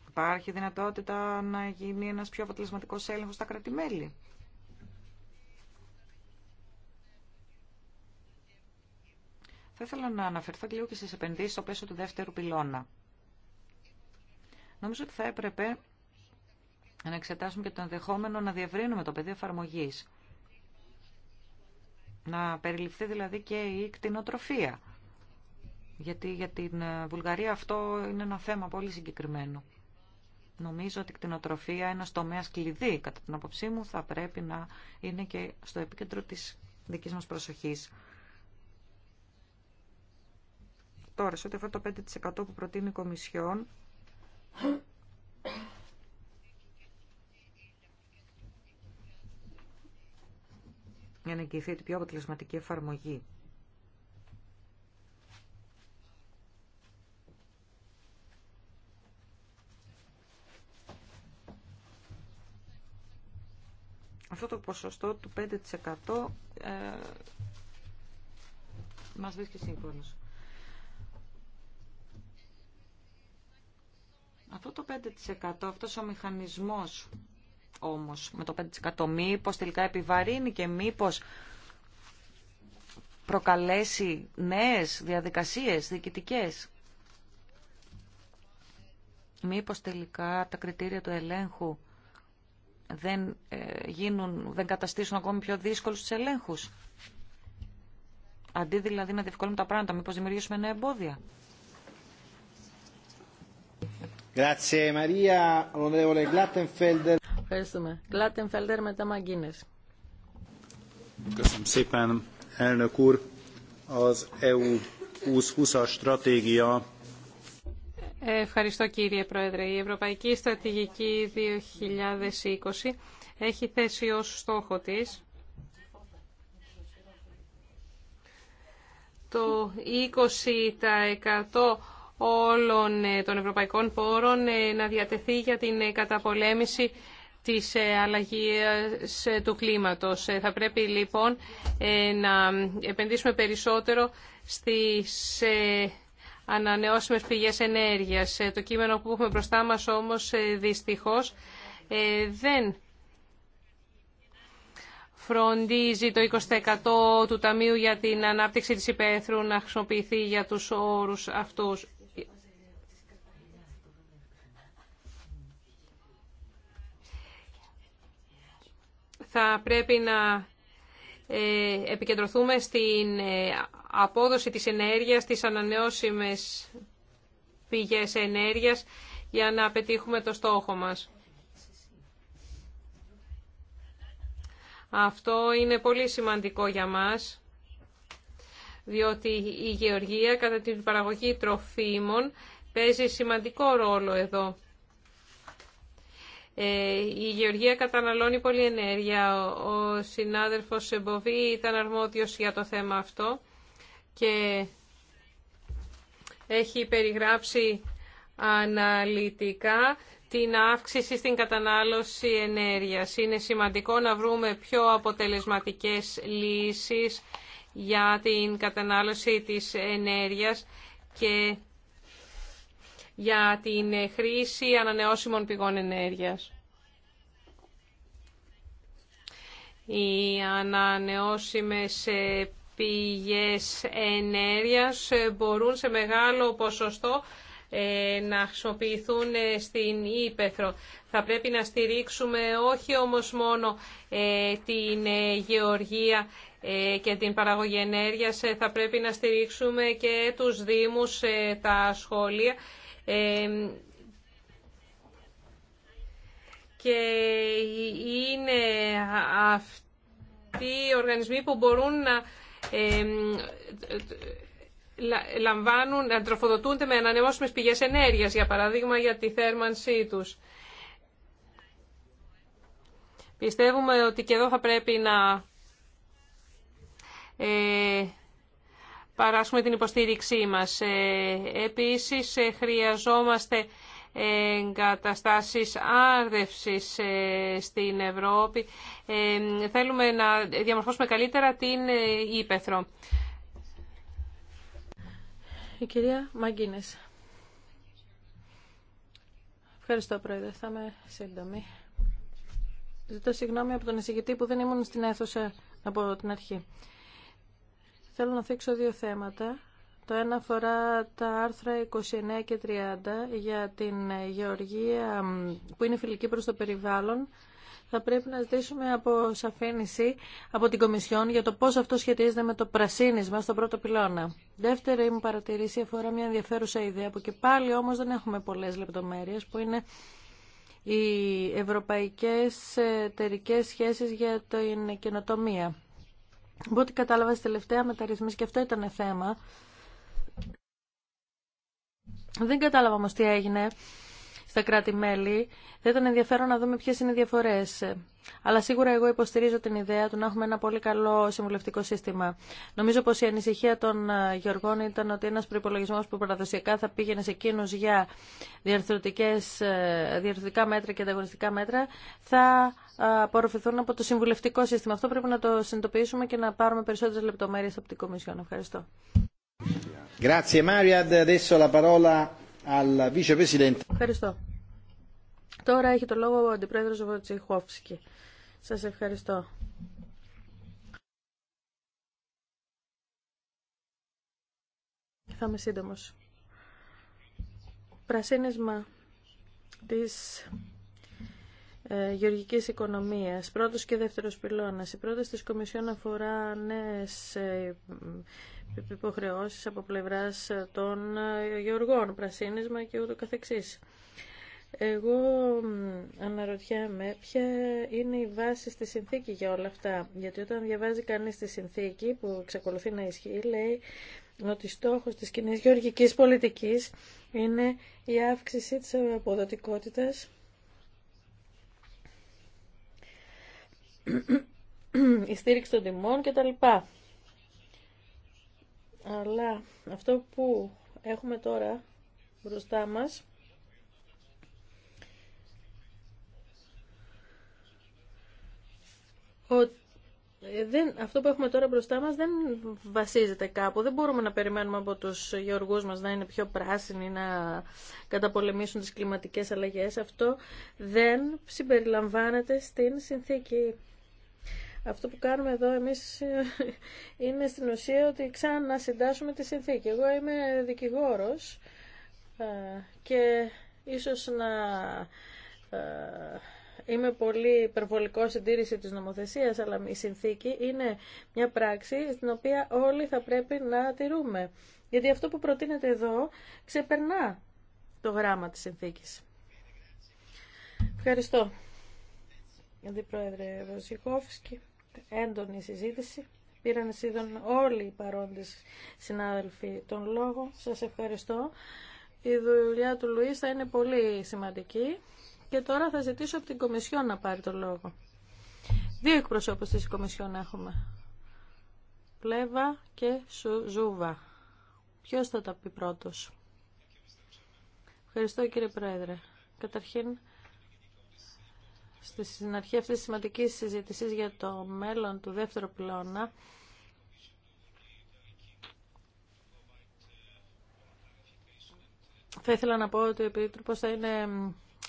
Υπάρχει δυνατότητα να γίνει ένας πιο αποτελεσματικός έλεγχος στα κρατημέλη. Θα ήθελα να αναφερθώ και λίγο και στις επενδύσεις στο πλαίσιο του δεύτερου πυλώνα. Νομίζω ότι θα έπρεπε να εξετάσουμε και το ενδεχόμενο να διευρύνουμε το πεδίο εφαρμογή. Να περιληφθεί δηλαδή και η κτηνοτροφία. Γιατί για την Βουλγαρία αυτό είναι ένα θέμα πολύ συγκεκριμένο. Νομίζω ότι η κτηνοτροφία, ένα τομέα κλειδί, κατά την άποψή μου, θα πρέπει να είναι και στο επίκεντρο της δικής μας προσοχής. Τώρα, σε ό,τι αφορά το 5% που προτείνει η Κομισιόν, για να εγγυηθεί την πιο αποτελεσματική εφαρμογή. Αυτό το ποσοστό του 5% ε, μας βρίσκει σύμφωνος. Αυτό το 5%, αυτός ο μηχανισμός όμως με το 5% μήπως τελικά επιβαρύνει και μήπως προκαλέσει νέες διαδικασίες διοικητικές. Μήπως τελικά τα κριτήρια του ελέγχου δεν, ε, γίνουν, δεν καταστήσουν ακόμη πιο δύσκολους τους ελέγχους. Αντί δηλαδή να διευκολύνουμε τα πράγματα, μήπως δημιουργήσουμε νέα εμπόδια. Ευχαριστώ κύριε Πρόεδρε. Η Ευρωπαϊκή Στρατηγική 2020 έχει θέσει ως στόχο της το 20% όλων ε, των ευρωπαϊκών πόρων ε, να διατεθεί για την ε, καταπολέμηση της αλλαγής του κλίματος. Θα πρέπει λοιπόν να επενδύσουμε περισσότερο στις ανανεώσιμες πηγές ενέργειας. Το κείμενο που έχουμε μπροστά μας όμως δυστυχώς δεν φροντίζει το 20% του Ταμείου για την Ανάπτυξη της Υπέθρου να χρησιμοποιηθεί για τους όρους αυτούς. θα πρέπει να ε, επικεντρωθούμε στην ε, απόδοση της ενέργειας, στις ανανεώσιμες πηγές ενέργειας για να πετύχουμε το στόχο μας. Αυτό είναι πολύ σημαντικό για μας, διότι η γεωργία κατά την παραγωγή τροφίμων παίζει σημαντικό ρόλο εδώ. Ε, η γεωργία καταναλώνει πολύ ενέργεια. Ο συνάδελφος Σεμποβή ήταν αρμόδιος για το θέμα αυτό και έχει περιγράψει αναλυτικά την αύξηση στην κατανάλωση ενέργειας. Είναι σημαντικό να βρούμε πιο αποτελεσματικές λύσεις για την κατανάλωση της ενέργειας και για την χρήση ανανεώσιμων πηγών ενέργειας. Οι ανανεώσιμες πηγές ενέργειας μπορούν σε μεγάλο ποσοστό ε, να χρησιμοποιηθούν ε, στην Ήπεθρο. Θα πρέπει να στηρίξουμε όχι όμως μόνο ε, την γεωργία και την παραγωγή ενέργειας, θα πρέπει να στηρίξουμε και τους δήμους, τα σχολεία και είναι αυτοί οι οργανισμοί που μπορούν να λαμβάνουν, να τροφοδοτούνται με ανανεώσιμες πηγές ενέργειας, για παράδειγμα, για τη θέρμανσή τους. Πιστεύουμε ότι και εδώ θα πρέπει να ε, παράσχουμε την υποστήριξή μας. Ε, επίσης, ε, χρειαζόμαστε εγκαταστάσεις άρδευσης ε, στην Ευρώπη. Θέλουμε να διαμορφώσουμε καλύτερα την Ήπεθρο. Η κυρία Μαγκίνες. Ευχαριστώ, Πρόεδρε. Θα είμαι σύντομη. Ζητώ συγγνώμη από τον εισηγητή που δεν ήμουν στην αίθουσα από την αρχή. Θέλω να θίξω δύο θέματα. Το ένα αφορά τα άρθρα 29 και 30 για την γεωργία που είναι φιλική προς το περιβάλλον. Θα πρέπει να ζητήσουμε από σαφήνιση από την Κομισιόν για το πώς αυτό σχετίζεται με το πρασίνισμα στον πρώτο πυλώνα. Δεύτερη μου παρατηρήση αφορά μια ενδιαφέρουσα ιδέα που και πάλι όμως δεν έχουμε πολλές λεπτομέρειες που είναι οι ευρωπαϊκές εταιρικέ σχέσεις για την καινοτομία. Οπότε ό,τι κατάλαβα στη τελευταία μεταρρυθμίση και αυτό ήταν θέμα. Δεν κατάλαβα όμως τι έγινε στα κράτη-μέλη, θα ήταν ενδιαφέρον να δούμε ποιε είναι οι διαφορέ, Αλλά σίγουρα εγώ υποστηρίζω την ιδέα του να έχουμε ένα πολύ καλό συμβουλευτικό σύστημα. Νομίζω πω η ανησυχία των ε, Γεωργών ήταν ότι ένα προπολογισμό που παραδοσιακά θα πήγαινε σε εκείνου για ε, διαρθρωτικά μέτρα και ανταγωνιστικά μέτρα θα ε, απορροφηθούν από το συμβουλευτικό σύστημα. Αυτό πρέπει να το συνειδητοποιήσουμε και να πάρουμε περισσότερε λεπτομέρειε από την Κομισιόν. Ευχαριστώ. Grazie adesso la parola Ευχαριστώ. Τώρα έχει το λόγο ο Αντιπρόεδρος Βοτσιχόφσκι. Σας ευχαριστώ. Θα είμαι σύντομος. Πρασίνισμα της ε, γεωργικής οικονομίας, πρώτος και δεύτερος πυλώνας. Η πρόταση της Κομισιόν αφορά νέες ε, υποχρεώσεις από πλευράς των ε, γεωργών, πρασίνισμα και ούτω καθεξής. Εγώ αναρωτιέμαι ποια είναι η βάση στη συνθήκη για όλα αυτά. Γιατί όταν διαβάζει κανείς τη συνθήκη που εξακολουθεί να ισχύει, λέει ότι στόχος της κοινή γεωργικής πολιτικής είναι η αύξηση της αποδοτικότητας η στήριξη των τιμών κτλ. Αλλά αυτό που έχουμε τώρα μπροστά μας δεν, αυτό που έχουμε τώρα μπροστά μας δεν βασίζεται κάπου. Δεν μπορούμε να περιμένουμε από τους γεωργούς μας να είναι πιο πράσινοι, να καταπολεμήσουν τις κλιματικές αλλαγές. Αυτό δεν συμπεριλαμβάνεται στην συνθήκη. Αυτό που κάνουμε εδώ εμείς ε, είναι στην ουσία ότι ξανασυντάσσουμε τη συνθήκη. Εγώ είμαι δικηγόρος ε, και ίσως να ε, είμαι πολύ υπερβολικό συντήρηση της νομοθεσίας, αλλά η συνθήκη είναι μια πράξη στην οποία όλοι θα πρέπει να τηρούμε. Γιατί αυτό που προτείνεται εδώ ξεπερνά το γράμμα της συνθήκης. Ευχαριστώ. Αντιπρόεδρε Βοζιχόφσκι έντονη συζήτηση. Πήραν σύντον όλοι οι παρόντες συνάδελφοι τον λόγο. Σας ευχαριστώ. Η δουλειά του Λουίς θα είναι πολύ σημαντική. Και τώρα θα ζητήσω από την Κομισιόν να πάρει τον λόγο. Δύο εκπροσώπους της Κομισιόν έχουμε. Πλέβα και Ζούβα. Ποιος θα τα πει πρώτος. Ευχαριστώ κύριε Πρόεδρε. Καταρχήν στην αρχή αυτής της σημαντικής συζήτησης για το μέλλον του δεύτερου πυλώνα θα ήθελα να πω ότι ο Επίτροπος θα είναι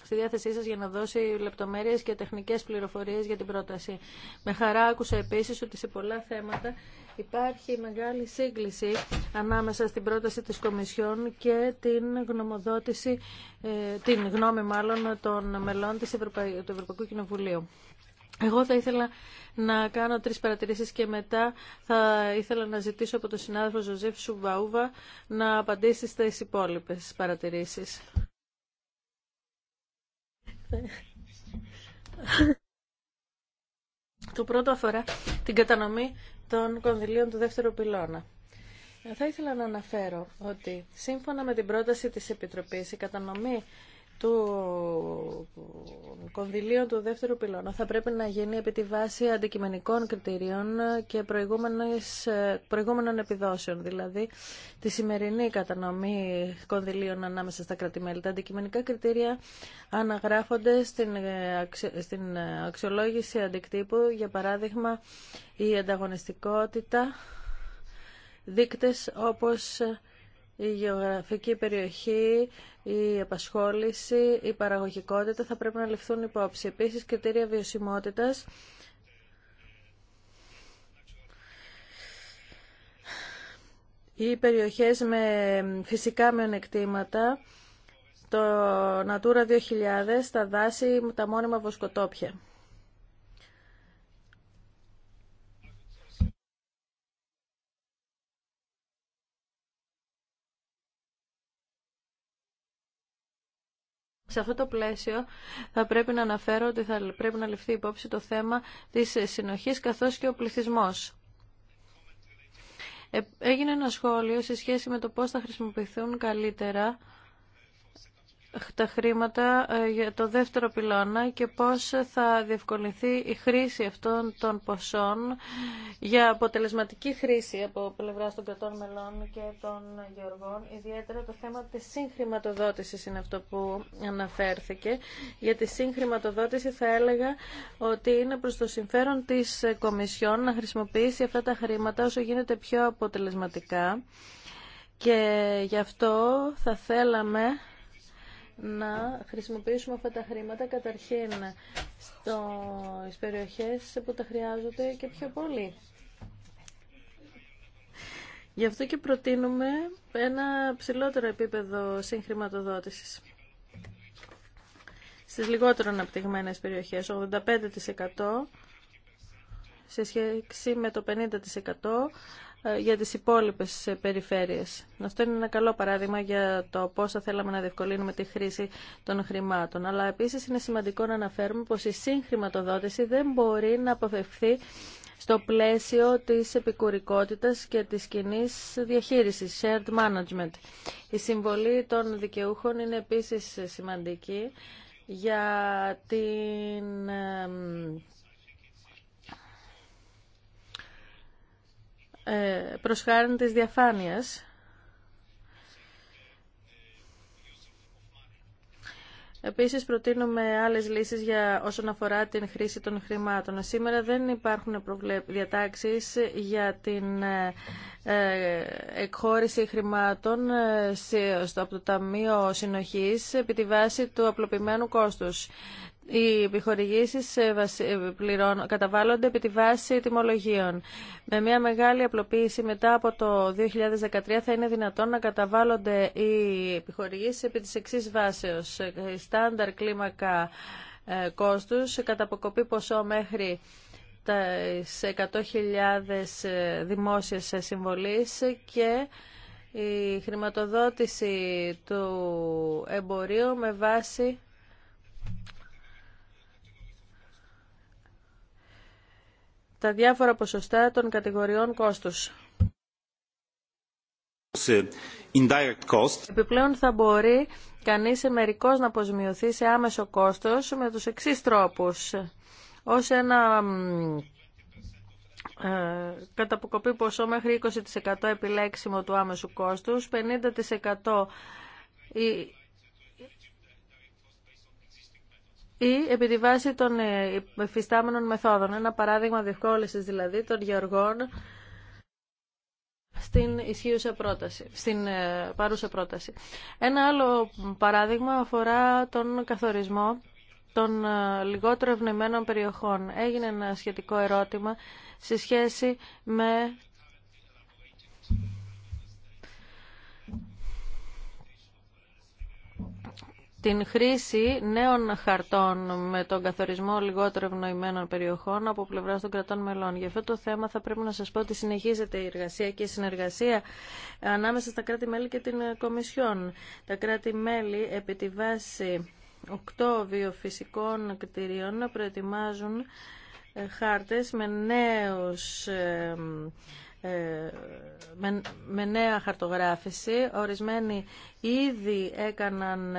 στη διάθεσή σας για να δώσει λεπτομέρειες και τεχνικές πληροφορίες για την πρόταση. Με χαρά άκουσα επίσης ότι σε πολλά θέματα υπάρχει μεγάλη σύγκληση ανάμεσα στην πρόταση της Κομισιόν και την γνωμοδότηση, ε, την γνώμη μάλλον των μελών της του Ευρωπαϊκού Κοινοβουλίου. Εγώ θα ήθελα να κάνω τρεις παρατηρήσεις και μετά θα ήθελα να ζητήσω από τον συνάδελφο Ζωζεφ Σουβαούβα να απαντήσει στις υπόλοιπες παρατηρήσεις. Το πρώτο αφορά την κατανομή των κονδυλίων του δεύτερου πυλώνα. Θα ήθελα να αναφέρω ότι σύμφωνα με την πρόταση της Επιτροπής η κατανομή του κονδυλίο του δεύτερου πυλώνα θα πρέπει να γίνει επί τη βάση αντικειμενικών κριτηρίων και προηγούμενων επιδόσεων, δηλαδή τη σημερινή κατανομή κονδυλίων ανάμεσα στα κρατημέλη. Τα αντικειμενικά κριτήρια αναγράφονται στην αξιολόγηση αντικτύπου, για παράδειγμα η ανταγωνιστικότητα, δείκτες όπως η γεωγραφική περιοχή, η απασχόληση, η παραγωγικότητα θα πρέπει να ληφθούν υπόψη. Επίσης, κριτήρια βιωσιμότητας ή περιοχές με φυσικά μειονεκτήματα, το Natura 2000, τα δάση, τα μόνιμα βοσκοτόπια. Σε αυτό το πλαίσιο θα πρέπει να αναφέρω ότι θα πρέπει να ληφθεί υπόψη το θέμα της συνοχής καθώς και ο πληθυσμός. Ε, έγινε ένα σχόλιο σε σχέση με το πώς θα χρησιμοποιηθούν καλύτερα τα χρήματα ε, για το δεύτερο πυλώνα και πώς θα διευκολυνθεί η χρήση αυτών των ποσών για αποτελεσματική χρήση από πλευρά των κρατών μελών και των γεωργών. Ιδιαίτερα το θέμα της συγχρηματοδότησης είναι αυτό που αναφέρθηκε. Για τη συγχρηματοδότηση θα έλεγα ότι είναι προς το συμφέρον της Κομισιόν να χρησιμοποιήσει αυτά τα χρήματα όσο γίνεται πιο αποτελεσματικά. Και γι' αυτό θα θέλαμε να χρησιμοποιήσουμε αυτά τα χρήματα καταρχήν στις περιοχές που τα χρειάζονται και πιο πολύ. Γι' αυτό και προτείνουμε ένα ψηλότερο επίπεδο συγχρηματοδότησης στις λιγότερο αναπτυγμένες περιοχές, 85% σε σχέση με το 50% ε, για τις υπόλοιπες ε, περιφέρειες. Αυτό είναι ένα καλό παράδειγμα για το πώς θα θέλαμε να διευκολύνουμε τη χρήση των χρημάτων. Αλλά επίσης είναι σημαντικό να αναφέρουμε πως η συγχρηματοδότηση δεν μπορεί να αποφευθεί στο πλαίσιο της επικουρικότητας και της κοινή διαχείρισης, shared management. Η συμβολή των δικαιούχων είναι επίσης σημαντική για την ε, Ε, προς χάρη της διαφάνειας Επίσης προτείνουμε άλλες λύσεις για όσον αφορά την χρήση των χρημάτων. Σήμερα δεν υπάρχουν διατάξεις για την ε, ε, εκχώρηση χρημάτων από το Ταμείο Συνοχής επί τη βάση του απλοποιημένου κόστους οι επιχορηγήσεις ε, ε, καταβάλλονται επί τη βάση τιμολογίων. Με μια μεγάλη απλοποίηση μετά από το 2013 θα είναι δυνατόν να καταβάλλονται οι επιχορηγήσεις επί της εξής βάσεως. Ε, στάνταρ κλίμακα κόστους, καταποκοπή ποσό μέχρι τις 100.000 δημόσιες συμβολής και η χρηματοδότηση του εμπορίου με βάση τα διάφορα ποσοστά των κατηγοριών κόστους. Επιπλέον θα μπορεί κανείς εμερικός να αποσμειωθεί σε άμεσο κόστος με τους εξής τρόπους. Ως ένα ε, καταποκοπή ποσό μέχρι 20% επιλέξιμο του άμεσου κόστους, 50% ή επί τη βάση των εφιστάμενων μεθόδων. Ένα παράδειγμα διευκόλυσης δηλαδή των γεωργών στην ισχύουσα πρόταση, στην ε, παρούσα πρόταση. Ένα άλλο παράδειγμα αφορά τον καθορισμό των ε, λιγότερο ευνοημένων περιοχών. Έγινε ένα σχετικό ερώτημα σε σχέση με την χρήση νέων χαρτών με τον καθορισμό λιγότερο ευνοημένων περιοχών από πλευρά των κρατών μελών. Για αυτό το θέμα θα πρέπει να σας πω ότι συνεχίζεται η εργασία και η συνεργασία ανάμεσα στα κράτη-μέλη και την Κομισιόν. Τα κράτη-μέλη επί τη βάση οκτώ βιοφυσικών κτηρίων προετοιμάζουν ε, χάρτες με νέους ε, ε, με, νέα χαρτογράφηση. Ορισμένοι ήδη έκαναν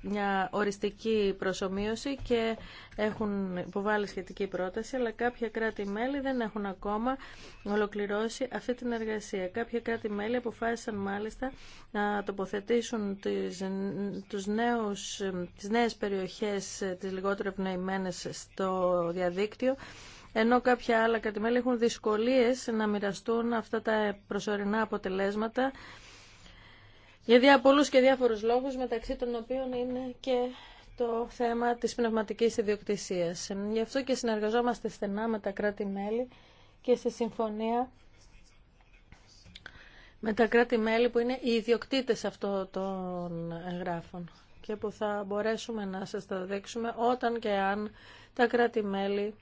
μια οριστική προσωμείωση και έχουν υποβάλει σχετική πρόταση, αλλά κάποια κράτη-μέλη δεν έχουν ακόμα ολοκληρώσει αυτή την εργασία. Κάποια κράτη-μέλη αποφάσισαν μάλιστα να τοποθετήσουν τις, τους νέους, τις νέες περιοχές, ε, τις λιγότερο ευνοημένες στο διαδίκτυο, ενώ κάποια άλλα κράτη-μέλη έχουν δυσκολίες να μοιραστούν αυτά τα προσωρινά αποτελέσματα για πολλούς και διάφορους λόγους, μεταξύ των οποίων είναι και το θέμα της πνευματικής ιδιοκτησίας. Γι' αυτό και συνεργαζόμαστε στενά με τα κράτη-μέλη και σε συμφωνία με τα κράτη-μέλη που είναι οι ιδιοκτήτες αυτών των εγγράφων και που θα μπορέσουμε να σας τα δείξουμε όταν και αν τα κράτη-μέλη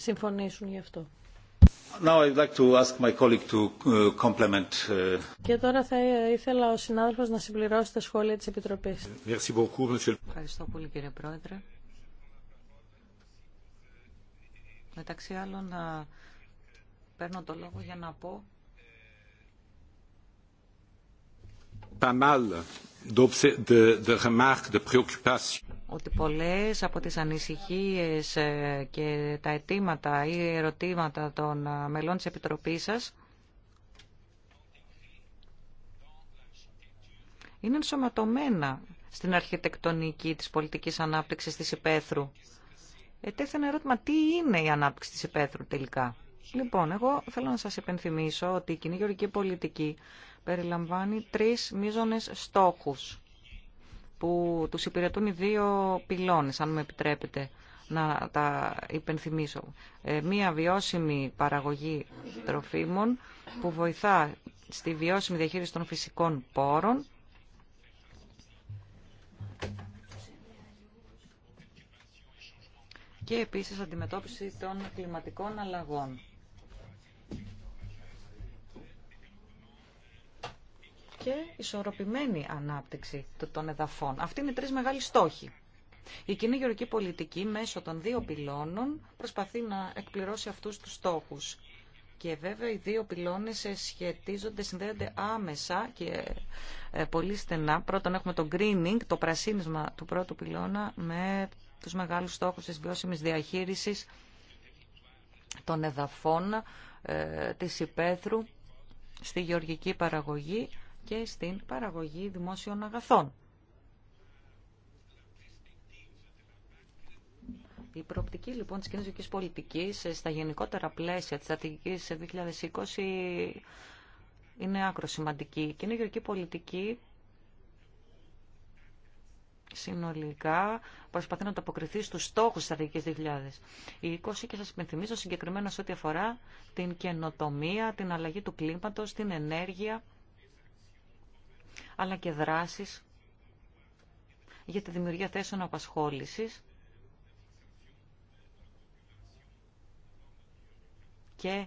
συμφωνήσουν γι' αυτό. Και τώρα θα ήθελα ο συνάδελφος να συμπληρώσει τα σχόλια της Επιτροπής. Ευχαριστώ πολύ κύριε Πρόεδρε. Μεταξύ άλλων, παίρνω το λόγο για να πω ότι πολλές από τις ανησυχίες ε, και τα αιτήματα ή ερωτήματα των ε, μελών της Επιτροπής σας είναι ενσωματωμένα στην αρχιτεκτονική της πολιτικής ανάπτυξης της υπαίθρου. Ετέθε ένα ερώτημα τι είναι η ανάπτυξη της υπαίθρου τελικά. Λοιπόν, εγώ θέλω να σας υπενθυμίσω ότι η κοινή γεωργική πολιτική περιλαμβάνει τρεις μείζονες στόχους που τους υπηρετούν οι δύο πυλώνες, αν μου επιτρέπετε να τα υπενθυμίσω. Ε, μία βιώσιμη παραγωγή τροφίμων που βοηθά στη βιώσιμη διαχείριση των φυσικών πόρων και επίσης αντιμετώπιση των κλιματικών αλλαγών. και ισορροπημένη ανάπτυξη των εδαφών. Αυτοί είναι οι τρεις μεγάλοι στόχοι. Η κοινή γεωργική πολιτική μέσω των δύο πυλώνων προσπαθεί να εκπληρώσει αυτούς τους στόχους. Και βέβαια οι δύο πυλώνες ε, σχετίζονται, συνδέονται άμεσα και ε, πολύ στενά. Πρώτον έχουμε το greening, το πρασίνισμα του πρώτου πυλώνα με τους μεγάλους στόχους της βιώσιμης διαχείρισης των εδαφών ε, της υπαίθρου στη γεωργική παραγωγή και στην παραγωγή δημόσιων αγαθών. Η προοπτική λοιπόν της κοινωνικής πολιτικής στα γενικότερα πλαίσια της στρατηγικής 2020 είναι άκρο σημαντική. Η κοινωνική πολιτική συνολικά προσπαθεί να ανταποκριθεί στους στόχους της στρατηγικής 2020 και σας υπενθυμίζω συγκεκριμένα σε ό,τι αφορά την καινοτομία, την αλλαγή του κλίματος, την ενέργεια αλλά και δράσεις για τη δημιουργία θέσεων απασχόλησης και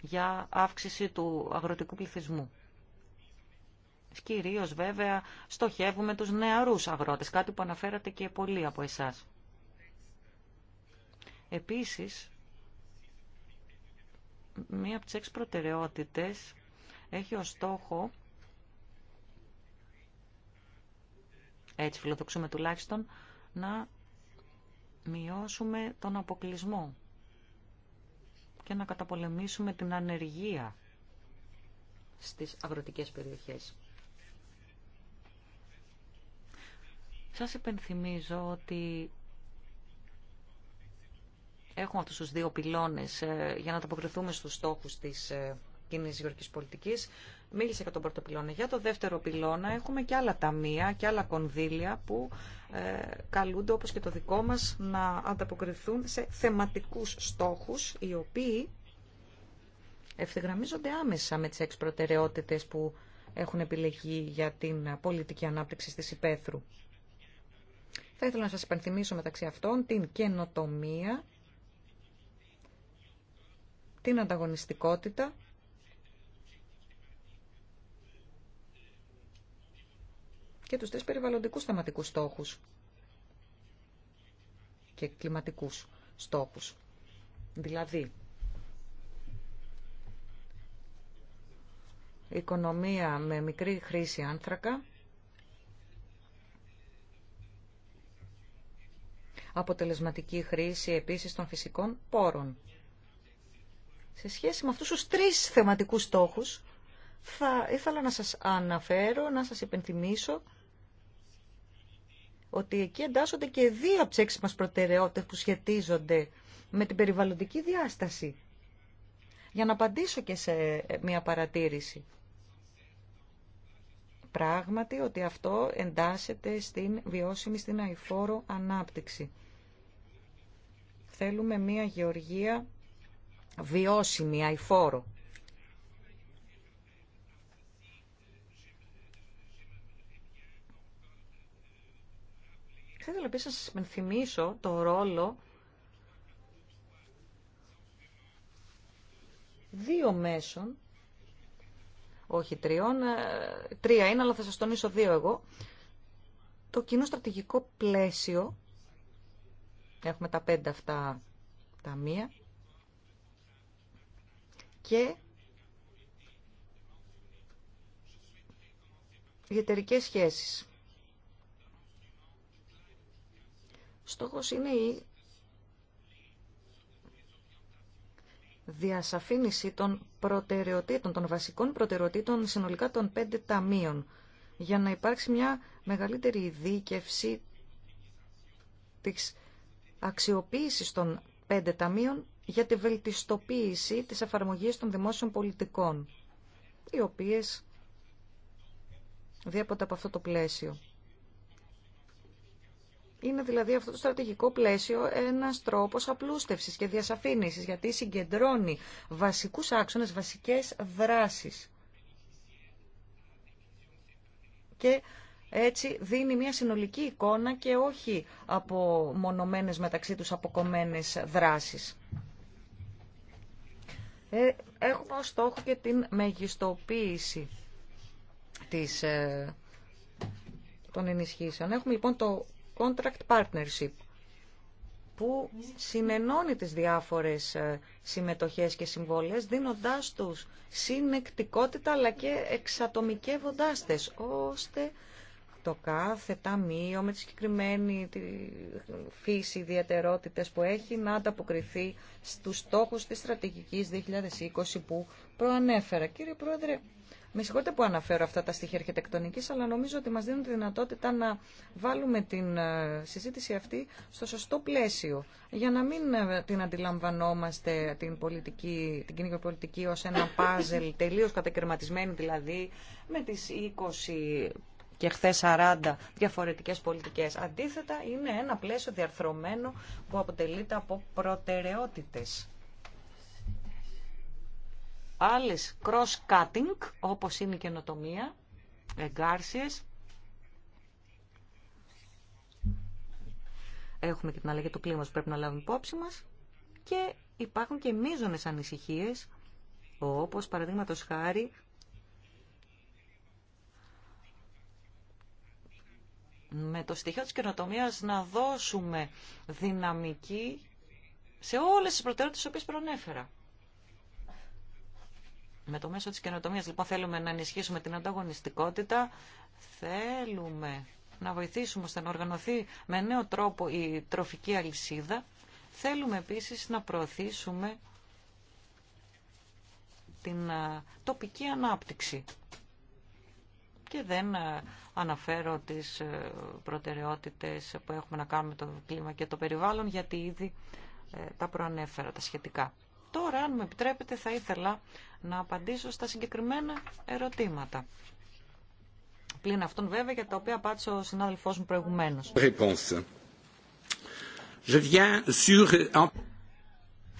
για αύξηση του αγροτικού πληθυσμού. Κυρίως βέβαια στοχεύουμε τους νεαρούς αγρότες, κάτι που αναφέρατε και πολλοί από εσάς. Επίσης, μία από τις έξι προτεραιότητες έχει ως στόχο Έτσι φιλοδοξούμε τουλάχιστον να μειώσουμε τον αποκλεισμό και να καταπολεμήσουμε την ανεργία στις αγροτικές περιοχές. Σας υπενθυμίζω ότι έχουμε αυτούς τους δύο πυλώνες ε, για να ανταποκριθούμε στους στόχους της ε, κοινή γεωργική πολιτική. Μίλησε για τον πρώτο πυλώνα. Για το δεύτερο πυλώνα έχουμε και άλλα ταμεία και άλλα κονδύλια που ε, καλούνται όπως και το δικό μας να ανταποκριθούν σε θεματικούς στόχους οι οποίοι ευθυγραμμίζονται άμεσα με τις έξι που έχουν επιλεγεί για την πολιτική ανάπτυξη της υπαίθρου. Θα ήθελα να σας υπενθυμίσω μεταξύ αυτών την καινοτομία, την ανταγωνιστικότητα και τους τρεις περιβαλλοντικούς θεματικούς στόχους και κλιματικούς στόχους. Δηλαδή, οικονομία με μικρή χρήση άνθρακα, αποτελεσματική χρήση επίσης των φυσικών πόρων. Σε σχέση με αυτούς τους τρεις θεματικούς στόχους, θα ήθελα να σας αναφέρω, να σας υπενθυμίσω ότι εκεί εντάσσονται και δύο από τις μας προτεραιότητες που σχετίζονται με την περιβαλλοντική διάσταση. Για να απαντήσω και σε μία παρατήρηση. Πράγματι ότι αυτό εντάσσεται στην βιώσιμη, στην αηφόρο ανάπτυξη. Θέλουμε μία γεωργία βιώσιμη, αηφόρο. Θα ήθελα επίσης να σας υπενθυμίσω το ρόλο δύο μέσων, όχι τριών, ε, τρία είναι, αλλά θα σας τονίσω δύο εγώ, το κοινό στρατηγικό πλαίσιο, έχουμε τα πέντε αυτά τα μία, και οι εταιρικές σχέσεις. Στόχος είναι η διασαφήνιση των προτεραιοτήτων, των βασικών προτεραιοτήτων συνολικά των πέντε ταμείων, για να υπάρξει μια μεγαλύτερη δίκευση της αξιοποίησης των πέντε ταμείων για τη βελτιστοποίηση της εφαρμογής των δημόσιων πολιτικών, οι οποίες διέπονται από αυτό το πλαίσιο. Είναι δηλαδή αυτό το στρατηγικό πλαίσιο ένας τρόπος απλούστευσης και διασαφήνισης, γιατί συγκεντρώνει βασικούς άξονες, βασικές δράσεις. Και έτσι δίνει μια συνολική εικόνα και όχι από μονομένες μεταξύ τους αποκομμένες δράσεις. Ε, έχουμε ως στόχο και την μεγιστοποίηση της, ε, των ενισχύσεων. Έχουμε λοιπόν το contract partnership που συνενώνει τις διάφορες ε, συμμετοχές και συμβόλες δίνοντάς τους συνεκτικότητα αλλά και εξατομικεύοντάς τες ώστε το κάθε ταμείο με τη συγκεκριμένη φύση ιδιαιτερότητες που έχει να ανταποκριθεί στους στόχους της στρατηγικής 2020 που προανέφερα. Κύριε Πρόεδρε, με συγχωρείτε που αναφέρω αυτά τα στοιχεία αρχιτεκτονική, αλλά νομίζω ότι μα δίνουν τη δυνατότητα να βάλουμε την ε, συζήτηση αυτή στο σωστό πλαίσιο. Για να μην ε, την αντιλαμβανόμαστε την, πολιτική, την κοινή πολιτική ω ένα πάζελ τελείω κατακαιρματισμένη δηλαδή με τι 20 και χθε 40 διαφορετικέ πολιτικέ. Αντίθετα, είναι ένα πλαίσιο διαρθρωμένο που αποτελείται από προτεραιότητε άλλες cross-cutting, όπως είναι η καινοτομία, εγκάρσιες. Έχουμε και την αλλαγή του κλίματος που πρέπει να λάβουμε υπόψη μας. Και υπάρχουν και μείζονες ανησυχίες, όπως παραδείγματο χάρη με το στοιχείο της καινοτομίας να δώσουμε δυναμική σε όλες τις προτεραιότητες τις οποίες προνέφερα. Με το μέσο της καινοτομία λοιπόν θέλουμε να ενισχύσουμε την ανταγωνιστικότητα, θέλουμε να βοηθήσουμε ώστε να οργανωθεί με νέο τρόπο η τροφική αλυσίδα, θέλουμε επίσης να προωθήσουμε την τοπική ανάπτυξη. Και δεν αναφέρω τις προτεραιότητες που έχουμε να κάνουμε το κλίμα και το περιβάλλον, γιατί ήδη ε, τα προανέφερα τα σχετικά. Τώρα, αν με επιτρέπετε, θα ήθελα να απαντήσω στα συγκεκριμένα ερωτήματα. Πλην αυτών βέβαια για τα οποία απάντησε ο συνάδελφός μου προηγουμένως.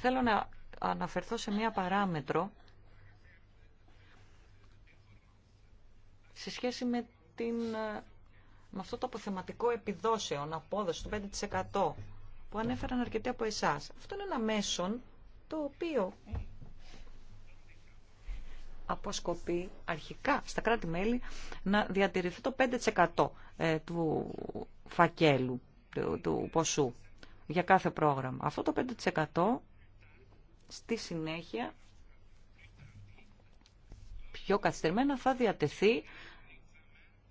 Θέλω να αναφερθώ σε μία παράμετρο σε σχέση με, την, ε, με αυτό το αποθεματικό επιδόσεων, απόδοση του 5% που ανέφεραν αρκετοί από εσάς. Αυτό είναι ένα μέσον το οποίο αποσκοπεί αρχικά στα κράτη-μέλη να διατηρηθεί το 5% ε, του φακέλου, του ποσού για κάθε πρόγραμμα. Αυτό το 5% στη συνέχεια πιο καθυστερημένα θα διατεθεί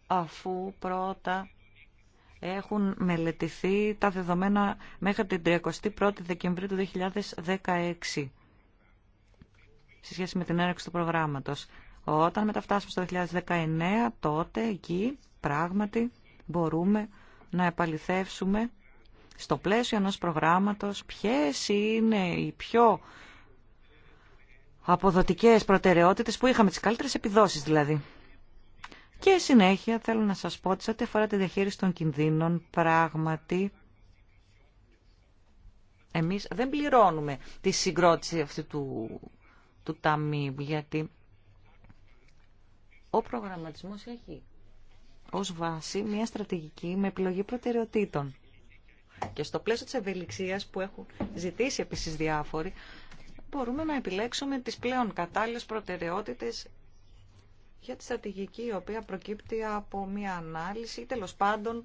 αφού πρώτα έχουν μελετηθεί τα δεδομένα μέχρι την 31η Δεκεμβρίου του 2016 σε σχέση με την έναρξη του προγράμματος. Όταν μεταφτάσουμε στο 2019, τότε εκεί πράγματι μπορούμε να επαληθεύσουμε στο πλαίσιο ενός προγράμματος ποιες είναι οι πιο αποδοτικές προτεραιότητες που είχαμε τις καλύτερες επιδόσεις δηλαδή. Και συνέχεια θέλω να σας πω ότι σε ό,τι αφορά τη διαχείριση των κινδύνων, πράγματι εμείς δεν πληρώνουμε τη συγκρότηση αυτή του, του ταμείου, γιατί ο προγραμματισμός έχει ως βάση μια στρατηγική με επιλογή προτεραιοτήτων. Και στο πλαίσιο της ευελιξίας που έχουν ζητήσει επίσης διάφοροι, μπορούμε να επιλέξουμε τις πλέον κατάλληλες προτεραιότητες για τη στρατηγική η οποία προκύπτει από μία ανάλυση ή τέλος πάντων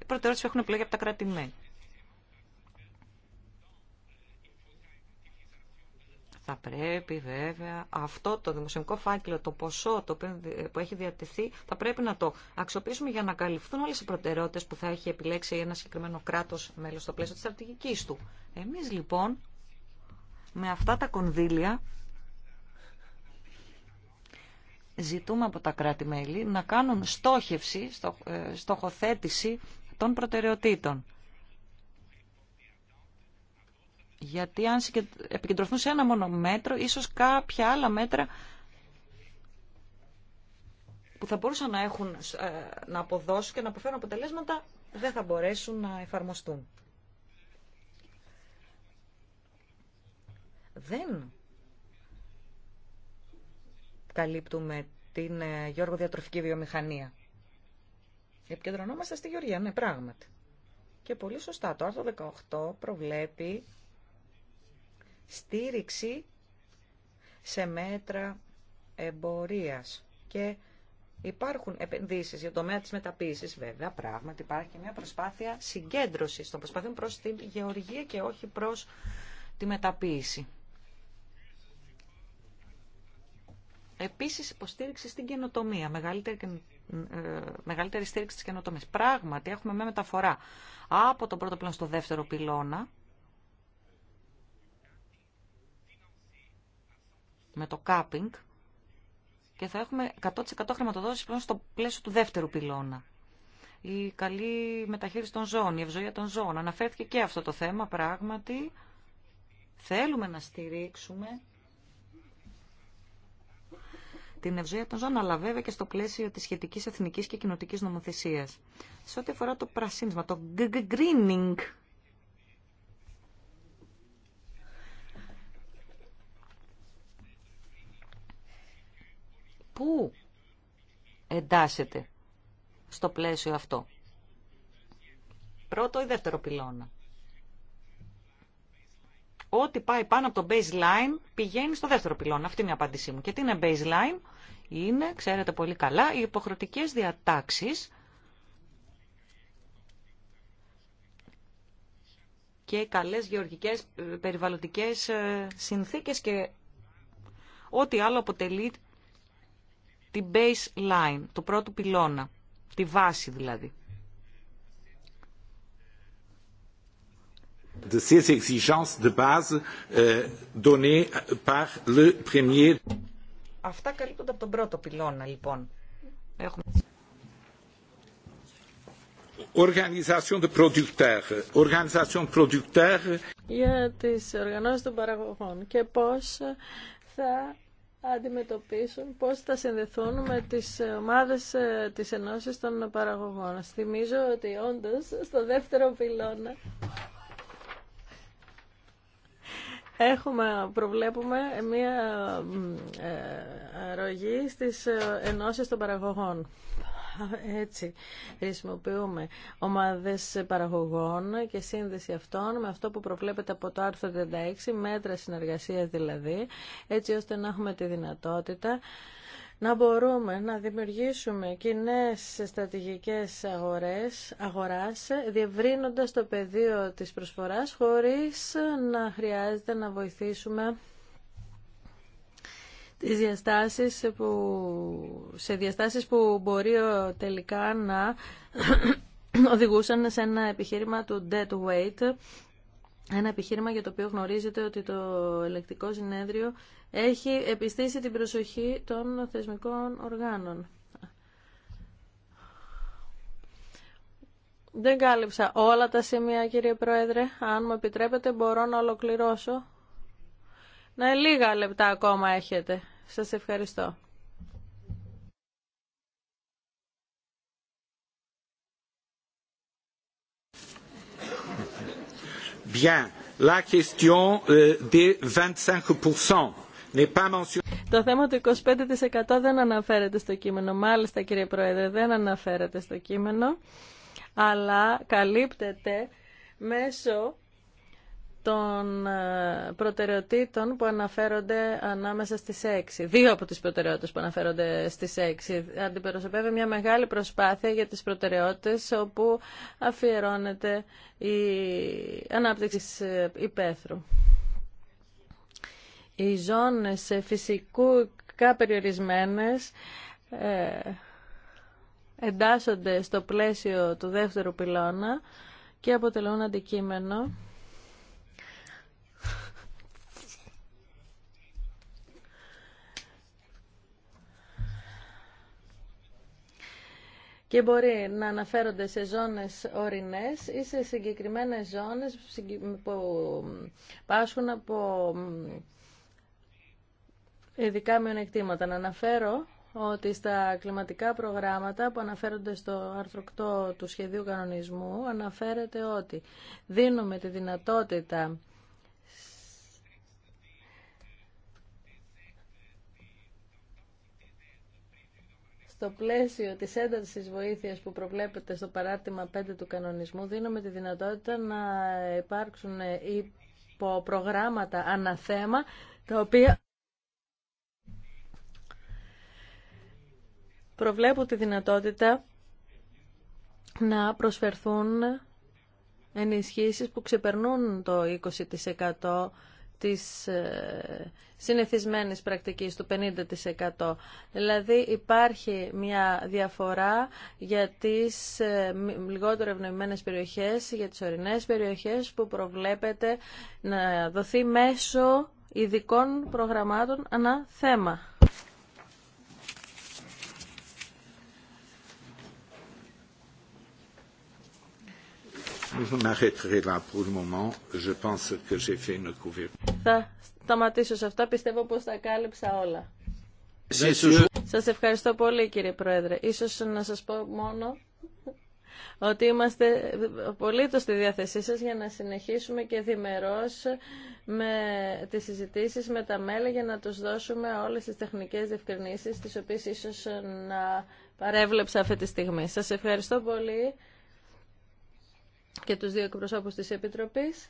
οι προτεραιότητες που έχουν επιλέγει από τα κρατη Θα πρέπει βέβαια αυτό το δημοσιονομικό φάκελο, το ποσό το που έχει διατηθεί, θα πρέπει να το αξιοποιήσουμε για να καλυφθούν όλες οι προτεραιότητες που θα έχει επιλέξει ένα συγκεκριμένο κράτος μέλος στο πλαίσιο της στρατηγικής του. Εμείς λοιπόν με αυτά τα κονδύλια ζητούμε από τα κράτη-μέλη να κάνουν στόχευση, ε, στοχοθέτηση των προτεραιοτήτων. Γιατί αν επικεντρωθούν σε ένα μόνο μέτρο, ίσως κάποια άλλα μέτρα που θα μπορούσαν να, έχουν, ε, να αποδώσουν και να αποφέρουν αποτελέσματα, δεν θα μπορέσουν να εφαρμοστούν. Δεν καλύπτουμε την ε, γεωργοδιατροφική βιομηχανία. Επικεντρωνόμαστε στη Γεωργία, ναι, πράγματι. Και πολύ σωστά, το άρθρο 18 προβλέπει στήριξη σε μέτρα εμπορίας και υπάρχουν επενδύσεις για το τομέα της μεταποίησης βέβαια πράγματι υπάρχει μια προσπάθεια συγκέντρωσης των προσπαθειών προς την γεωργία και όχι προς τη μεταποίηση. Επίσης, υποστήριξη στην καινοτομία, μεγαλύτερη, ε, μεγαλύτερη στήριξη της καινοτομίας. Πράγματι, έχουμε με μεταφορά από τον πρώτο πυλώνα στο δεύτερο πυλώνα, με το κάπινγκ, και θα έχουμε 100% χρηματοδότηση πλέον στο πλαίσιο του δεύτερου πυλώνα. Η καλή μεταχείριση των ζώων, η ευζοία των ζώων. Αναφέρθηκε και αυτό το θέμα, πράγματι. Θέλουμε να στηρίξουμε την ευζοία των ζώων, αλλά βέβαια και στο πλαίσιο τη σχετική εθνική και κοινοτική νομοθεσία. Σε ό,τι αφορά το πρασίνισμα, το greening, πού εντάσσεται στο πλαίσιο αυτό. Πρώτο ή δεύτερο πυλώνα ό,τι πάει πάνω από το baseline πηγαίνει στο δεύτερο πυλώνα. Αυτή είναι η απάντησή μου. Και τι είναι baseline, είναι, ξέρετε πολύ καλά, οι υποχρεωτικέ διατάξεις και οι καλές γεωργικές ε, περιβαλλοντικές ε, συνθήκες και ό,τι άλλο αποτελεί την baseline, του πρώτο πυλώνα, τη βάση δηλαδή. de ces exigences de base euh, données par le premier. Αυτά καλύπτονται από τον πρώτο πυλώνα, λοιπόν. Για τις οργανώσεις των παραγωγών και πώς θα αντιμετωπίσουν πώς θα συνδεθούν με τις ομάδες ε, της Ενώσης των Παραγωγών. Θυμίζω ότι όντως στο δεύτερο πυλώνα έχουμε, προβλέπουμε μια ε, αρρωγή στις ε, ενώσεις των παραγωγών. Έτσι χρησιμοποιούμε ομάδες παραγωγών και σύνδεση αυτών με αυτό που προβλέπεται από το άρθρο 36, μέτρα συνεργασίας δηλαδή, έτσι ώστε να έχουμε τη δυνατότητα να μπορούμε να δημιουργήσουμε κοινέ στρατηγικές αγορές, αγοράς, διευρύνοντας το πεδίο της προσφοράς χωρίς να χρειάζεται να βοηθήσουμε τις διαστάσεις που, σε διαστάσεις που μπορεί τελικά να οδηγούσαν σε ένα επιχείρημα του dead weight, ένα επιχείρημα για το οποίο γνωρίζετε ότι το ελεκτικό συνέδριο έχει επιστήσει την προσοχή των θεσμικών οργάνων. Δεν κάλυψα όλα τα σημεία, κύριε Πρόεδρε. Αν μου επιτρέπετε, μπορώ να ολοκληρώσω. Να λίγα λεπτά ακόμα έχετε. Σας ευχαριστώ. Bien. La question euh, des 25%. Το θέμα του 25% δεν αναφέρεται στο κείμενο. Μάλιστα, κύριε Πρόεδρε, δεν αναφέρεται στο κείμενο, αλλά καλύπτεται μέσω των ε, προτεραιοτήτων που αναφέρονται ανάμεσα στις 6. Δύο από τις προτεραιότητες που αναφέρονται στις 6. Αντιπεροσωπεύει μια μεγάλη προσπάθεια για τις προτεραιότητες όπου αφιερώνεται η ανάπτυξη ε, υπαίθρου οι ζώνες φυσικού περιορισμένες ε, εντάσσονται στο πλαίσιο του δεύτερου πυλώνα και αποτελούν αντικείμενο και μπορεί να αναφέρονται σε ζώνες ορεινές ή σε συγκεκριμένες ζώνες που πάσχουν από ειδικά μειονεκτήματα. Να αναφέρω ότι στα κλιματικά προγράμματα που αναφέρονται στο άρθρο 8 του σχεδίου κανονισμού αναφέρεται ότι δίνουμε τη δυνατότητα στο πλαίσιο της έντασης βοήθειας που προβλέπεται στο παράρτημα 5 του κανονισμού δίνουμε τη δυνατότητα να υπάρξουν υποπρογράμματα αναθέμα τα οποία προβλέπουν τη δυνατότητα να προσφερθούν ενισχύσεις που ξεπερνούν το 20% της ε, συνηθισμένης πρακτικής του 50%. Δηλαδή υπάρχει μια διαφορά για τις ε, λιγότερο ευνοημένες περιοχές, για τις ορεινές περιοχές που προβλέπεται να δοθεί μέσω ειδικών προγραμμάτων ανά θέμα. Θα σταματήσω σε αυτά. Πιστεύω πως τα κάλυψα όλα. Σας ευχαριστώ πολύ κύριε Πρόεδρε. Ίσως να σας πω μόνο ότι είμαστε απολύτως στη διάθεσή σας για να συνεχίσουμε και διμερώς με τις συζητήσεις με τα μέλη για να τους δώσουμε όλες τις τεχνικές διευκρινήσεις τις οποίες ίσως να παρέβλεψα αυτή τη στιγμή. Σας ευχαριστώ πολύ και τους δύο εκπροσώπους της Επιτροπής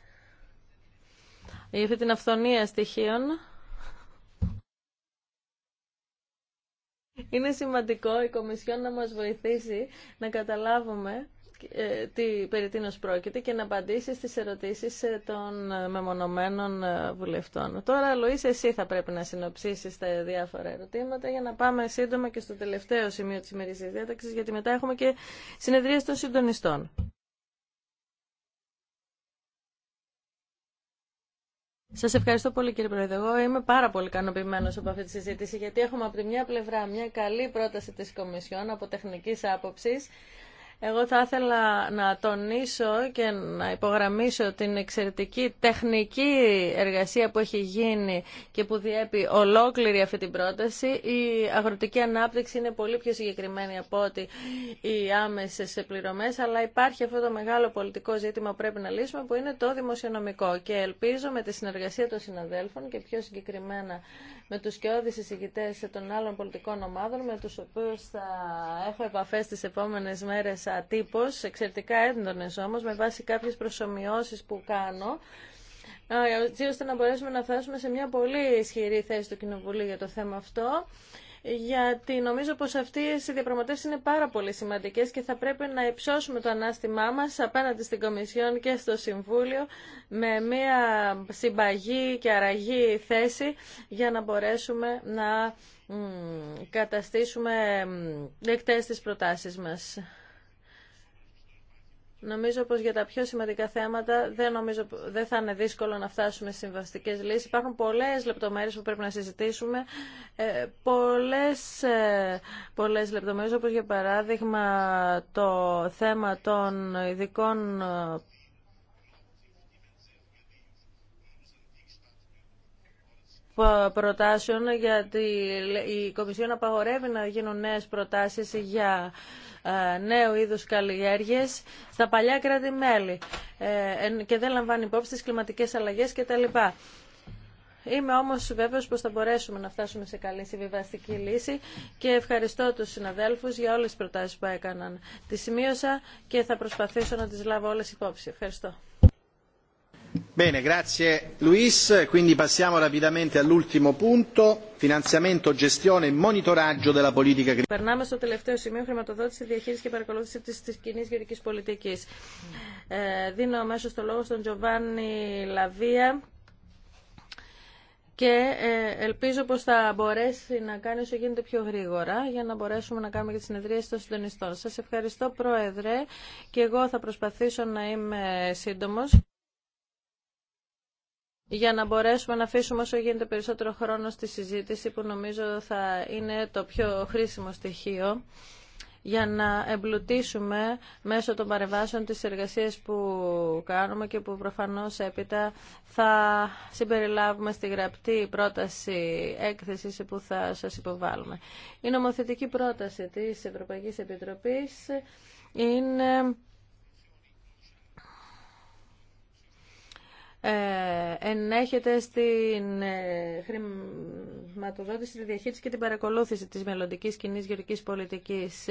για αυτή την αυθονία στοιχείων. Είναι σημαντικό η Κομισιόν να μας βοηθήσει να καταλάβουμε ε, τι περί τίνος πρόκειται και να απαντήσει στις ερωτήσεις ε, των μεμονωμένων ε, βουλευτών. Τώρα, Λουίς, εσύ θα πρέπει να συνοψίσεις τα διάφορα ερωτήματα για να πάμε σύντομα και στο τελευταίο σημείο της ημερής διάταξης, γιατί μετά έχουμε και συνεδρίες των συντονιστών. Σας ευχαριστώ πολύ κύριε Πρόεδρε. Εγώ είμαι πάρα πολύ ικανοποιημένο από αυτή τη συζήτηση γιατί έχουμε από τη μια πλευρά μια καλή πρόταση της Κομισιόν από τεχνικής άποψη. Εγώ θα ήθελα να τονίσω και να υπογραμμίσω την εξαιρετική τεχνική εργασία που έχει γίνει και που διέπει ολόκληρη αυτή την πρόταση. Η αγροτική ανάπτυξη είναι πολύ πιο συγκεκριμένη από ότι οι άμεσες πληρωμές, αλλά υπάρχει αυτό το μεγάλο πολιτικό ζήτημα που πρέπει να λύσουμε που είναι το δημοσιονομικό και ελπίζω με τη συνεργασία των συναδέλφων και πιο συγκεκριμένα με τους σκιώδεις εισηγητές των άλλων πολιτικών ομάδων, με τους οποίους θα έχω επαφές τις επόμενες μέρες ατύπως, εξαιρετικά έντονες όμως, με βάση κάποιες προσωμιώσεις που κάνω, έτσι ώστε να μπορέσουμε να φτάσουμε σε μια πολύ ισχυρή θέση του Κοινοβουλίου για το θέμα αυτό γιατί νομίζω πως αυτές οι διαπραγματεύσεις είναι πάρα πολύ σημαντικές και θα πρέπει να υψώσουμε το ανάστημά μας απέναντι στην Κομισιόν και στο Συμβούλιο με μια συμπαγή και αραγή θέση για να μπορέσουμε να καταστήσουμε δεκτές τις προτάσεις μας. Νομίζω πως για τα πιο σημαντικά θέματα δεν, νομίζω, δεν θα είναι δύσκολο να φτάσουμε στις συμβαστικές λύσεις. Υπάρχουν πολλές λεπτομέρειες που πρέπει να συζητήσουμε, ε, πολλές, ε, πολλές λεπτομέρειες όπως για παράδειγμα το θέμα των ειδικών ε, προτάσεων γιατί η Κομισιόν απαγορεύει να γίνουν νέες προτάσεις για ε, νέου είδους καλλιέργειες στα παλιά κράτη-μέλη ε, και δεν λαμβάνει υπόψη τις κλιματικές αλλαγές κτλ. Είμαι όμως βέβαιος πως θα μπορέσουμε να φτάσουμε σε καλή συμβιβαστική λύση και ευχαριστώ τους συναδέλφους για όλες τις προτάσεις που έκαναν. Τις σημείωσα και θα προσπαθήσω να τις λάβω όλες υπόψη. Ευχαριστώ. Bene, Περνάμε στο τελευταίο σημείο, χρηματοδότηση, διαχείριση και παρακολούθηση της κοινή γεωρικής πολιτικής. Ε, δίνω αμέσως το λόγο στον Τζοβάνι Λαβία και ε, ελπίζω πως θα μπορέσει να κάνει όσο γίνεται πιο γρήγορα για να μπορέσουμε να κάνουμε και τις συνεδρίες των συντονιστών. Σας ευχαριστώ Πρόεδρε και εγώ θα προσπαθήσω να είμαι σύντομος για να μπορέσουμε να αφήσουμε όσο γίνεται περισσότερο χρόνο στη συζήτηση που νομίζω θα είναι το πιο χρήσιμο στοιχείο για να εμπλουτίσουμε μέσω των παρεμβάσεων τις εργασίες που κάνουμε και που προφανώς έπειτα θα συμπεριλάβουμε στη γραπτή πρόταση έκθεσης που θα σας υποβάλουμε. Η νομοθετική πρόταση της Ευρωπαϊκής Επιτροπής είναι Ε, ενέχεται στην ε, χρηματοδότηση, τη διαχείριση και την παρακολούθηση της μελλοντική κοινή γεωργικής πολιτικής.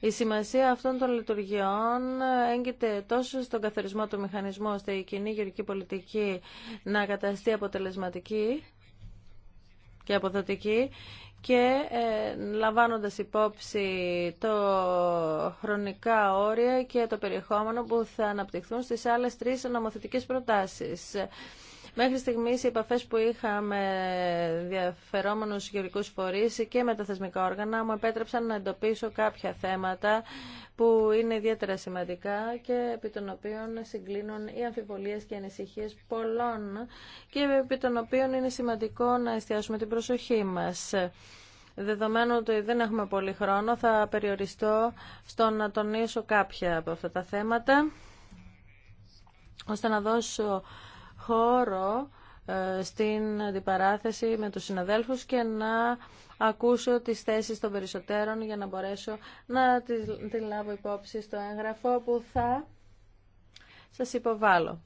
Η σημασία αυτών των λειτουργιών έγκυται τόσο στον καθορισμό του μηχανισμού ώστε η κοινή γεωρική πολιτική να καταστεί αποτελεσματική και αποδοτική και ε, λαμβάνοντας υπόψη το χρονικά όρια και το περιεχόμενο που θα αναπτυχθούν στις άλλες τρεις νομοθετικές προτάσεις. Μέχρι στιγμή οι επαφέ που είχα με διαφερόμενου γεωργικού φορεί και με τα θεσμικά όργανα μου επέτρεψαν να εντοπίσω κάποια θέματα που είναι ιδιαίτερα σημαντικά και επί των οποίων συγκλίνουν οι αμφιβολίες και οι ανησυχίες πολλών και επί των οποίων είναι σημαντικό να εστιάσουμε την προσοχή μας. Δεδομένου ότι δεν έχουμε πολύ χρόνο, θα περιοριστώ στο να τονίσω κάποια από αυτά τα θέματα, ώστε να δώσω χώρο ε, στην αντιπαράθεση με τους συναδέλφους και να ακούσω τις θέσεις των περισσότερων για να μπορέσω να τη την λάβω υπόψη στο έγγραφο που θα σας υποβάλω.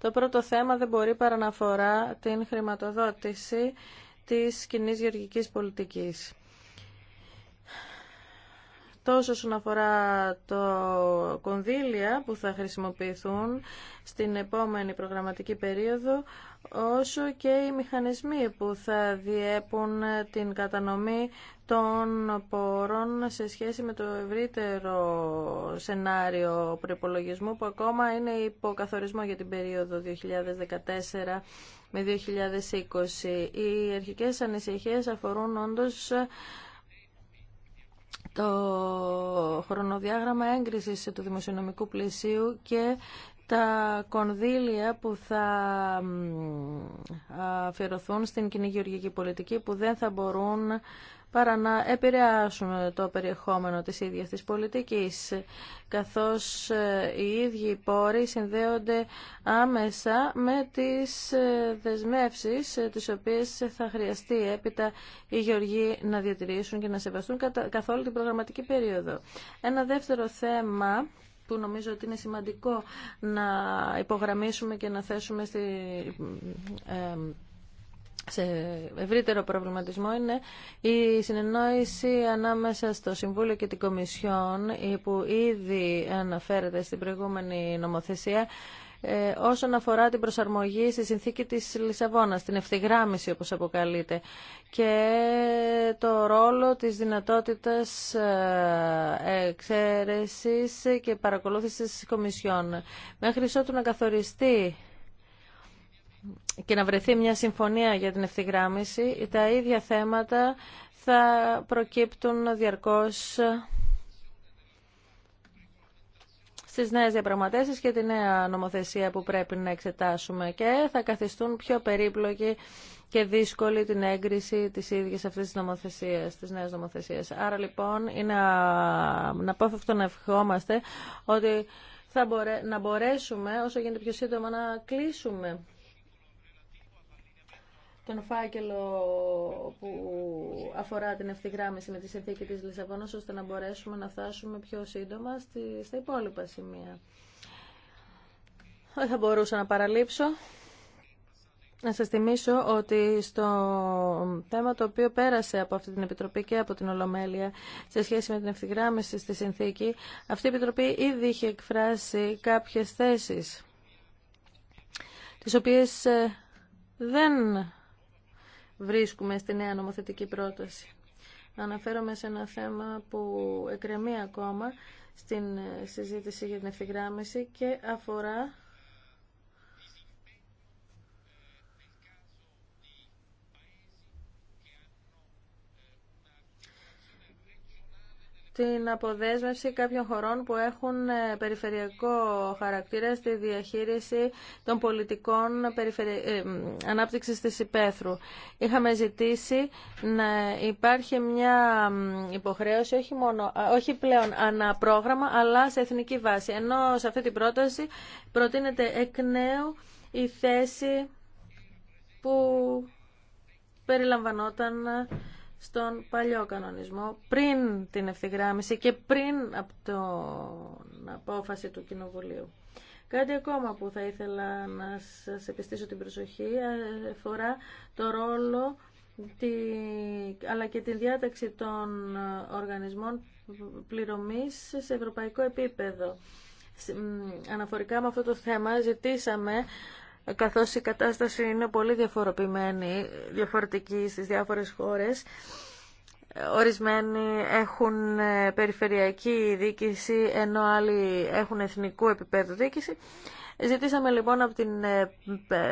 Το πρώτο θέμα δεν μπορεί παρά να αφορά την χρηματοδότηση της κοινή γεωργικής πολιτικής. Τόσο όσον αφορά το κονδύλια που θα χρησιμοποιηθούν στην επόμενη προγραμματική περίοδο, όσο και οι μηχανισμοί που θα διέπουν την κατανομή των πόρων σε σχέση με το ευρύτερο σενάριο προπολογισμού που ακόμα είναι υποκαθορισμό για την περίοδο 2014 με 2020. Οι αρχικές ανησυχίες αφορούν όντως το χρονοδιάγραμμα έγκρισης του δημοσιονομικού πλαισίου και τα κονδύλια που θα αφιερωθούν στην κοινή γεωργική πολιτική που δεν θα μπορούν παρά να επηρεάσουν το περιεχόμενο της ίδιας της πολιτικής, καθώς ε, οι ίδιοι πόροι συνδέονται άμεσα με τις ε, δεσμεύσεις ε, τις οποίες θα χρειαστεί έπειτα οι γεωργοί να διατηρήσουν και να σεβαστούν καθ' όλη την προγραμματική περίοδο. Ένα δεύτερο θέμα που νομίζω ότι είναι σημαντικό να υπογραμμίσουμε και να θέσουμε στη σε ευρύτερο προβληματισμό είναι η συνεννόηση ανάμεσα στο Συμβούλιο και την Κομισιόν που ήδη αναφέρεται στην προηγούμενη νομοθεσία ε, όσον αφορά την προσαρμογή στη συνθήκη της Λισαβόνα, την ευθυγράμμιση όπως αποκαλείται και το ρόλο της δυνατότητας ε, εξαίρεσης και παρακολούθησης της Κομισιόν. Μέχρι ότου να καθοριστεί και να βρεθεί μια συμφωνία για την ευθυγράμμιση, τα ίδια θέματα θα προκύπτουν διαρκώς στις νέες διαπραγματεύσεις και τη νέα νομοθεσία που πρέπει να εξετάσουμε και θα καθιστούν πιο περίπλοκη και δύσκολη την έγκριση της ίδιας αυτής της νομοθεσίας, της νέας νομοθεσίας. Άρα λοιπόν είναι να πω να ευχόμαστε ότι θα να μπορέσουμε όσο γίνεται πιο σύντομα να κλείσουμε τον φάκελο που αφορά την ευθυγράμμιση με τη συνθήκη της Λισαβόνας ώστε να μπορέσουμε να φτάσουμε πιο σύντομα στα υπόλοιπα σημεία. Δεν θα μπορούσα να παραλείψω. Να σας θυμίσω ότι στο θέμα το οποίο πέρασε από αυτή την Επιτροπή και από την Ολομέλεια σε σχέση με την ευθυγράμμιση στη συνθήκη, αυτή η Επιτροπή ήδη είχε εκφράσει κάποιες θέσεις τις οποίες ε, δεν βρίσκουμε στη νέα νομοθετική πρόταση. Αναφέρομαι σε ένα θέμα που εκρεμεί ακόμα στην ε, συζήτηση για την ευθυγράμμιση και αφορά την αποδέσμευση κάποιων χωρών που έχουν ε, περιφερειακό χαρακτήρα στη διαχείριση των πολιτικών ε, ανάπτυξης της υπαίθρου. Είχαμε ζητήσει να υπάρχει μια υποχρέωση όχι, μόνο, όχι πλέον αναπρόγραμμα αλλά σε εθνική βάση. Ενώ σε αυτή την πρόταση προτείνεται εκ νέου η θέση που περιλαμβανόταν στον παλιό κανονισμό πριν την ευθυγράμμιση και πριν από την απόφαση του Κοινοβουλίου. Κάτι ακόμα που θα ήθελα να σας επιστήσω την προσοχή ε, αφορά το ρόλο τη, αλλά και τη διάταξη των οργανισμών πληρωμής σε ευρωπαϊκό επίπεδο. Αναφορικά με αυτό το θέμα ζητήσαμε καθώς η κατάσταση είναι πολύ διαφοροποιημένη, διαφορετική στις διάφορες χώρες. Ορισμένοι έχουν ε, περιφερειακή δίκηση, ενώ άλλοι έχουν εθνικού επίπεδου δίκηση. Ζητήσαμε λοιπόν από την ε,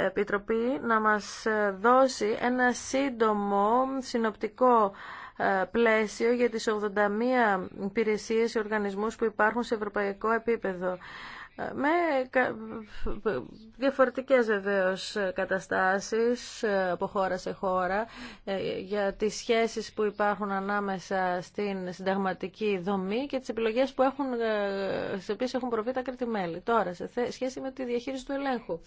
Επιτροπή να μας ε, δώσει ένα σύντομο συνοπτικό πλαίσιο για τις 81 υπηρεσίες και οργανισμούς που υπάρχουν σε ευρωπαϊκό επίπεδο με διαφορετικές βεβαίω καταστάσεις από χώρα σε χώρα ε, για τις σχέσεις που υπάρχουν ανάμεσα στην συνταγματική δομή και τις επιλογές που έχουν, σε οποίες έχουν προβεί τα κρατημέλη. Τώρα, σε σχέση με τη διαχείριση του ελέγχου.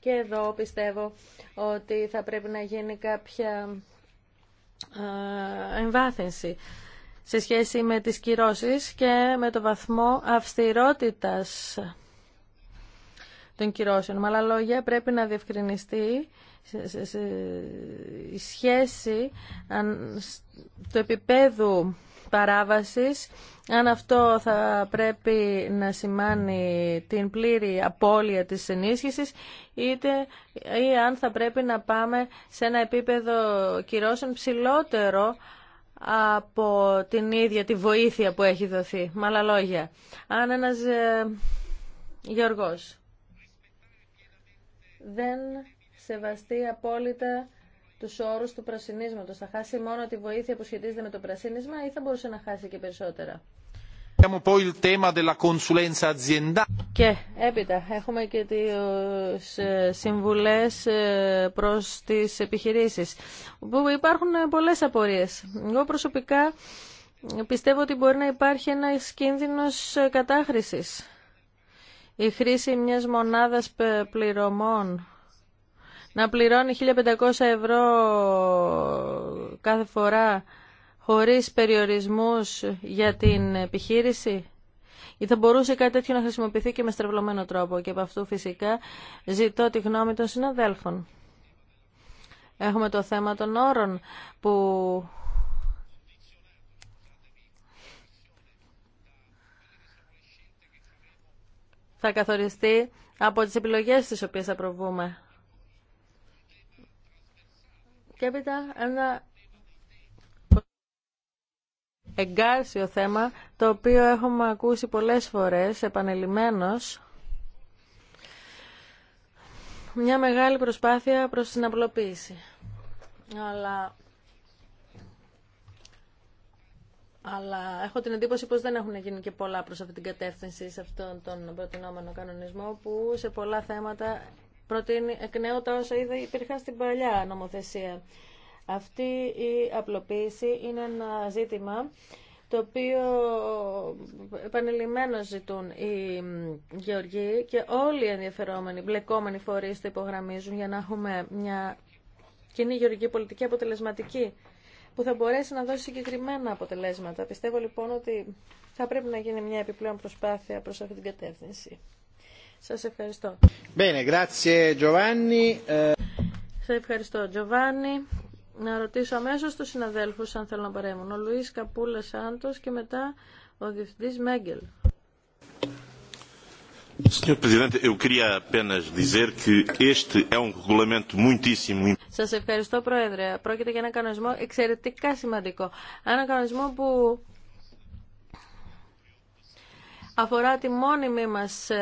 Και εδώ πιστεύω ότι θα πρέπει να γίνει κάποια ε, εμβάθυνση σε σχέση με τις κυρώσεις και με το βαθμό αυστηρότητας των κυρώσεων. Με άλλα λόγια, πρέπει να διευκρινιστεί η σχέση του επίπεδου παράβασης αν αυτό θα πρέπει να σημάνει την πλήρη απώλεια της ενίσχυσης είτε, ή αν θα πρέπει να πάμε σε ένα επίπεδο κυρώσεων ψηλότερο από την ίδια τη βοήθεια που έχει δοθεί. Με άλλα λόγια, αν ένας ε, δεν σεβαστεί απόλυτα του όρου του πρασινίσματο. Θα χάσει μόνο τη βοήθεια που σχετίζεται με το πρασίνισμα ή θα μπορούσε να χάσει και περισσότερα. Και έπειτα έχουμε και τις ε, συμβουλές ε, προς τις επιχειρήσεις όπου υπάρχουν ε, πολλές απορίες. Εγώ προσωπικά πιστεύω ότι μπορεί να υπάρχει ένα κίνδυνο κατάχρηση η χρήση μιας μονάδας πληρωμών να πληρώνει 1500 ευρώ κάθε φορά χωρίς περιορισμούς για την επιχείρηση ή θα μπορούσε κάτι τέτοιο να χρησιμοποιηθεί και με στρεβλωμένο τρόπο και από αυτού φυσικά ζητώ τη γνώμη των συναδέλφων. Έχουμε το θέμα των όρων που θα καθοριστεί από τις επιλογές τις οποίες θα προβούμε. Και έπειτα ένα εγκάρσιο θέμα, το οποίο έχουμε ακούσει πολλές φορές, επανελειμμένος, μια μεγάλη προσπάθεια προς την απλοποίηση. Αλλά αλλά έχω την εντύπωση πως δεν έχουν γίνει και πολλά προς αυτή την κατεύθυνση σε αυτόν τον προτινόμενο κανονισμό που σε πολλά θέματα προτείνει εκ νέου τα όσα είδα υπήρχαν στην παλιά νομοθεσία. Αυτή η απλοποίηση είναι ένα ζήτημα το οποίο επανειλημμένως ζητούν οι γεωργοί και όλοι οι ενδιαφερόμενοι, μπλεκόμενοι φορείς το υπογραμμίζουν για να έχουμε μια κοινή γεωργική πολιτική αποτελεσματική που θα μπορέσει να δώσει συγκεκριμένα αποτελέσματα. Πιστεύω λοιπόν ότι θα πρέπει να γίνει μια επιπλέον προσπάθεια προς αυτή την κατεύθυνση. Σας ευχαριστώ. Bene, grazie Giovanni. Ε, Σας ευχαριστώ Giovanni. Να ρωτήσω αμέσως τους συναδέλφους αν θέλω να παρέμβουν. Ο Λουίς Καπούλα Σάντος και μετά ο Διευθυντής Μέγκελ. Σας ευχαριστώ, Πρόεδρε. Πρόκειται για ένα κανονισμό εξαιρετικά σημαντικό. Ένα κανονισμό που αφορά τη μόνιμη μας ε,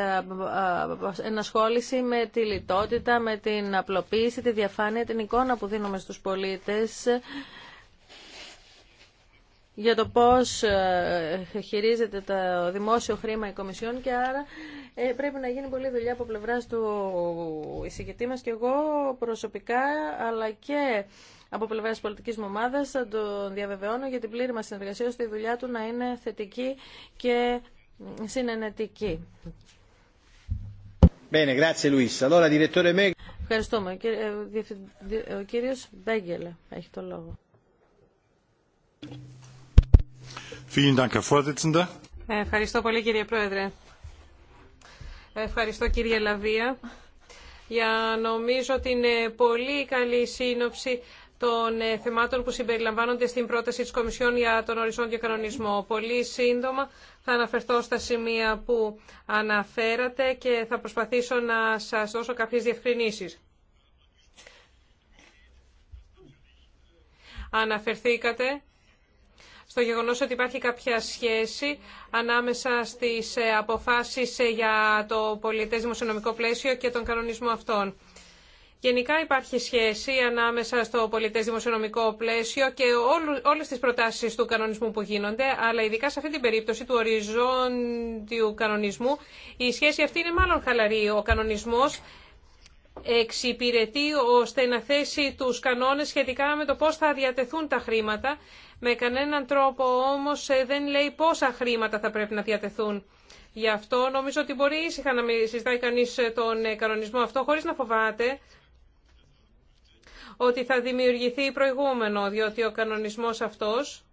ε, ε, ενασχόληση με τη λιτότητα, με την απλοποίηση, τη διαφάνεια, την εικόνα που δίνουμε στους πολίτες για το πώς χειρίζεται το δημόσιο χρήμα η Κομισιόν και άρα ε, πρέπει να γίνει πολλή δουλειά από πλευρά του εισηγητή μα και εγώ προσωπικά αλλά και από πλευρά τη πολιτική μου ομάδα θα τον διαβεβαιώνω για την πλήρη μα συνεργασία ώστε η δουλειά του να είναι θετική και συνενετική. Bene, grazie Luis. Allora, direttore Ευχαριστούμε. Ο ε, κύριος Μπέγκελε έχει το λόγο. Ε, ευχαριστώ πολύ κύριε Πρόεδρε. Ευχαριστώ κύριε Λαβία για νομίζω την πολύ καλή σύνοψη των ε, θεμάτων που συμπεριλαμβάνονται στην πρόταση της Κομισιόν για τον οριζόντιο κανονισμό. Πολύ σύντομα θα αναφερθώ στα σημεία που αναφέρατε και θα προσπαθήσω να σας δώσω κάποιες διευκρινήσεις. Αναφερθήκατε στο γεγονός ότι υπάρχει κάποια σχέση ανάμεσα στις ε, αποφάσεις ε, για το πολιτές δημοσιονομικό πλαίσιο και τον κανονισμό αυτών. Γενικά υπάρχει σχέση ανάμεσα στο πολιτές δημοσιονομικό πλαίσιο και όλες τις προτάσεις του κανονισμού που γίνονται, αλλά ειδικά σε αυτή την περίπτωση του οριζόντιου κανονισμού, η σχέση αυτή είναι μάλλον χαλαρή. Ο κανονισμός εξυπηρετεί ώστε να θέσει τους κανόνες σχετικά με το πώς θα διατεθούν τα χρήματα με κανέναν τρόπο όμως ε, δεν λέει πόσα χρήματα θα πρέπει να διατεθούν. Γι' αυτό νομίζω ότι μπορεί ήσυχα να μην συζητάει κανείς ε, τον ε, κανονισμό αυτό χωρίς να φοβάται ότι θα δημιουργηθεί προηγούμενο, διότι ο κανονισμός αυτός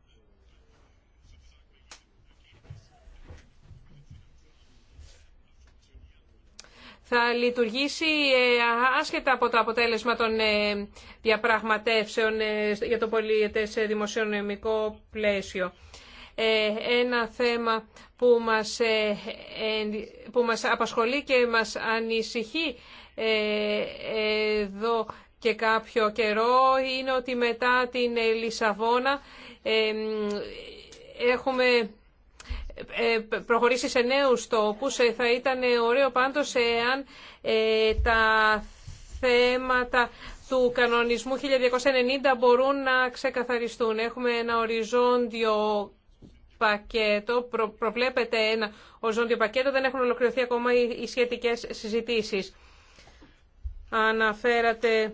θα λειτουργήσει ε, άσχετα από το αποτέλεσμα των ε, διαπραγματεύσεων ε, για το πολιετές δημοσιονομικό πλαίσιο. Ένα θέμα που μας, που μας απασχολεί και μας ανησυχεί εδώ και κάποιο καιρό είναι ότι μετά την Λισαβόνα έχουμε ε, προχωρήσει σε νέους τόπου. Ε, θα ήταν ωραίο πάντω εάν ε, τα θέματα του κανονισμού 1290 μπορούν να ξεκαθαριστούν. Έχουμε ένα οριζόντιο πακέτο, προ, προβλέπεται ένα οριζόντιο πακέτο, δεν έχουν ολοκληρωθεί ακόμα οι, οι σχετικές συζητήσεις. Αναφέρατε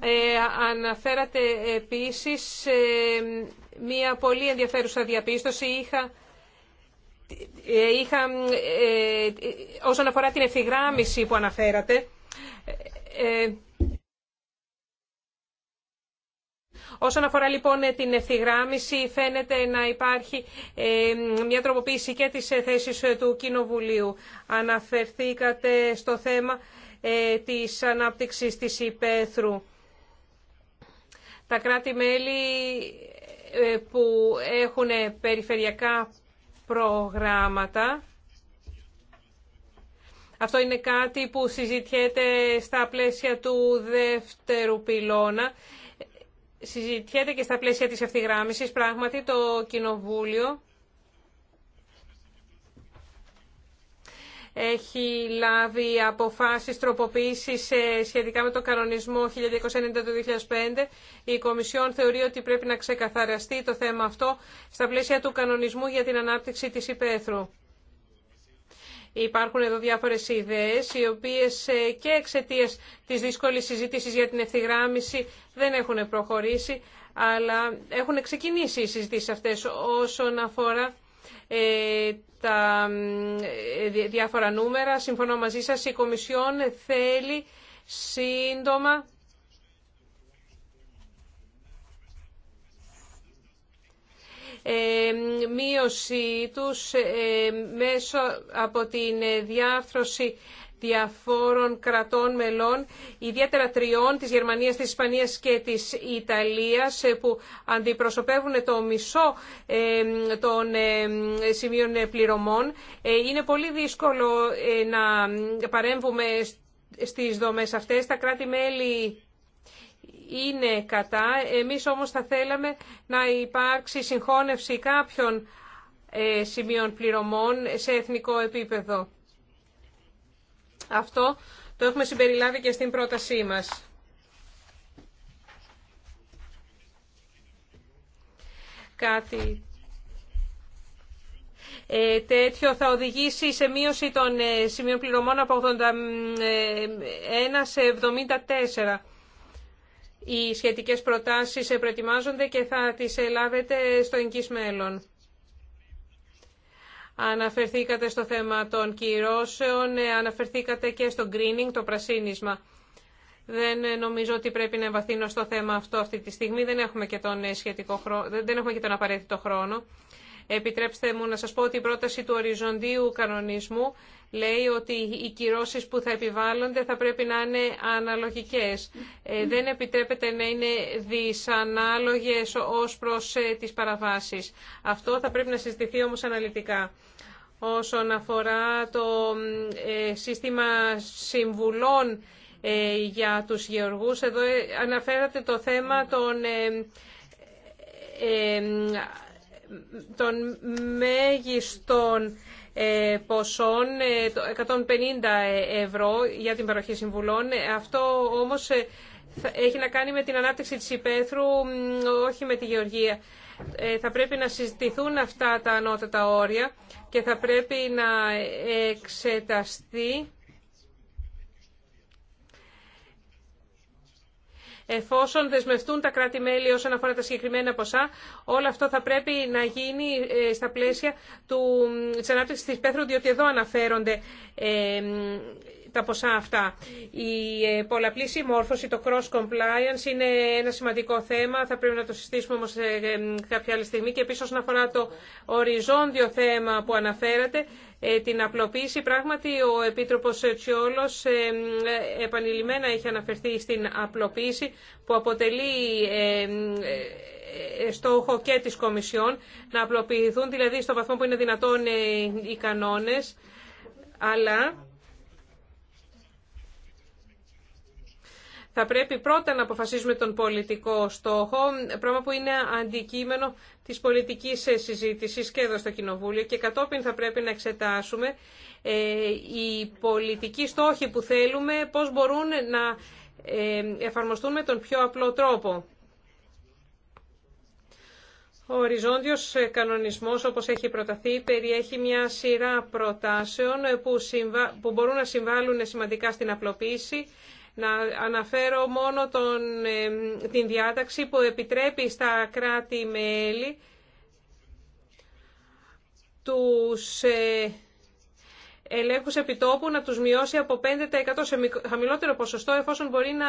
Ε, αναφέρατε επίσης ε, μία πολύ ενδιαφέρουσα διαπίστωση. Είχα, ε, είχα, όσον αφορά την ευθυγράμμιση που αναφέρατε, Όσον αφορά λοιπόν την ευθυγράμμιση φαίνεται να υπάρχει μια τροποποίηση και της θέσης του Κοινοβουλίου. Αναφερθήκατε στο θέμα της ανάπτυξης της υπαίθρου. Τα κράτη-μέλη ε, που έχουν περιφερειακά προγράμματα. Αυτό είναι κάτι που συζητιέται στα πλαίσια του δεύτερου πυλώνα. Συζητιέται και στα πλαίσια της ευθυγράμμισης. Πράγματι, το Κοινοβούλιο έχει λάβει αποφάσεις τροποποίησης ε, σχετικά με τον κανονισμό 1290 2005. Η Κομισιόν θεωρεί ότι πρέπει να ξεκαθαραστεί το θέμα αυτό στα πλαίσια του κανονισμού για την ανάπτυξη της υπαίθρου. Υπάρχουν εδώ διάφορες ιδέες, οι οποίες ε, και εξαιτία της δύσκολης συζήτησης για την ευθυγράμμιση δεν έχουν προχωρήσει, αλλά έχουν ξεκινήσει οι συζητήσεις αυτές όσον αφορά ε, τα ε, διάφορα νούμερα. Συμφωνώ μαζί σας, η Κομισιόν θέλει σύντομα ε, μείωση τους ε, μέσω από την διάρθρωση διαφόρων κρατών μελών, ιδιαίτερα τριών, της Γερμανίας, της Ισπανίας και της Ιταλίας, ε, που αντιπροσωπεύουν το μισό των σημείων πληρωμών. Ε, είναι πολύ δύσκολο ε, να παρέμβουμε στις δομές αυτές. Τα κράτη-μέλη είναι κατά. Εμείς όμως θα θέλαμε να υπάρξει συγχώνευση κάποιων σημείων πληρωμών σε εθνικό επίπεδο. Αυτό το έχουμε συμπεριλάβει και στην πρότασή μας. Κάτι ε, τέτοιο θα οδηγήσει σε μείωση των ε, σημείων πληρωμών από 81 ε, σε 74. Οι σχετικές προτάσεις ε, προετοιμάζονται και θα τις ελάβετε στο εγγύς μέλλον. Αναφερθήκατε στο θέμα των κυρώσεων, ε, αναφερθήκατε και στο greening, το πρασίνισμα. Δεν ε, νομίζω ότι πρέπει να εμβαθύνω στο θέμα αυτό αυτή τη στιγμή. Δεν έχουμε και τον, ε, σχετικό χρόνο, δεν έχουμε και τον απαραίτητο χρόνο. Επιτρέψτε μου να σας πω ότι η πρόταση του οριζοντίου κανονισμού λέει ότι οι κυρώσεις που θα επιβάλλονται θα πρέπει να είναι αναλογικές. δεν επιτρέπεται να είναι δυσανάλογες ως προς τις παραβάσεις. Αυτό θα πρέπει να συζητηθεί όμως αναλυτικά όσον αφορά το ε, σύστημα συμβουλών ε, για τους γεωργούς. Εδώ ε, αναφέρατε το θέμα των, των μέγιστων ποσών, 150 ευρώ για την παροχή συμβουλών. Αυτό όμως έχει να κάνει με την ανάπτυξη της υπαίθρου, όχι με τη γεωργία. Ε, θα πρέπει να συζητηθούν αυτά τα ανώτατα όρια και θα πρέπει να εξεταστεί εφόσον δεσμευτούν τα κράτη-μέλη όσον αφορά τα συγκεκριμένα ποσά, όλο αυτό θα πρέπει να γίνει ε, στα πλαίσια του, της ανάπτυξης της Πέθρου, διότι εδώ αναφέρονται ε, τα ποσά αυτά. Η ε, πολλαπλή συμμόρφωση, το cross compliance είναι ένα σημαντικό θέμα, θα πρέπει να το συστήσουμε όμως ε, ε, κάποια άλλη στιγμή και επίσης όσον αφορά το οριζόντιο θέμα που αναφέρατε, την απλοποίηση. Πράγματι, ο Επίτροπος Τσιόλος επανειλημμένα έχει αναφερθεί στην απλοποίηση που αποτελεί στόχο και της Κομισιόν να απλοποιηθούν, δηλαδή στο βαθμό που είναι δυνατόν οι κανόνες, αλλά θα πρέπει πρώτα να αποφασίσουμε τον πολιτικό στόχο, πράγμα που είναι αντικείμενο της πολιτικής συζήτησης και εδώ στο Κοινοβούλιο και κατόπιν θα πρέπει να εξετάσουμε ε, οι πολιτικοί στόχοι που θέλουμε, πώς μπορούν να ε, εφαρμοστούν με τον πιο απλό τρόπο. Ο οριζόντιος κανονισμός, όπως έχει προταθεί, περιέχει μια σειρά προτάσεων που μπορούν να συμβάλλουν σημαντικά στην απλοποίηση, να αναφέρω μόνο τον, την διάταξη που επιτρέπει στα κράτη-μέλη τους ε, ελέγχους επιτόπου να τους μειώσει από 5% σε χαμηλότερο ποσοστό εφόσον μπορεί να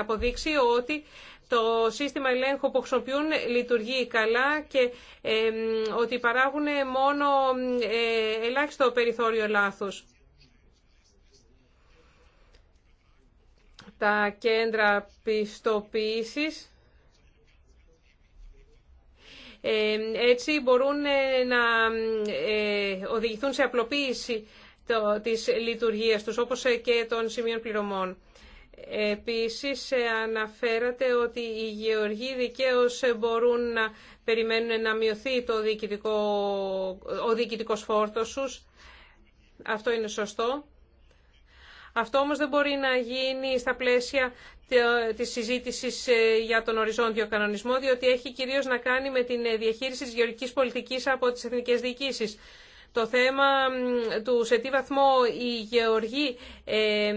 αποδείξει ότι το σύστημα ελέγχου που χρησιμοποιούν λειτουργεί καλά και ότι παράγουν μόνο ε, ελάχιστο περιθώριο λάθους. τα κέντρα πιστοποίησης ε, έτσι μπορούν ε, να ε, οδηγηθούν σε απλοποίηση της λειτουργίας τους, όπως και των σημείων πληρωμών. Επίσης, αναφέρατε ότι οι γεωργοί δικαίως μπορούν να περιμένουν να μειωθεί το διοικητικό, ο διοικητικός φόρτος τους. Αυτό είναι σωστό. Αυτό όμως δεν μπορεί να γίνει στα πλαίσια της συζήτησης ε, για τον οριζόντιο κανονισμό, διότι έχει κυρίως να κάνει με την ε, διαχείριση της γεωργικής πολιτικής από τις εθνικές διοικήσεις. Το θέμα του σε τι βαθμό οι γεωργοί ε,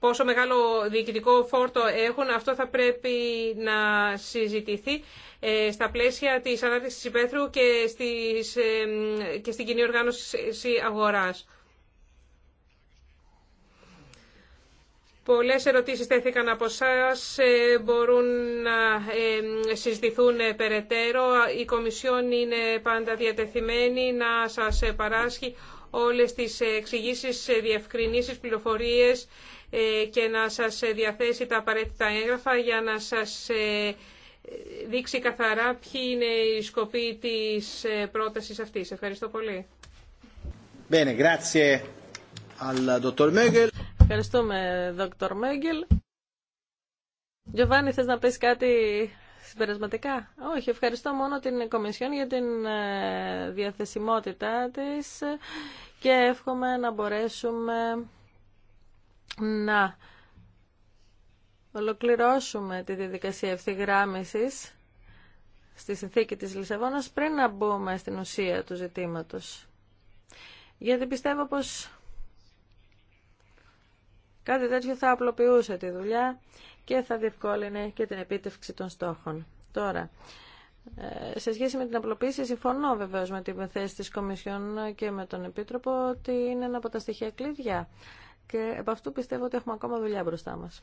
πόσο μεγάλο διοικητικό φόρτο έχουν, αυτό θα πρέπει να συζητηθεί στα πλαίσια της ανάπτυξης υπαίθρου και, στις, και στην κοινή οργάνωση αγοράς. Πολλές ερωτήσεις τέθηκαν από ε, μπορούν να ε, συζητηθούν ε, περαιτέρω. Η Κομισιόν είναι πάντα διατεθειμένη να σας ε, παράσχει όλες τις εξηγήσεις, διευκρινήσεις, πληροφορίες και να σας διαθέσει τα απαραίτητα έγγραφα για να σας δείξει καθαρά ποιοι είναι οι σκοποί της πρότασης αυτής. Ευχαριστώ πολύ. Bene, Ευχαριστούμε, Δόκτωρ Μέγκελ. Γιωβάνι, θες να πεις κάτι συμπερασματικά. Όχι, ευχαριστώ μόνο την Κομισιόν για την ε, διαθεσιμότητά της και εύχομαι να μπορέσουμε να ολοκληρώσουμε τη διαδικασία ευθυγράμμισης στη συνθήκη της Λισαβόνας πριν να μπούμε στην ουσία του ζητήματος. Γιατί πιστεύω πως Κάτι τέτοιο θα απλοποιούσε τη δουλειά και θα διευκόλυνε και την επίτευξη των στόχων. Τώρα, ε, σε σχέση με την απλοποίηση, συμφωνώ βεβαίω με την θέση τη Κομισιόν και με τον Επίτροπο ότι είναι ένα από τα στοιχεία κλειδιά και από αυτού πιστεύω ότι έχουμε ακόμα δουλειά μπροστά μας.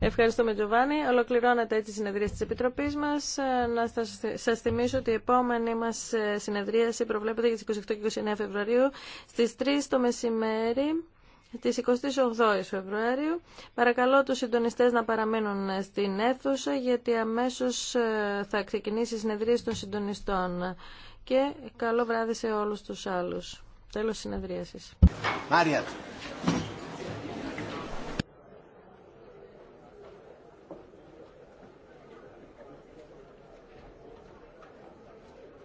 Ευχαριστούμε Τζοβάνι. Ολοκληρώνεται έτσι η συνεδρία της Επιτροπής μας. Ε, να σας θυμίσω ότι η επόμενη μας ε, συνεδρίαση προβλέπεται για τις 28 και 29 Φεβρουαρίου στις 3 το μεσημέρι της 28 Φεβρουαρίου. Παρακαλώ τους συντονιστές να παραμείνουν ε, στην αίθουσα γιατί αμέσως θα ξεκινήσει η συνεδρία των συντονιστών και καλό βράδυ σε όλους τους άλλους. Τέλος συνεδρίασης. Μάρια.